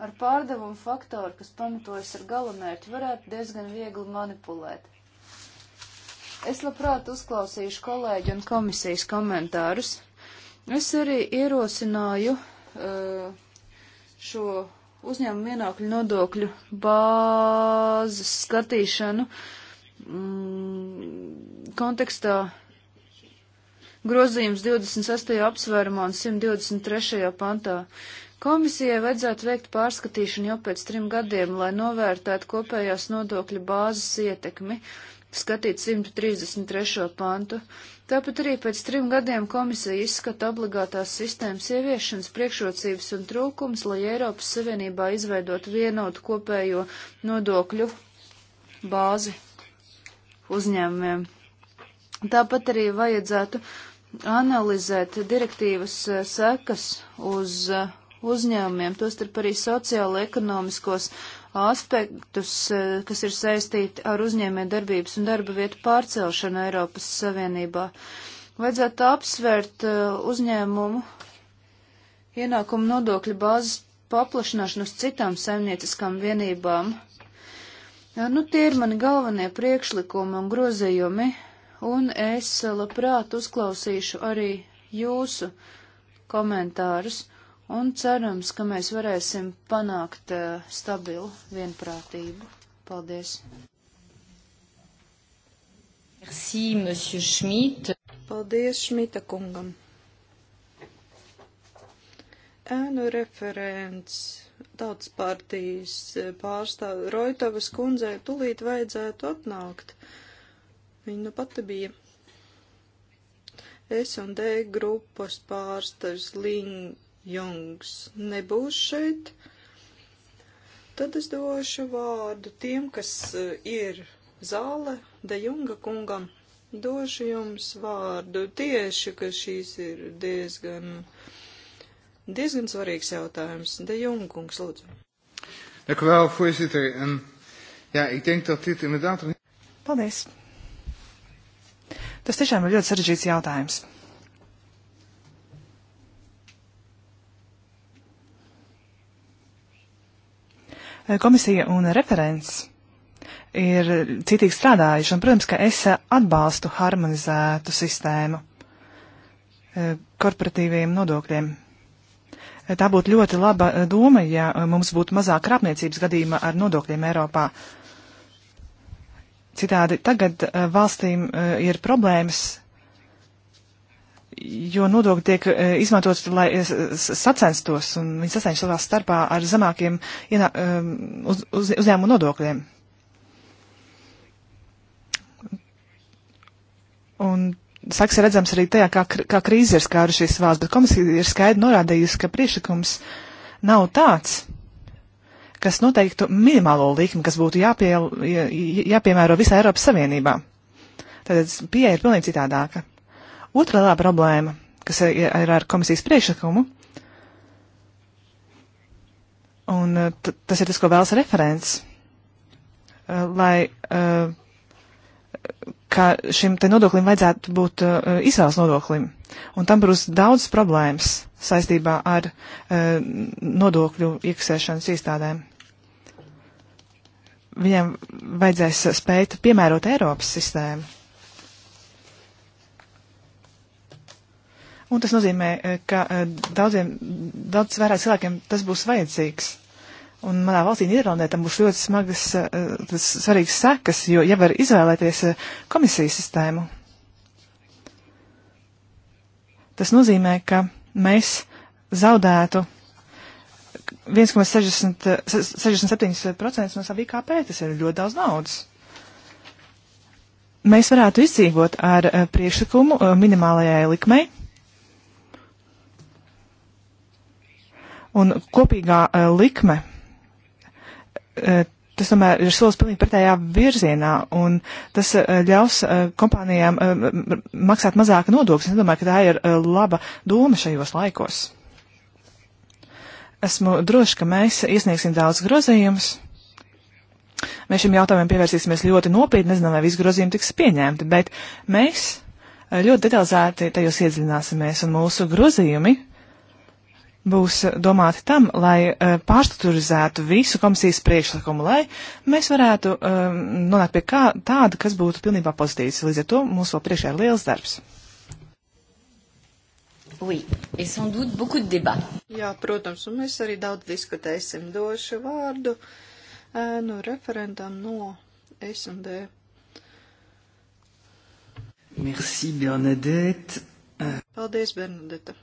Ar pārdevumu faktoru, kas pamatojas ar galamērķi, varētu diezgan viegli manipulēt. Es labprāt uzklausīšu kolēģi un komisijas komentārus. Es arī ierosināju uh, šo uzņēmumu ienākļu nodokļu bāzes skatīšanu mm, kontekstā grozījums 26. apsvērumā un 123. pantā. Komisijai vajadzētu veikt pārskatīšanu jau pēc trim gadiem, lai novērtētu kopējās nodokļu bāzes ietekmi, skatīt 133. pantu. Tāpat arī pēc trim gadiem komisija izskata obligātās sistēmas ieviešanas priekšrocības un trūkums, lai Eiropas Savienībā izveidot vienotu kopējo nodokļu bāzi uzņēmumiem. Tāpat arī vajadzētu analizēt direktīvas eh, sekas uz uh, uzņēmumiem, tostarp arī sociālo-ekonomiskos aspektus, e, kas ir saistīti ar uzņēmē darbības un darba vietu pārcelšanu Eiropas Savienībā. Vajadzētu apsvērt e, uzņēmumu ienākumu nodokļu bāzes paplašināšanu uz citām saimnieciskām vienībām. E, nu, tie ir mani galvenie priekšlikumi un grozījumi, un es labprāt uzklausīšu arī jūsu komentārus un cerams, ka mēs varēsim panākt uh, stabilu vienprātību. Paldies! Merci, monsieur Schmidt. Paldies Šmita kungam. Ēnu referents tautas partijas eh, pārstāv Roitovas kundzē tulīt vajadzētu atnākt. Viņa nu pati bija. Es un D grupas pārstāvis Ling Jungs nebūs šeit, tad es došu vārdu tiem, kas eh, ir zāle, De Junga kungam. Došu jums vārdu tieši, ka šīs ir diezgan, diezgan svarīgs jautājums. De Junga kungs, lūdzu. Dank u wel, voorzitter. En ja, ik denk dat dit inderdaad een. Paldies. Tas tiešām ir ļoti sarežģīts jautājums. komisija un referents ir citīgi strādājuši, un, protams, ka es atbalstu harmonizētu sistēmu e, korporatīviem nodokļiem. E, tā būtu ļoti laba e, doma, ja mums būtu mazāk krāpniecības gadījuma ar nodokļiem Eiropā. Citādi tagad valstīm ir problēmas jo nodokļi tiek e, izmantot, lai e, sacenstos, un viņi sacenš savā starpā ar zemākiem ienā, e, uz, uz, uzņēmumu nodokļiem. Un saks ir redzams arī tajā, kā, kā krīze ir skārušies valsts, bet komisija ir skaidri norādījusi, ka priekšlikums nav tāds, kas noteiktu minimālo likmi, kas būtu jāpie, jā, jāpiemēro visā Eiropas Savienībā. Tātad pieeja ir pilnīgi citādāka. Otra lielā problēma, kas ir ar komisijas priekšlikumu, un eh, tas ir tas, ko vēlas referents, eh, lai eh, ka šim te nodoklim vajadzētu būt uh, izvēles nodoklim. Un tam būs daudz problēmas saistībā ar uh, nodokļu iekasēšanas iestādēm. Viņiem vajadzēs spēt piemērot Eiropas sistēmu. Un tas nozīmē, eh, ka eh, daudziem, daudz vairāk cilvēkiem tas būs vajadzīgs. Un manā valstī Nīderlandē tam būs ļoti smagas, eh, tas svarīgs sekas, jo jau var izvēlēties komisijas sistēmu. Tas nozīmē, ka mēs zaudētu 1,67% no sava IKP, tas ir ļoti daudz naudas. Mēs varētu izdzīvot ar priekšlikumu minimālajai likmei un kopīgā e, likme. E, tas tomēr ir solis pilnīgi pretējā virzienā, un tas e, ļaus kompānijām maksāt mazāk nodokļus. Es domāju, ka tā ir laba doma šajos laikos. Esmu droši, ka mēs iesniegsim daudz grozījumus. Mēs šim jautājumam pievērsīsimies ļoti nopietni, nezinām, vai visi grozījumi tiks pieņemti, bet mēs ļoti detalizēti tajos iedziļināsimies, un mūsu grozījumi būs domāti tam, lai e, pārstruktūrizētu visu komisijas priekšlikumu, lai mēs varētu um, nonākt pie kā, tāda, kas būtu pilnībā pozitīvs. Līdz ar to mums vēl priekšā ir liels darbs. Oui, et sans doute beaucoup de débats. Jā, protams, un mēs arī daudz diskutēsim. Došu vārdu ēnu e, referentam no S&D. Merci, Bernadette. Paldies, Bernadette.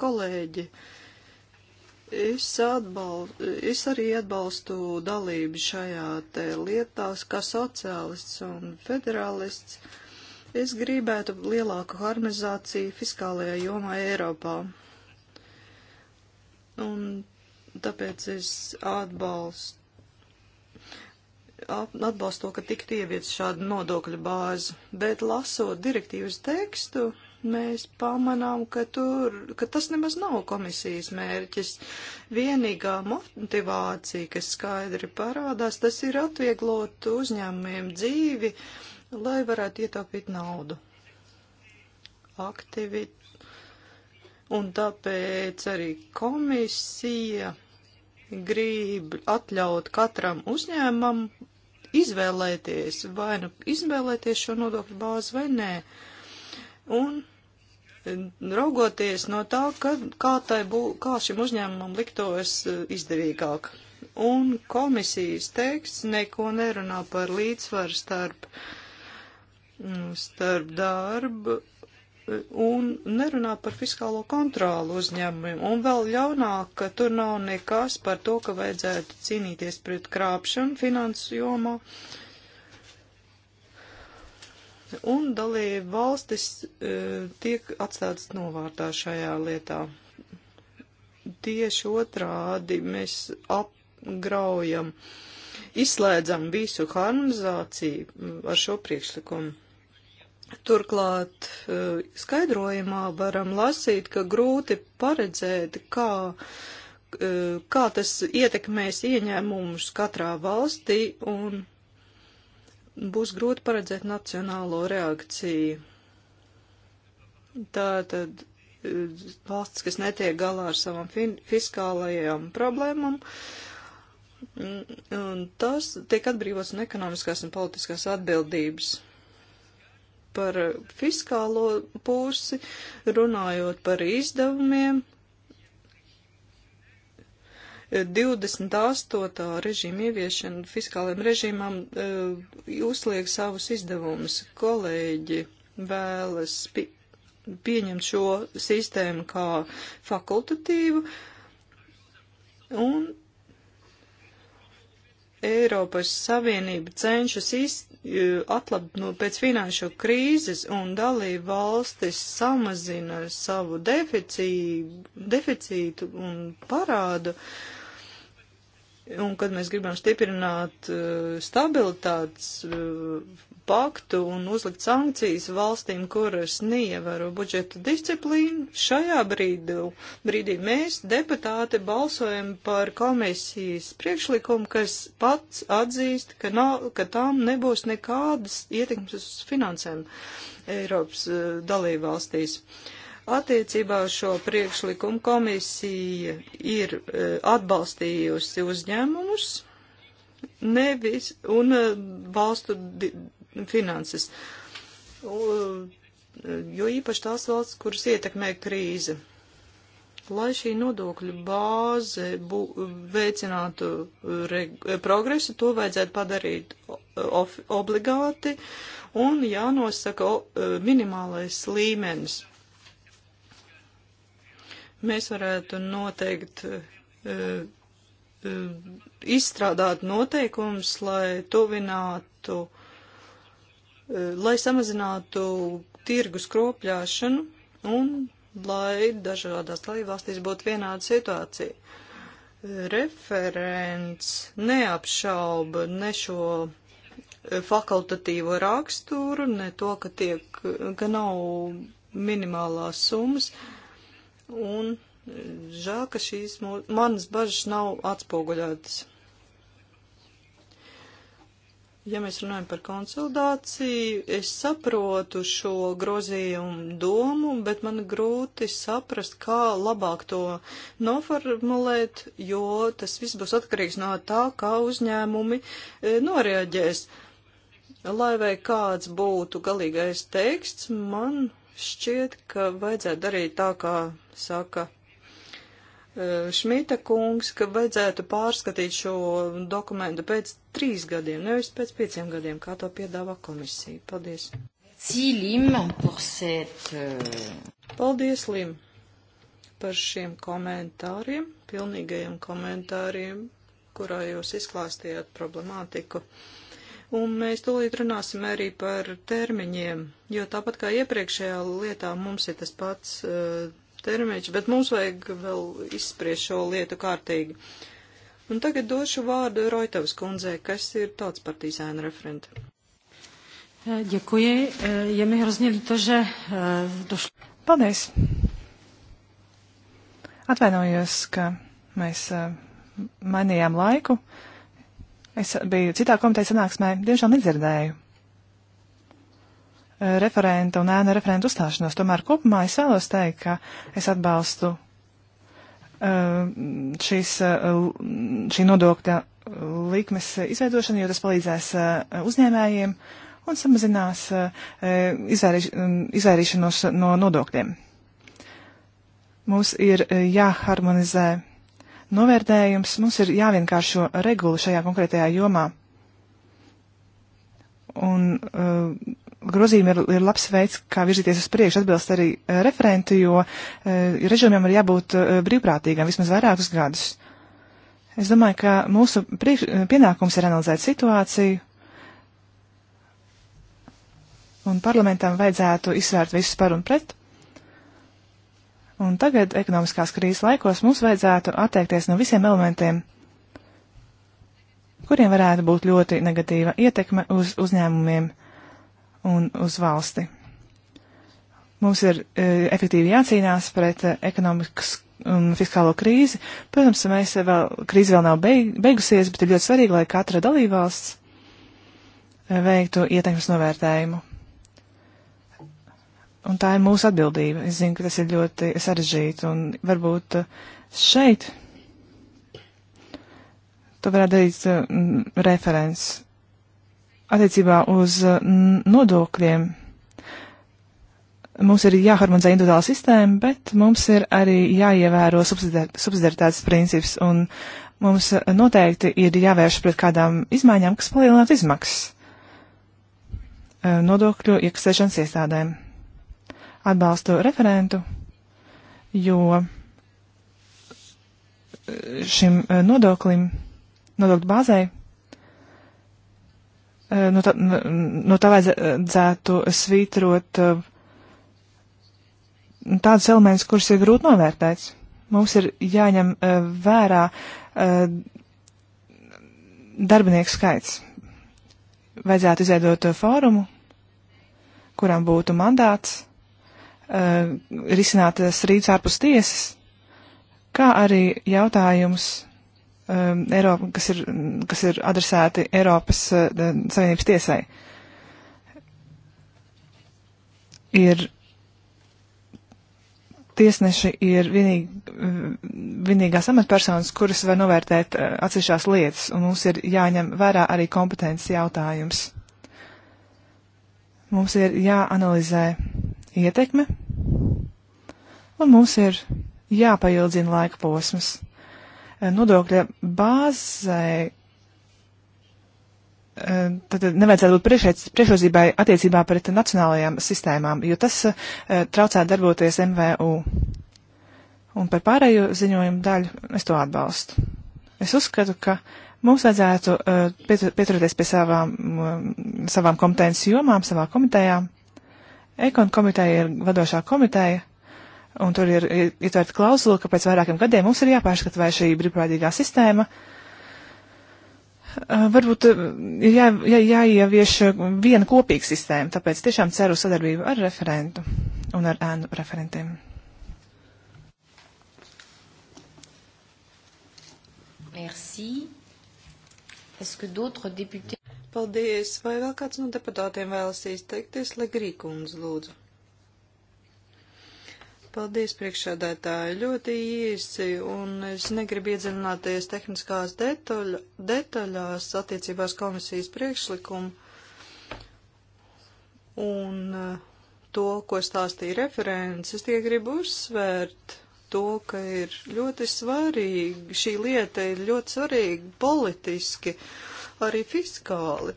Kolēģi, es, atbalstu, es arī atbalstu dalību šajā te lietās, kā sociālists un federālists. Es gribētu lielāku harmonizāciju fiskālajā jomā Eiropā. Un tāpēc es atbalstu atbalstu to, ka tiktu ievies šāda nodokļa bāze, bet lasot direktīvas tekstu, mēs pamanām, ka, tur, ka tas nemaz nav komisijas mērķis. Vienīgā motivācija, kas skaidri parādās, tas ir atvieglot uzņēmumiem dzīvi, lai varētu ietaupīt naudu. Aktivi. Un tāpēc arī komisija grib atļaut katram uzņēmumam izvēlēties, vai nu izvēlēties šo nodokļu bāzi vai nē. Un raugoties no tā, ka, kā, bū, kā šim uzņēmumam liktos eh, izdevīgāk. Un komisijas teksts neko nerunā par līdzsvaru starp, mm, starp darbu eh, un nerunā par fiskālo kontrolu uzņēmumiem. Un vēl ļaunāk, ka tur nav nekas par to, ka vajadzētu cīnīties pret krāpšanu finansu jomā. Uh, un dalība valstis e, tiek atstātas novārtā šajā lietā. Tieši otrādi mēs apgraujam, izslēdzam visu harmonizāciju ar šo priekšlikumu. Turklāt e, skaidrojumā varam lasīt, ka grūti paredzēt, kā, e, kā tas ietekmēs ieņēmumus katrā valstī un būs grūti paredzēt nacionālo reakciju. Tātad e, valsts, kas netiek galā ar savām fiskālajām problēmām, un tas tiek atbrīvots no ekonomiskās un politiskās atbildības. Par fiskālo pusi runājot par izdevumiem, 28. režīma ieviešana fiskāliem režīmām eh, uzliek savus izdevumus. Kolēģi vēlas pieņemt šo sistēmu kā fakultatīvu un Eiropas Savienība cenšas iz, atlab, nu, pēc finanšu krīzes un dalība valstis samazina savu deficītu, deficītu un parādu. Uh, Un kad mēs gribam stiprināt eh, stabilitātes eh, paktu un uzlikt sankcijas valstīm, kuras neievēro budžeta disciplīnu, šajā brīdī, brīdī mēs, deputāti, balsojam par komisijas priekšlikumu, kas pats atzīst, ka, nav, ka tām nebūs nekādas ietekmes uz finansēm Eiropas eh, dalībvalstīs. valstīs. Attiecībā uz šo priekšlikumu komisija ir e, atbalstījusi uzņēmumus nevis un e, valstu finanses, e, jo īpaši tās valsts, kuras ietekmē krīze. Lai šī nodokļu bāze bū, veicinātu reg, progresu, to vajadzētu padarīt of, obligāti un jānosaka o, minimālais līmenis mēs varētu noteikt, e, e, izstrādāt noteikumus, lai tuvinātu, e, lai samazinātu tirgus kropļāšanu un lai dažādās dalībvalstīs būtu vienāda situācija. Referents neapšauba ne šo fakultatīvo raksturu, ne to, ka tiek, ka nav minimālās summas. Uh, Un e, žēl, ka šīs manas bažas nav atspoguļotas. Ja mēs runājam par konsolidāciju, es saprotu šo grozījumu domu, bet man grūti saprast, kā labāk to noformulēt, jo tas viss būs atkarīgs no tā, kā uzņēmumi e, noreaģēs. Lai vai kāds būtu galīgais teksts, man šķiet, ka vajadzētu darīt tā, kā saka e, Šmita kungs, ka vajadzētu pārskatīt šo dokumentu pēc trīs gadiem, nevis pēc pieciem gadiem, kā to piedāvā komisija. Paldies. E, Paldies, Lim, par šiem komentāriem, pilnīgajiem komentāriem, kurā jūs izklāstījāt problemātiku. Uh, Un mēs tūlīt runāsim arī par termiņiem, jo tāpat kā iepriekšējā lietā mums ir tas pats uh, termiņš, bet mums vajag vēl izspriest šo lietu kārtīgi. Un tagad došu vārdu Roitavas kundzē, kas ir tāds partīzēna referenta. Eh, děkuji. Eh, je mi hrozně líto, že došlo. Paldies. Atvainojos, ka mēs mainījām laiku. Uh, Es biju citā komitejas sanāksmē, diemžēl nedzirdēju eh, referenta un ēna referenta uzstāšanos. Tomēr kopumā es vēlos teikt, ka es atbalstu eh, šīs, eh, šī nodokļa likmes izveidošanu, jo tas palīdzēs uzņēmējiem un samazinās izvairīš, izvairīšanos no nodokļiem. Mums ir jāharmonizē novērtējums. Mums ir jāvienkāršo regula šajā konkrētajā jomā. Un uh, grozījumi ir, ir labs veids, kā virzīties uz priekšu, atbilst arī uh, referenti, jo uh, režīmiem ir jābūt uh, brīvprātīgam vismaz vairākus gadus. Es domāju, ka mūsu priekš, uh, pienākums ir analizēt situāciju, un parlamentam vajadzētu izsvērt visus par un pret. Un tagad, ekonomiskās krīzes laikos, mums vajadzētu atteikties no visiem elementiem, kuriem varētu būt ļoti negatīva ietekme uz uzņēmumiem un uz valsti. Mums ir e, efektīvi jācīnās pret e, ekonomikas un fiskālo krīzi. Protams, mēs vēl, krīze vēl nav beig, beigusies, bet ir ļoti svarīgi, lai katra dalībvalsts e, veiktu ietekmes novērtējumu un tā ir mūsu atbildība. Es zinu, ka tas ir ļoti sarežģīti, un varbūt uh, šeit to varētu darīt uh, m, referents attiecībā uz m, uh, nodokļiem. Mums ir jāharmonizē individuāla sistēma, bet mums ir arī jāievēro subsidiaritātes princips, un mums noteikti ir jāvērš pret kādām izmaiņām, kas palielinātu izmaksas nodokļu iekasēšanas iestādēm atbalstu referentu, jo e, šim e, nodoklim, nodokļu bāzai, e, no tā, no tā vajadzētu svītrot tādus elementus, kurus ir grūti novērtēts. Mums ir jāņem vērā darbinieku skaits. Vajadzētu izveidot fórumu, kuram būtu mandāts uh, risināt strīdus ārpus tiesas, kā arī jautājums, um, Eiropa, kas, ir, kas ir adresēti Eiropas uh, Savienības tiesai. Ir tiesneši ir vienīgi, vienīgās amatpersonas, kuras var novērtēt uh, atsevišķās lietas, un mums ir jāņem vērā arī kompetences jautājums. Mums ir jāanalizē ietekme, un mums ir jāpaildzina laika posms. Eh, nodokļa bāzai eh, tad nevajadzētu būt priekšrocībai attiecībā pret nacionālajām sistēmām, jo tas eh, traucētu darboties MVU. Un par pārējo ziņojumu daļu es to atbalstu. Es uzskatu, ka mums vajadzētu pieturēties pie savām, savām kompetences jomām, savā komitejām. Ekon komiteja ir vadošā komiteja, un tur ir ietverta klauzula, ka pēc vairākiem gadiem mums ir jāpārskata, vai šī brīvprātīgā sistēma varbūt ir jā, jā, jāievieš viena kopīga sistēma, tāpēc tiešām ceru sadarbību ar referentu un ar ēnu referentiem. Merci. Est-ce que d'autres députés Paldies. Vai vēl kāds no deputātiem vēlas izteikties? Legrīkundz, lūdzu. Paldies, priekšsēdētāji. Ļoti īsi, un es negribu iedziļināties tehniskās detaļ, detaļās attiecībās komisijas priekšlikumu un eh, to, ko stāstīja referents. Es tikai gribu uzsvērt to, ka ir ļoti svarīgi, šī lieta ir ļoti svarīga politiski. Uh, arī fiskāli.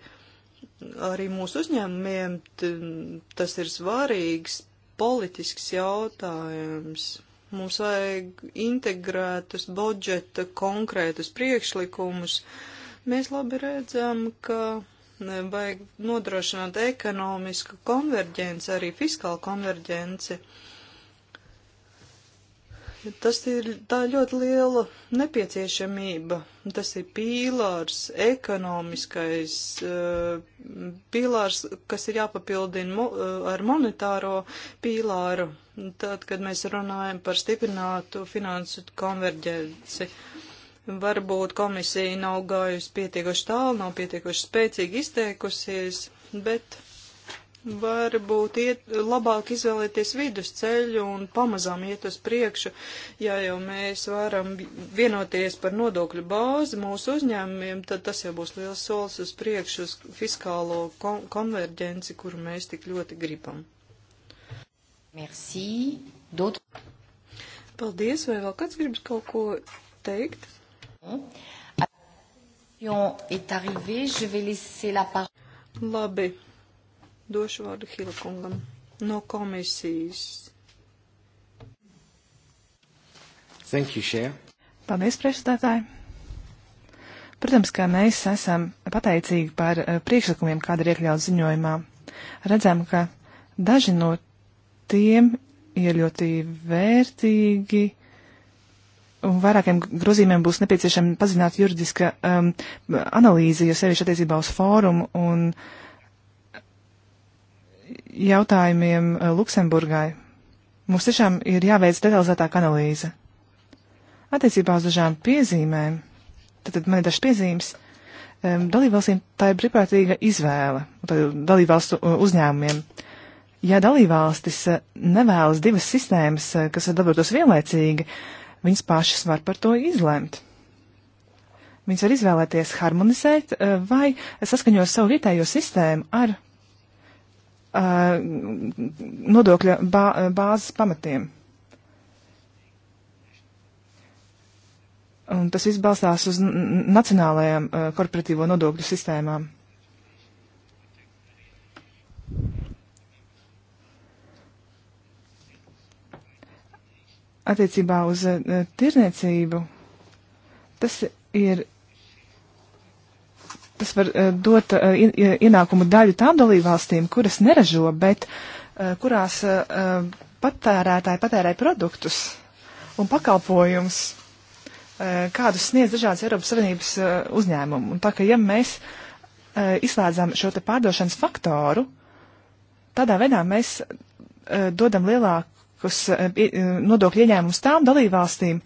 Arī mūsu uzņēmumiem tas ir svarīgs politisks jautājums. Mums vajag integrētus budžeta konkrētus priekšlikumus. Mēs labi redzam, ka vajag nodrošināt ekonomisku konverģenci, arī fiskālu konverģenci. Uh, Tas ir tā ļoti liela nepieciešamība. Tas ir pīlārs, ekonomiskais eh, pīlārs, kas ir jāpapildina eh, ar monetāro pīlāru, tad, kad mēs runājam par stiprinātu finansu konverģenci. Varbūt komisija nav gājusi pietiekoši tālu, nav pietiekoši spēcīgi izteikusies, bet varbūt iet, labāk izvēlēties vidusceļu un pamazām iet uz priekšu, ja jau mēs varam vienoties par nodokļu bāzi mūsu uzņēmumiem, tad tas jau būs liels solis uz priekšu uz fiskālo kon konverģenci, kuru mēs tik ļoti gribam. Merci. Dot... Paldies, vai vēl kāds gribas kaut ko teikt? Est arrivé, je vais laisser la parole. Labi, došu vārdu Hilkungam no komisijas. Thank you, Chair. Paldies, priekšstādātāji. Protams, ka mēs esam pateicīgi par eh, priekšlikumiem, kāda ir iekļauts ziņojumā. Redzam, ka daži no tiem ir ļoti vērtīgi un vairākiem grozījumiem būs nepieciešama pazināt juridiska um, analīze, jo sevišķi attiecībā uz fórumu un uh, jautājumiem eh, Luksemburgai. Mums tiešām ir jāveic detalizētāka analīze. Attiecībā uz dažām piezīmēm, tad, tad man ir dažas piezīmes, um, dalībvalstīm tā ir brīvprātīga izvēle, dalībvalstu eh, uzņēmumiem. Ja dalībvalstis eh, nevēlas divas sistēmas, kas darbotos vienlaicīgi, viņas pašas var par to izlemt. Viņas var izvēlēties harmonizēt vai saskaņot savu vietējo sistēmu ar Uh, nodokļa bā, uh, bāzes pamatiem. Un tas viss balstās uz nacionālajām uh, korporatīvo nodokļu sistēmām. Attiecībā uz tirniecību tas ir tas var eh, dot eh, ienākumu daļu tām dalībvalstīm, kuras neražo, bet eh, kurās patērētāji patērē produktus un pakalpojumus, kādus sniedz dažādas Eiropas Savienības uzņēmumu. Un tā ka, ja mēs izslēdzam šo te pārdošanas faktoru, tādā veidā mēs dodam lielākus nodokļu ieņēmumus tām dalībvalstīm,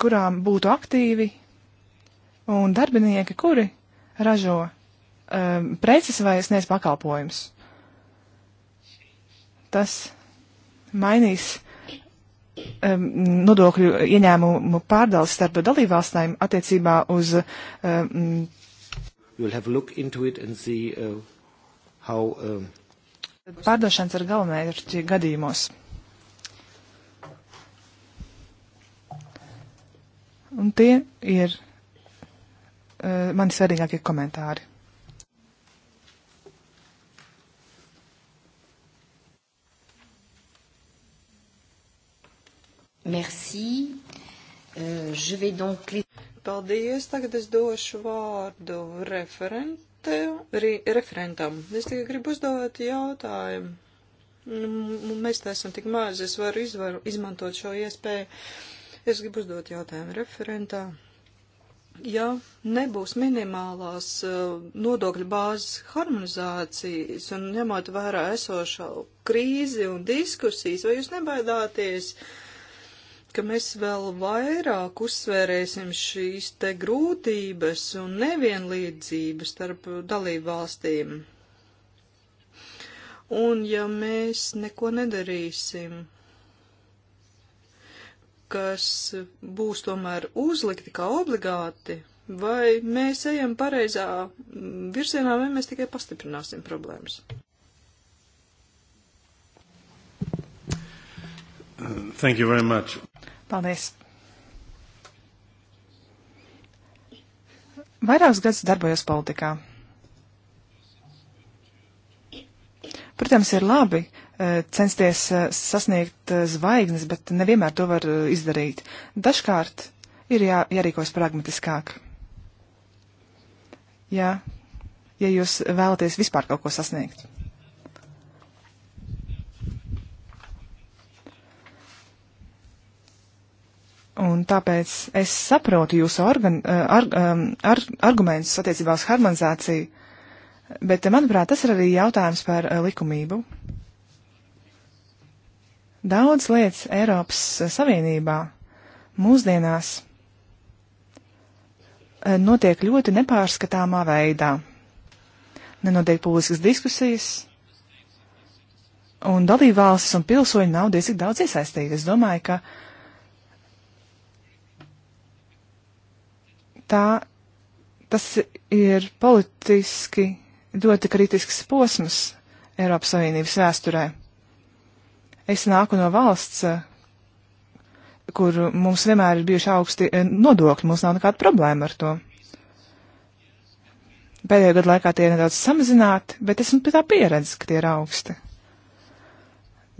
kurām būtu aktīvi un darbinieki, kuri ražo um, preces vai sniedz pakalpojumus. Tas mainīs um, nodokļu ieņēmumu pārdalis starp dalībvalstīm attiecībā uz. Um, see, uh, how, um... Pārdošanas ar galvenmērķi gadījumos. Un tie ir Eh, mani svarīgākie komentāri. Merci. Uh, je vais donc... Paldies. Tagad es došu vārdu referente, re, referentam. Es tikai gribu uzdot jautājumu. Nu, mēs te esam tik maz, es varu izvaru, izmantot šo iespēju. Es gribu uzdot jautājumu referentā ja nebūs minimālās eh, nodokļu bāzes harmonizācijas un ņemot vērā esošo krīzi un diskusijas, vai jūs nebaidāties, ka mēs vēl vairāk uzsvērēsim šīs te grūtības un nevienlīdzības starp dalību valstīm? Un ja mēs neko nedarīsim, kas būs tomēr uzlikti kā obligāti, vai mēs ejam pareizā virzienā, vai mēs tikai pastiprināsim problēmas? Thank you very much. Paldies. Vairākus gadus darbojos politikā. Protams, ir labi, E, censties e, sasniegt e, zvaigznes, bet nevienmēr to var izdarīt. Dažkārt ir jā, jārīkojas pragmatiskāk. Jā, ja jūs vēlaties vispār kaut ko sasniegt. Un tāpēc es saprotu jūsu organ, ar, ar, argumentus attiecībā uz harmonizāciju, bet, manuprāt, tas ir arī jautājums par likumību. Uh, Daudz lietas Eiropas Savienībā mūsdienās eh, notiek ļoti nepārskatāmā veidā. Nenotiek publiskas diskusijas, un dalībvalstis un pilsoņi nav diezgan daudz iesaistīti. Es domāju, ka tā, tas ir politiski ļoti kritisks posms Eiropas Savienības vēsturē. Es nāku no valsts, kur mums vienmēr ir bijuši augsti eh, nodokļi, mums nav nekāda problēma ar to. Pēdējo gadu laikā tie ir nedaudz samazināti, bet esmu pie tā pieredzes, ka tie ir augsti.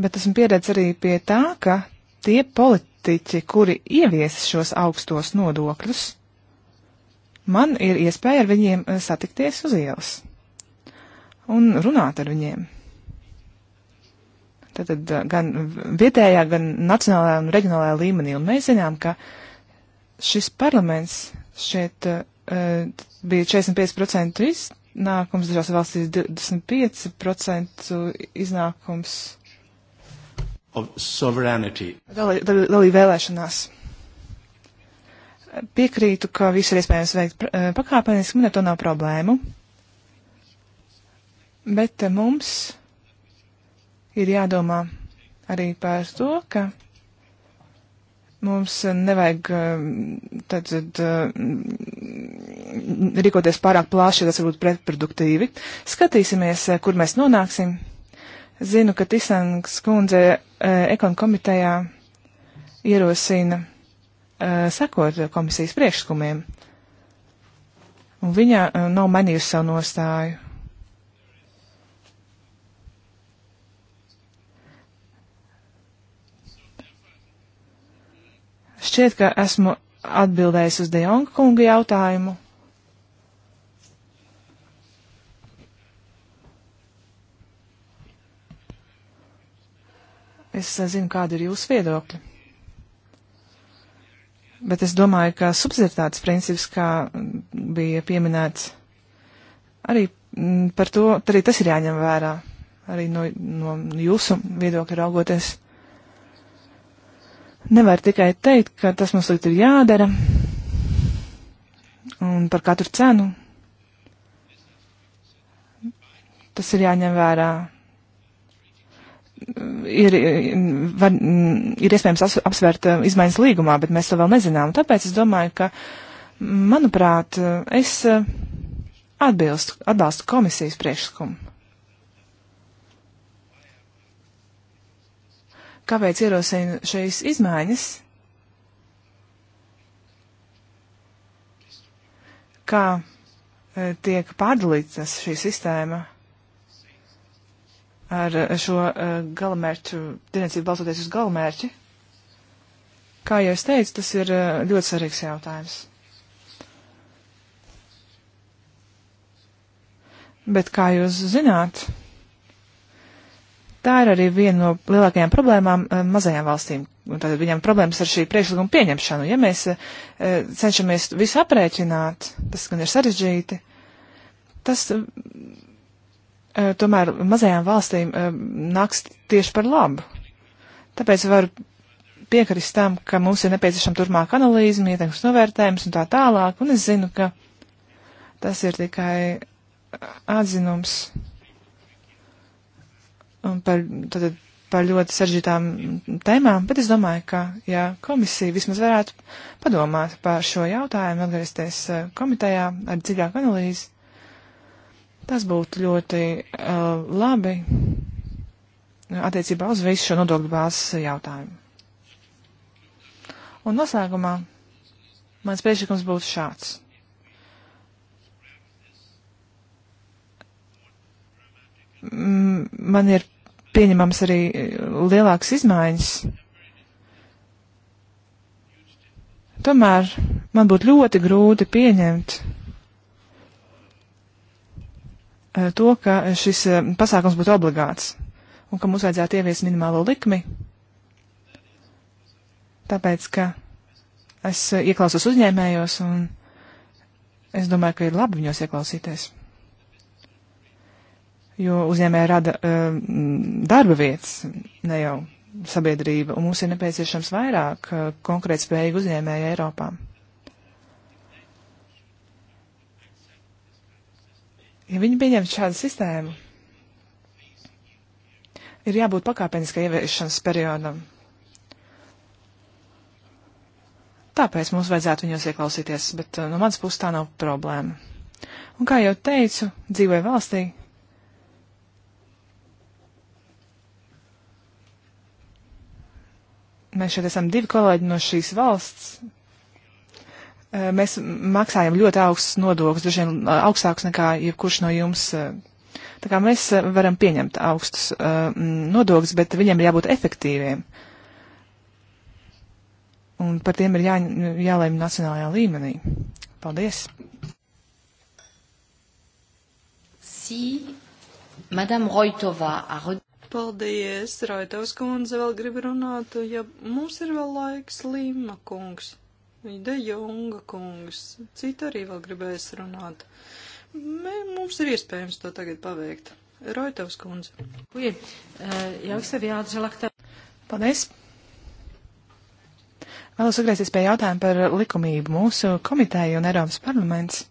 Bet esmu pieredzes arī pie tā, ka tie politiķi, kuri ievies šos augstos nodokļus, man ir iespēja ar viņiem eh, satikties uz ielas un runāt ar viņiem. Tātad eh, gan vietējā, gan nacionālajā un reģionālajā līmenī. Un mēs zinām, ka šis parlaments šeit uh, bija 45% iznākums, dažās valstīs 25% iznākums. Dalī, dalī, dalī vēlēšanās. Piekrītu, ka visu ir iespējams veikt eh, pakāpeniski, man ar to nav problēmu. Bet mums ir jādomā arī par to, ka mums nevajag um, tad, tad, um, rīkoties pārāk plāši, tas varbūt pretproduktīvi. Skatīsimies, uh, kur mēs nonāksim. Zinu, ka Tisanks kundze uh, ekon komitejā ierosina uh, sekot komisijas priekšskumiem. Un viņa nav mainījusi savu nostāju. Šķiet, ka esmu atbildējis uz Dejonga kunga jautājumu. Es zinu, kāda ir jūsu viedokļa. Bet es domāju, ka subsidiaritātes princips, kā bija pieminēts, arī par to, arī tas ir jāņem vērā, arī no, no jūsu viedokļa raugoties. Nevar tikai teikt, ka tas mums tagad ir jādara un par katru cenu. Tas ir jāņem vērā. Ir, var, ir iespējams apsvērt uh, izmaiņas līgumā, bet mēs to vēl nezinām. Tāpēc es domāju, ka, manuprāt, es uh, atbilstu, atbalstu komisijas priekšlikumu. kāpēc ierosinu šīs izmaiņas, kā e, tiek pārdalītas šī sistēma ar šo e, galamērķu, tirniecību balstoties uz galamērķi. Kā jau es teicu, tas ir e, ļoti svarīgs jautājums. Bet kā jūs zināt, Tā ir arī viena no lielākajām problēmām eh, mazajām valstīm. Tātad viņam problēmas ar šī priekšlikuma pieņemšanu. Ja mēs eh, cenšamies visu aprēķināt, tas gan ir sarežģīti, tas eh, tomēr mazajām valstīm nāks tieši par labu. Tāpēc varu piekrist tam, ka mums ir nepieciešama turpmāk analīze, ietekmes novērtējums un tā tālāk, un es zinu, ka tas ir tikai atzinums par, tātad, par ļoti saržģītām tēmām, bet es domāju, ka ja komisija vismaz varētu padomāt par šo jautājumu, atgriezties eh, komitejā ar dziļāku analīzi. Tas būtu ļoti uh, labi attiecībā uz visu šo nodokļu bāzes jautājumu. Un noslēgumā mans priekšlikums būtu šāds. man ir pieņemams arī lielākas izmaiņas. Tomēr man būtu ļoti grūti pieņemt eh, to, ka šis eh, pasākums būtu obligāts un ka mums vajadzētu ieviest minimālo likmi, tāpēc, ka es ieklausos uzņēmējos un es domāju, ka ir labi viņos ieklausīties jo uzņēmēji rada um, darba vietas, ne jau sabiedrība, un mums ir nepieciešams vairāk uh, konkurētspējīgu uzņēmēju Eiropā. Ja viņi pieņem šādu sistēmu, ir jābūt pakāpeniskai ieviešanas periodam. Tāpēc mums vajadzētu viņos ieklausīties, bet uh, no manas puses tā nav problēma. Un kā jau teicu, dzīvoju valstī, Mēs šeit esam divi kolēģi no šīs valsts. Mēs maksājam ļoti augstus nodokļus, droši vien augstākus nekā jebkurš no jums. Tā kā mēs varam pieņemt augstus nodokļus, bet viņiem ir jābūt efektīviem. Un par tiem ir jā, jālēm nacionālajā līmenī. Paldies! Si, Madame Roitova a Paldies, Raitovs kundze vēl grib runāt, ja mums ir vēl laiks Lima kungs, De Jonga kungs, citi arī vēl gribēs runāt. Mē, mums ir iespējams to tagad paveikt. Raitovs kundze. Uji, eh, jau es tevi jāatžalaktā. Paldies. Vēlos atgriezties pie jautājuma par likumību mūsu komiteju un Eiropas parlaments.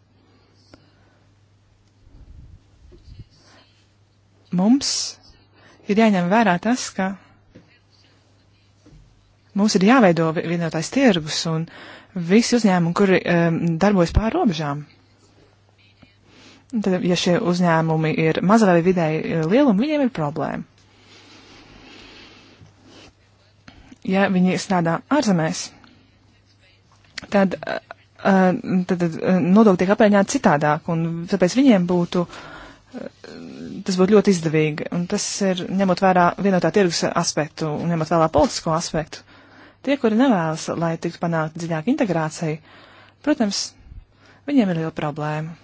Mums ir jāņem vērā tas, ka mums ir jāveido vienotais tirgus un visi uzņēmumi, kuri um, darbojas pāri robežām. Tad, ja šie uzņēmumi ir mazā vai vidēji e, lielumi, viņiem ir problēma. Ja viņi strādā ārzemēs, tad, uh, tad, tad nodokļi tiek aprēķināti citādāk, un tāpēc viņiem būtu uh, tas būtu ļoti izdevīgi. Un tas ir ņemot vērā vienotā tirgus aspektu un ņemot vērā politisko aspektu. Tie, kuri nevēlas, lai tiktu panākt dziļāka integrācija, protams, viņiem ir liela problēma.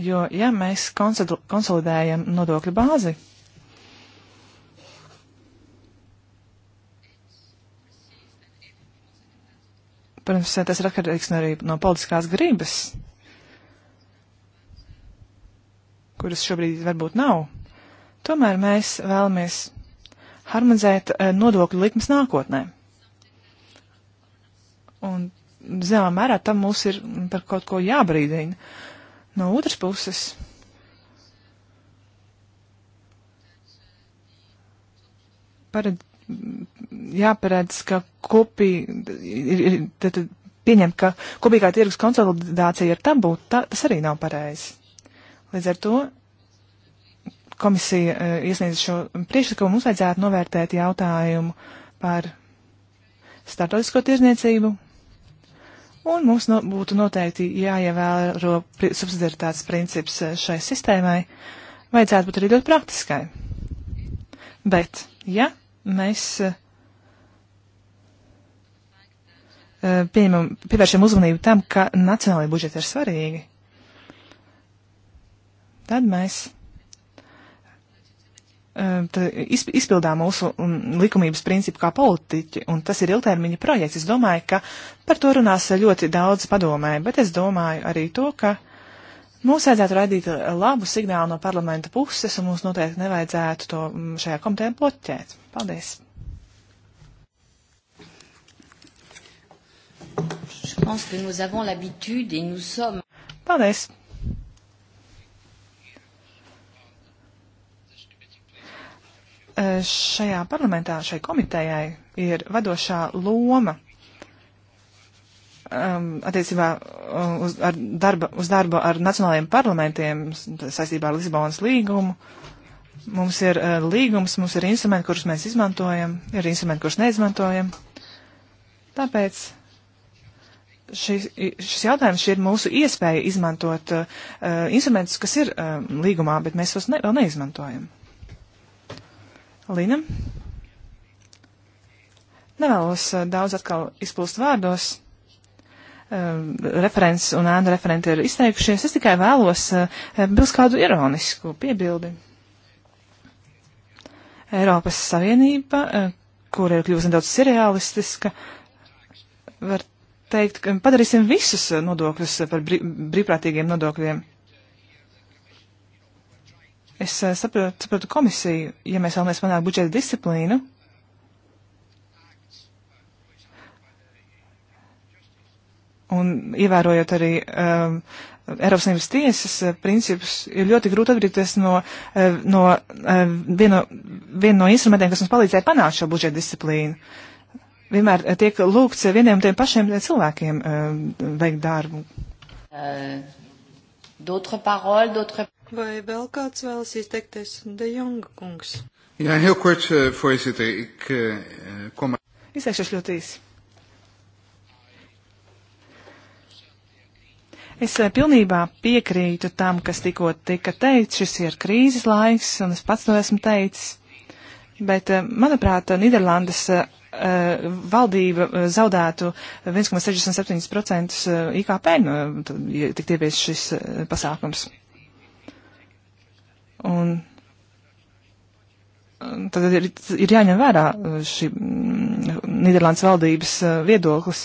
Jo, ja mēs konsolidējam nodokļu bāzi, protams, tas ir atkarīgs no arī no politiskās gribas kuras šobrīd varbūt nav. Tomēr mēs vēlamies harmonizēt eh, nodokļu likmes nākotnē. Un, zināmā mērā, tam mums ir par kaut ko jābrīdina. No otras puses, pared, jāparedz, ka kopīgi ir, ir tad, pieņemt, ka kopīgā tirgus konsolidācija ir tabū, tā, tas arī nav pareizi. Līdz ar to komisija e, iesniedz šo priekšlikumu, mums vajadzētu novērtēt jautājumu par startautisko tirzniecību, un mums no, būtu noteikti jāievēro subsidiaritātes princips e, šai sistēmai, vajadzētu būt arī ļoti praktiskai. Bet, ja mēs e, pieņemam, pievēršam uzmanību tam, ka nacionālajie budžeti ir svarīgi, tad mēs eh, izpildām mūsu mm, likumības principu kā politiķi, un tas ir ilgtermiņa projekts. Es domāju, ka par to runās ļoti daudz padomē, bet es domāju arī to, ka mums vajadzētu radīt labu signālu no parlamenta puses, un mums noteikti nevajadzētu to mm, šajā komitē bloķēt. Paldies! Paldies! Eh, šajā parlamentā, šai komitejai ir vadošā loma um, attiecībā eh, uz, ar darba, uz darbu ar nacionālajiem parlamentiem saistībā ar Lisabonas līgumu. Mums ir uh, līgums, mums ir instrumenti, kurus mēs izmantojam, ir instrumenti, kurus neizmantojam. Tāpēc šis, šis jautājums šī ir mūsu iespēja izmantot uh, instrumentus, kas ir uh, līgumā, bet mēs tos ne, vēl neizmantojam. Lina. Nevēlos eh, daudz atkal izplūst vārdos. Uh, referents un ēna referenti ir izteikušies. Es tikai vēlos uh, bilst kādu ironisku piebildi. Eiropas Savienība, uh, kur ir kļūst nedaudz surrealistiska, var teikt, ka padarīsim visus nodokļus par brīvprātīgiem nodokļiem. Es eh, saprotu, saprotu komisiju, ja mēs vēlamies panākt budžeta disciplīnu. Un ievērojot arī um, Eiropas Savienības tiesas eh, principus, ir ļoti grūti atbrīvoties no, eh, no viena no, vien no instrumentiem, kas mums palīdzēja panākt šo budžeta disciplīnu. Vienmēr tiek lūgts vieniem un tiem pašiem cilvēkiem um, veikt darbu. Uh, d'autres paroles, d'autres. Vai vēl kāds vēlas izteikties? De Jonga kungs. Jā, heel kort, voorzitter. Ik eh, kom. Izteikšos ļoti īsi. Es eh, pilnībā piekrītu tam, kas tikko tika teikts. Šis ir krīzes laiks, un es pats to esmu teicis. Bet, eh, manuprāt, Nīderlandes valdība zaudētu 1,67% IKP, nu, ja tik tiepies šis pasākums. Un tad ir, ir jāņem vērā uh, šī mm, Nīderlandes valdības uh, viedoklis.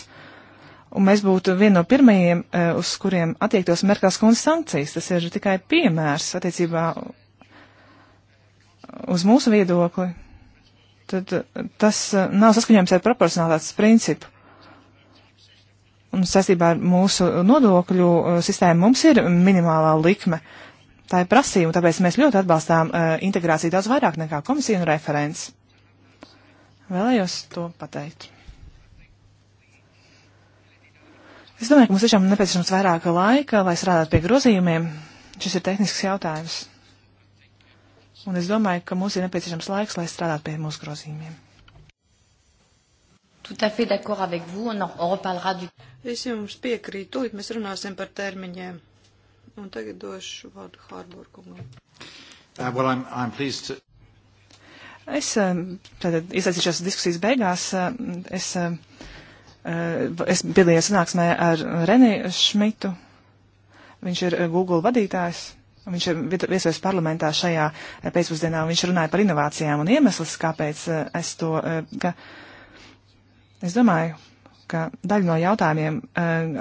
Un mēs būtu viena no pirmajiem, uh, uz kuriem attiektos Merkels kundzes sankcijas. Tas ir tikai piemērs attiecībā uz mūsu viedokli. Tad tas nav saskaņojams ar proporcionālātas principu. Un saistībā ar mūsu nodokļu sistēmu mums ir minimālā likme. Uh, tā ir prasība, un tāpēc mēs ļoti atbalstām uh, integrāciju daudz vairāk nekā komisija un referents. Vēlējos to pateikt. Es domāju, ka mums tiešām nepieciešams vairāk laika, lai strādātu pie grozījumiem. Šis ir tehnisks jautājums. Un es domāju, ka mums ir nepieciešams laiks, lai strādātu pie mūsu grozījumiem. Es jums piekrītu, tūlīt mēs runāsim par termiņiem. Un tagad došu vārdu Hārborkungam. Uh, well, I'm, I'm pleased to... Es um, tātad izlaisīšos diskusijas beigās. Um, es, um, uh, es piedalījos sanāksmē ar Renī Šmitu. Viņš ir uh, Google vadītājs. Viņš ir viesojies parlamentā šajā uh, pēcpusdienā, un viņš runāja par inovācijām un iemesls, kāpēc es to, ka es domāju, ka daļa no jautājumiem,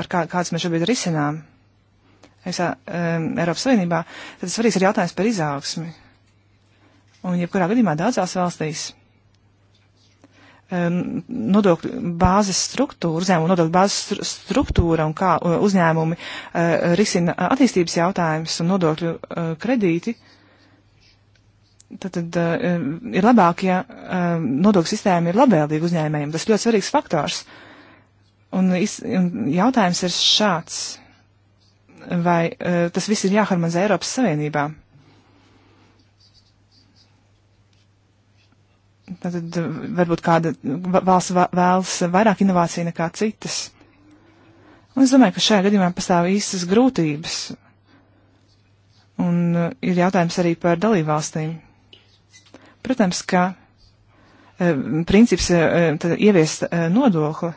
ar kā, kāds mēs šobrīd risinām, ir Visā um, Eiropas Savienībā, tad svarīgs ir jautājums par izaugsmi. Un jebkurā gadījumā daudzās valstīs um, nodokļu bāzes struktūra, uzņēmuma nodokļu bāzes struktūra un kā e, uzņēmumi uh, risina attīstības jautājumus un nodokļu uh, kredīti, tad, tad uh, ir labāk, ja uh, nodokļu sistēma ir labvēlīga uzņēmējiem. Tas ļoti svarīgs faktors. Un, iz, un jautājums ir šāds vai eh, tas viss ir jāharmonizē Eiropas Savienībā? Tātad eh, varbūt kāda valsts vēlas vairāk inovāciju nekā citas. Un es domāju, ka šajā gadījumā pastāv īstas grūtības. Un eh, ir jautājums arī par dalībvalstīm. Protams, ka princips ieviest nodokli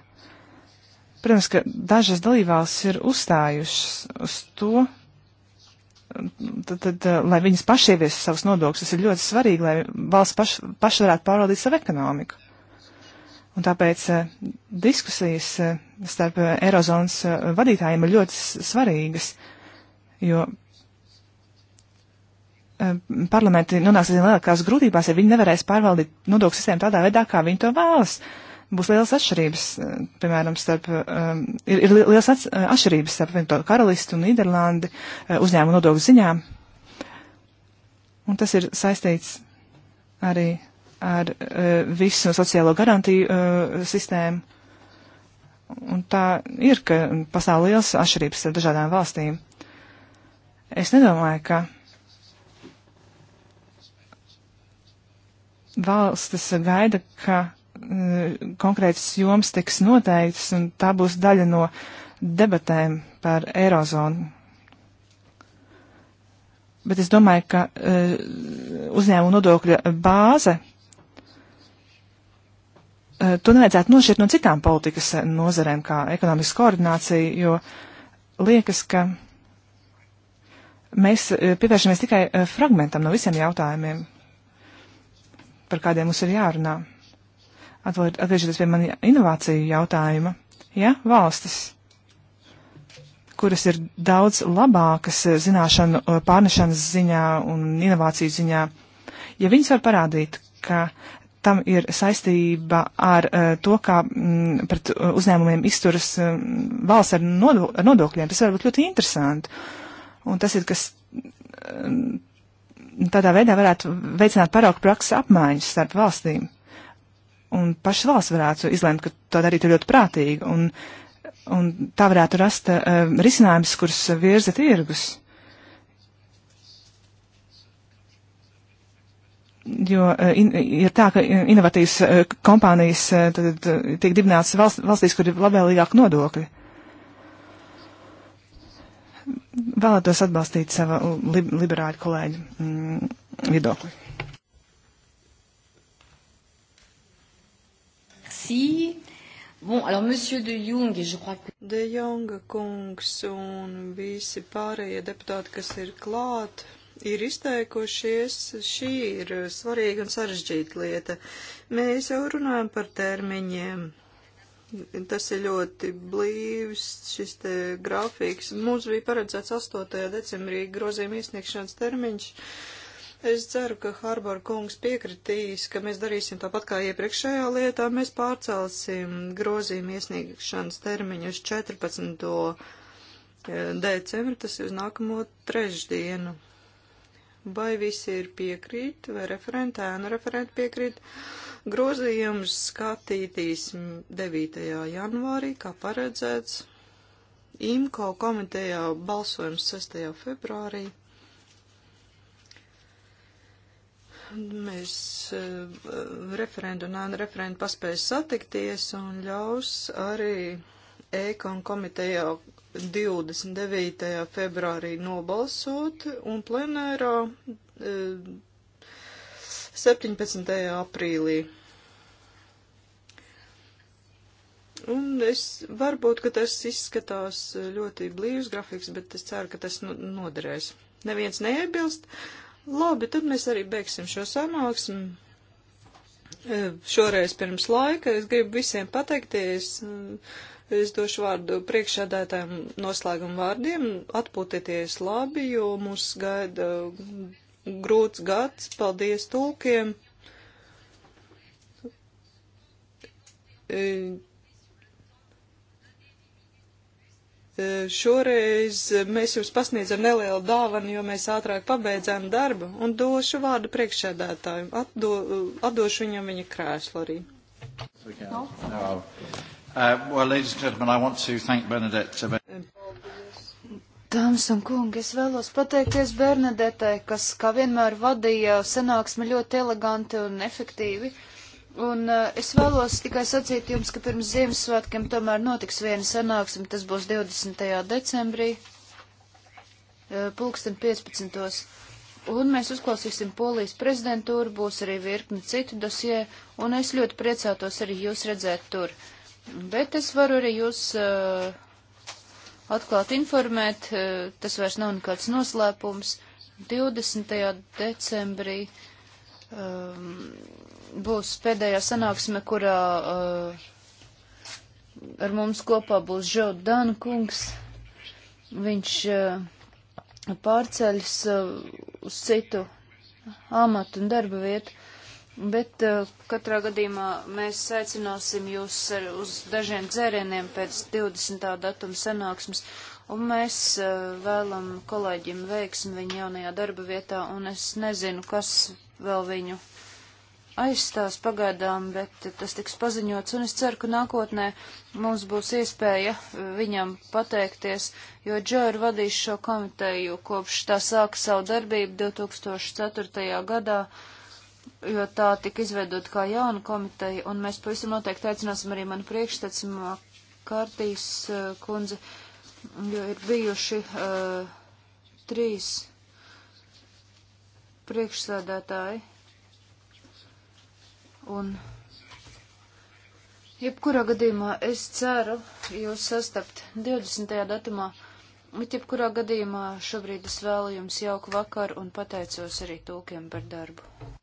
Protams, ka dažas dalībvalstis ir uzstājušas uz to, tad, tad, eh, lai viņas paši ievies savus nodokļus, tas ir ļoti svarīgi, lai valsts paš, paši varētu pārvaldīt savu ekonomiku. Un tāpēc eh, diskusijas eh, starp Eirozonas vadītājiem ir ļoti svarīgas, jo parlamenti nonāks vien lielākās grūtībās, ja viņi nevarēs pārvaldīt nodokļu sistēmu tādā veidā, kā viņi to vēlas. Uh, būs lielas atšķirības, eh, piemēram, starp, um, ir, ir lielas eh, atšķirības starp vienu karalistu un Nīderlandi uzņēmumu nodokļu ziņā. Un tas ir saistīts arī ar uh, visu sociālo garantiju uh, sistēmu. Un tā ir, ka pastāv liels atšķirības starp dažādām valstīm. Es nedomāju, ka valstis gaida, ka Eh, konkrētas jomas tiks noteiktas, un tā būs daļa no debatēm par Eirozonu. Bet es domāju, ka eh, uzņēmuma nodokļa bāze eh, to nevajadzētu nošķirt no citām politikas nozarēm, kā ekonomikas koordinācija, jo liekas, ka mēs pievēršamies tikai fragmentam no visiem jautājumiem, par kādiem mums ir jārunā atgriežoties pie mani inovāciju jautājuma, ja valstis, kuras ir daudz labākas zināšanu eh, pārnešanas ziņā un inovāciju ziņā, ja viņas var parādīt, ka tam ir saistība ar uh, to, kā m, mm, pret eh, uzņēmumiem izturas m, mm, valsts ar, nodo, ar nodokļiem, tas var būt ļoti interesanti. Un tas ir, kas m, mm, tādā veidā varētu veicināt paraugu prakses apmaiņas starp valstīm un pašas valsts varētu izlemt, ka to darītu ļoti prātīgi, un, un tā varētu rast uh, eh, risinājums, kurus virza tirgus. Jo eh, in, ir tā, ka inovatīvas eh, kompānijas tad, tiek dibinātas valst, valstīs, kur ir labvēlīgāk nodokļi. Vēlētos atbalstīt savu li, liberāļu kolēģu mm, viedokli. Merci. Bon, alors, monsieur De Jong, je crois que... De Jong kungs un visi pārējie deputāti, kas ir klāt, ir izteikušies. Šī ir svarīga un sarežģīta lieta. Mēs jau runājam par termiņiem. Tas ir ļoti blīvs, šis te grafiks. Mums bija paredzēts 8. decembrī grozījuma iesniegšanas termiņš. Uh, Es ceru, ka Harbor kungs piekritīs, ka mēs darīsim tāpat kā iepriekšējā lietā. Mēs pārcelsim grozījumu iesniegšanas termiņu uz 14. Eh, decembri, tas ir uz nākamo trešdienu. Vai visi ir piekrīt, vai referenti, ēnu referenti piekrīt? Grozījums skatītīs 9. janvārī, kā paredzēts. IMKO komitejā balsojums 6. februārī. mēs eh, referendu un ānu referendu paspēj satikties un ļaus arī ēkon komitejā 29. februārī nobalsot un plenērā 17. Eh, aprīlī. Un es varbūt, ka tas izskatās eh, ļoti blīvs grafiks, bet es ceru, ka tas noderēs. Neviens neiebilst. Uh, Labi, tad mēs arī beigsim šo sanāksmi. E, šoreiz pirms laika es gribu visiem pateikties. E, es došu vārdu priekšādētājiem noslēgumu vārdiem. Atpūtieties labi, jo mūs gaida grūts gads. Paldies tulkiem. E E, šoreiz mēs jums pasniedzam nelielu dāvanu, jo mēs ātrāk pabeidzām darbu un došu vārdu priekšsēdētājiem. Atdo, atdošu viņam viņa krēslu arī. No. No. Uh, well, ladies and gentlemen, I want to thank Bernadette. Dāmas un kungi, es vēlos pateikties Bernadetai, kas, kā vienmēr, vadīja sanāksmi ļoti eleganti un efektīvi. Uh, Un uh, es vēlos tikai sacīt jums, ka pirms Ziemassvētkiem tomēr notiks viena sanāksme, tas būs 20. decembrī, uh, pulksten 15. Un mēs uzklausīsim polijas prezidentūru, būs arī virkni citu dosie, un es ļoti priecātos arī jūs redzēt tur. Bet es varu arī jūs uh, atklāt informēt, uh, tas vairs nav nekāds noslēpums. 20. decembrī. Um, būs pēdējā sanāksme, kurā uh, ar mums kopā būs Žaudāna kungs. Viņš uh, pārceļas uh, uz citu amatu un darba vietu. Bet uh, katrā gadījumā mēs aicināsim jūs ar, uz dažiem dzērieniem pēc 20. datuma sanāksmes, un mēs uh, vēlam kolēģim veiksmi viņa jaunajā darba vietā, un es nezinu, kas vēl viņu aizstās pagaidām, bet tas tiks paziņots, un es ceru, ka nākotnē mums būs iespēja viņam pateikties, jo Džo ir vadījis šo komiteju kopš tā sāka savu darbību 2004. gadā, jo tā tika izveidot kā jauna komiteja, un mēs pavisam noteikti aicināsim arī manu priekštecamā uh, kārtīs uh, kundzi, jo ir bijuši uh, trīs priekšsādātāji un jebkurā gadījumā es ceru jūs sastapt 20. datumā, bet jebkurā gadījumā šobrīd es vēlu jums jauku vakaru un pateicos arī tūkiem par darbu.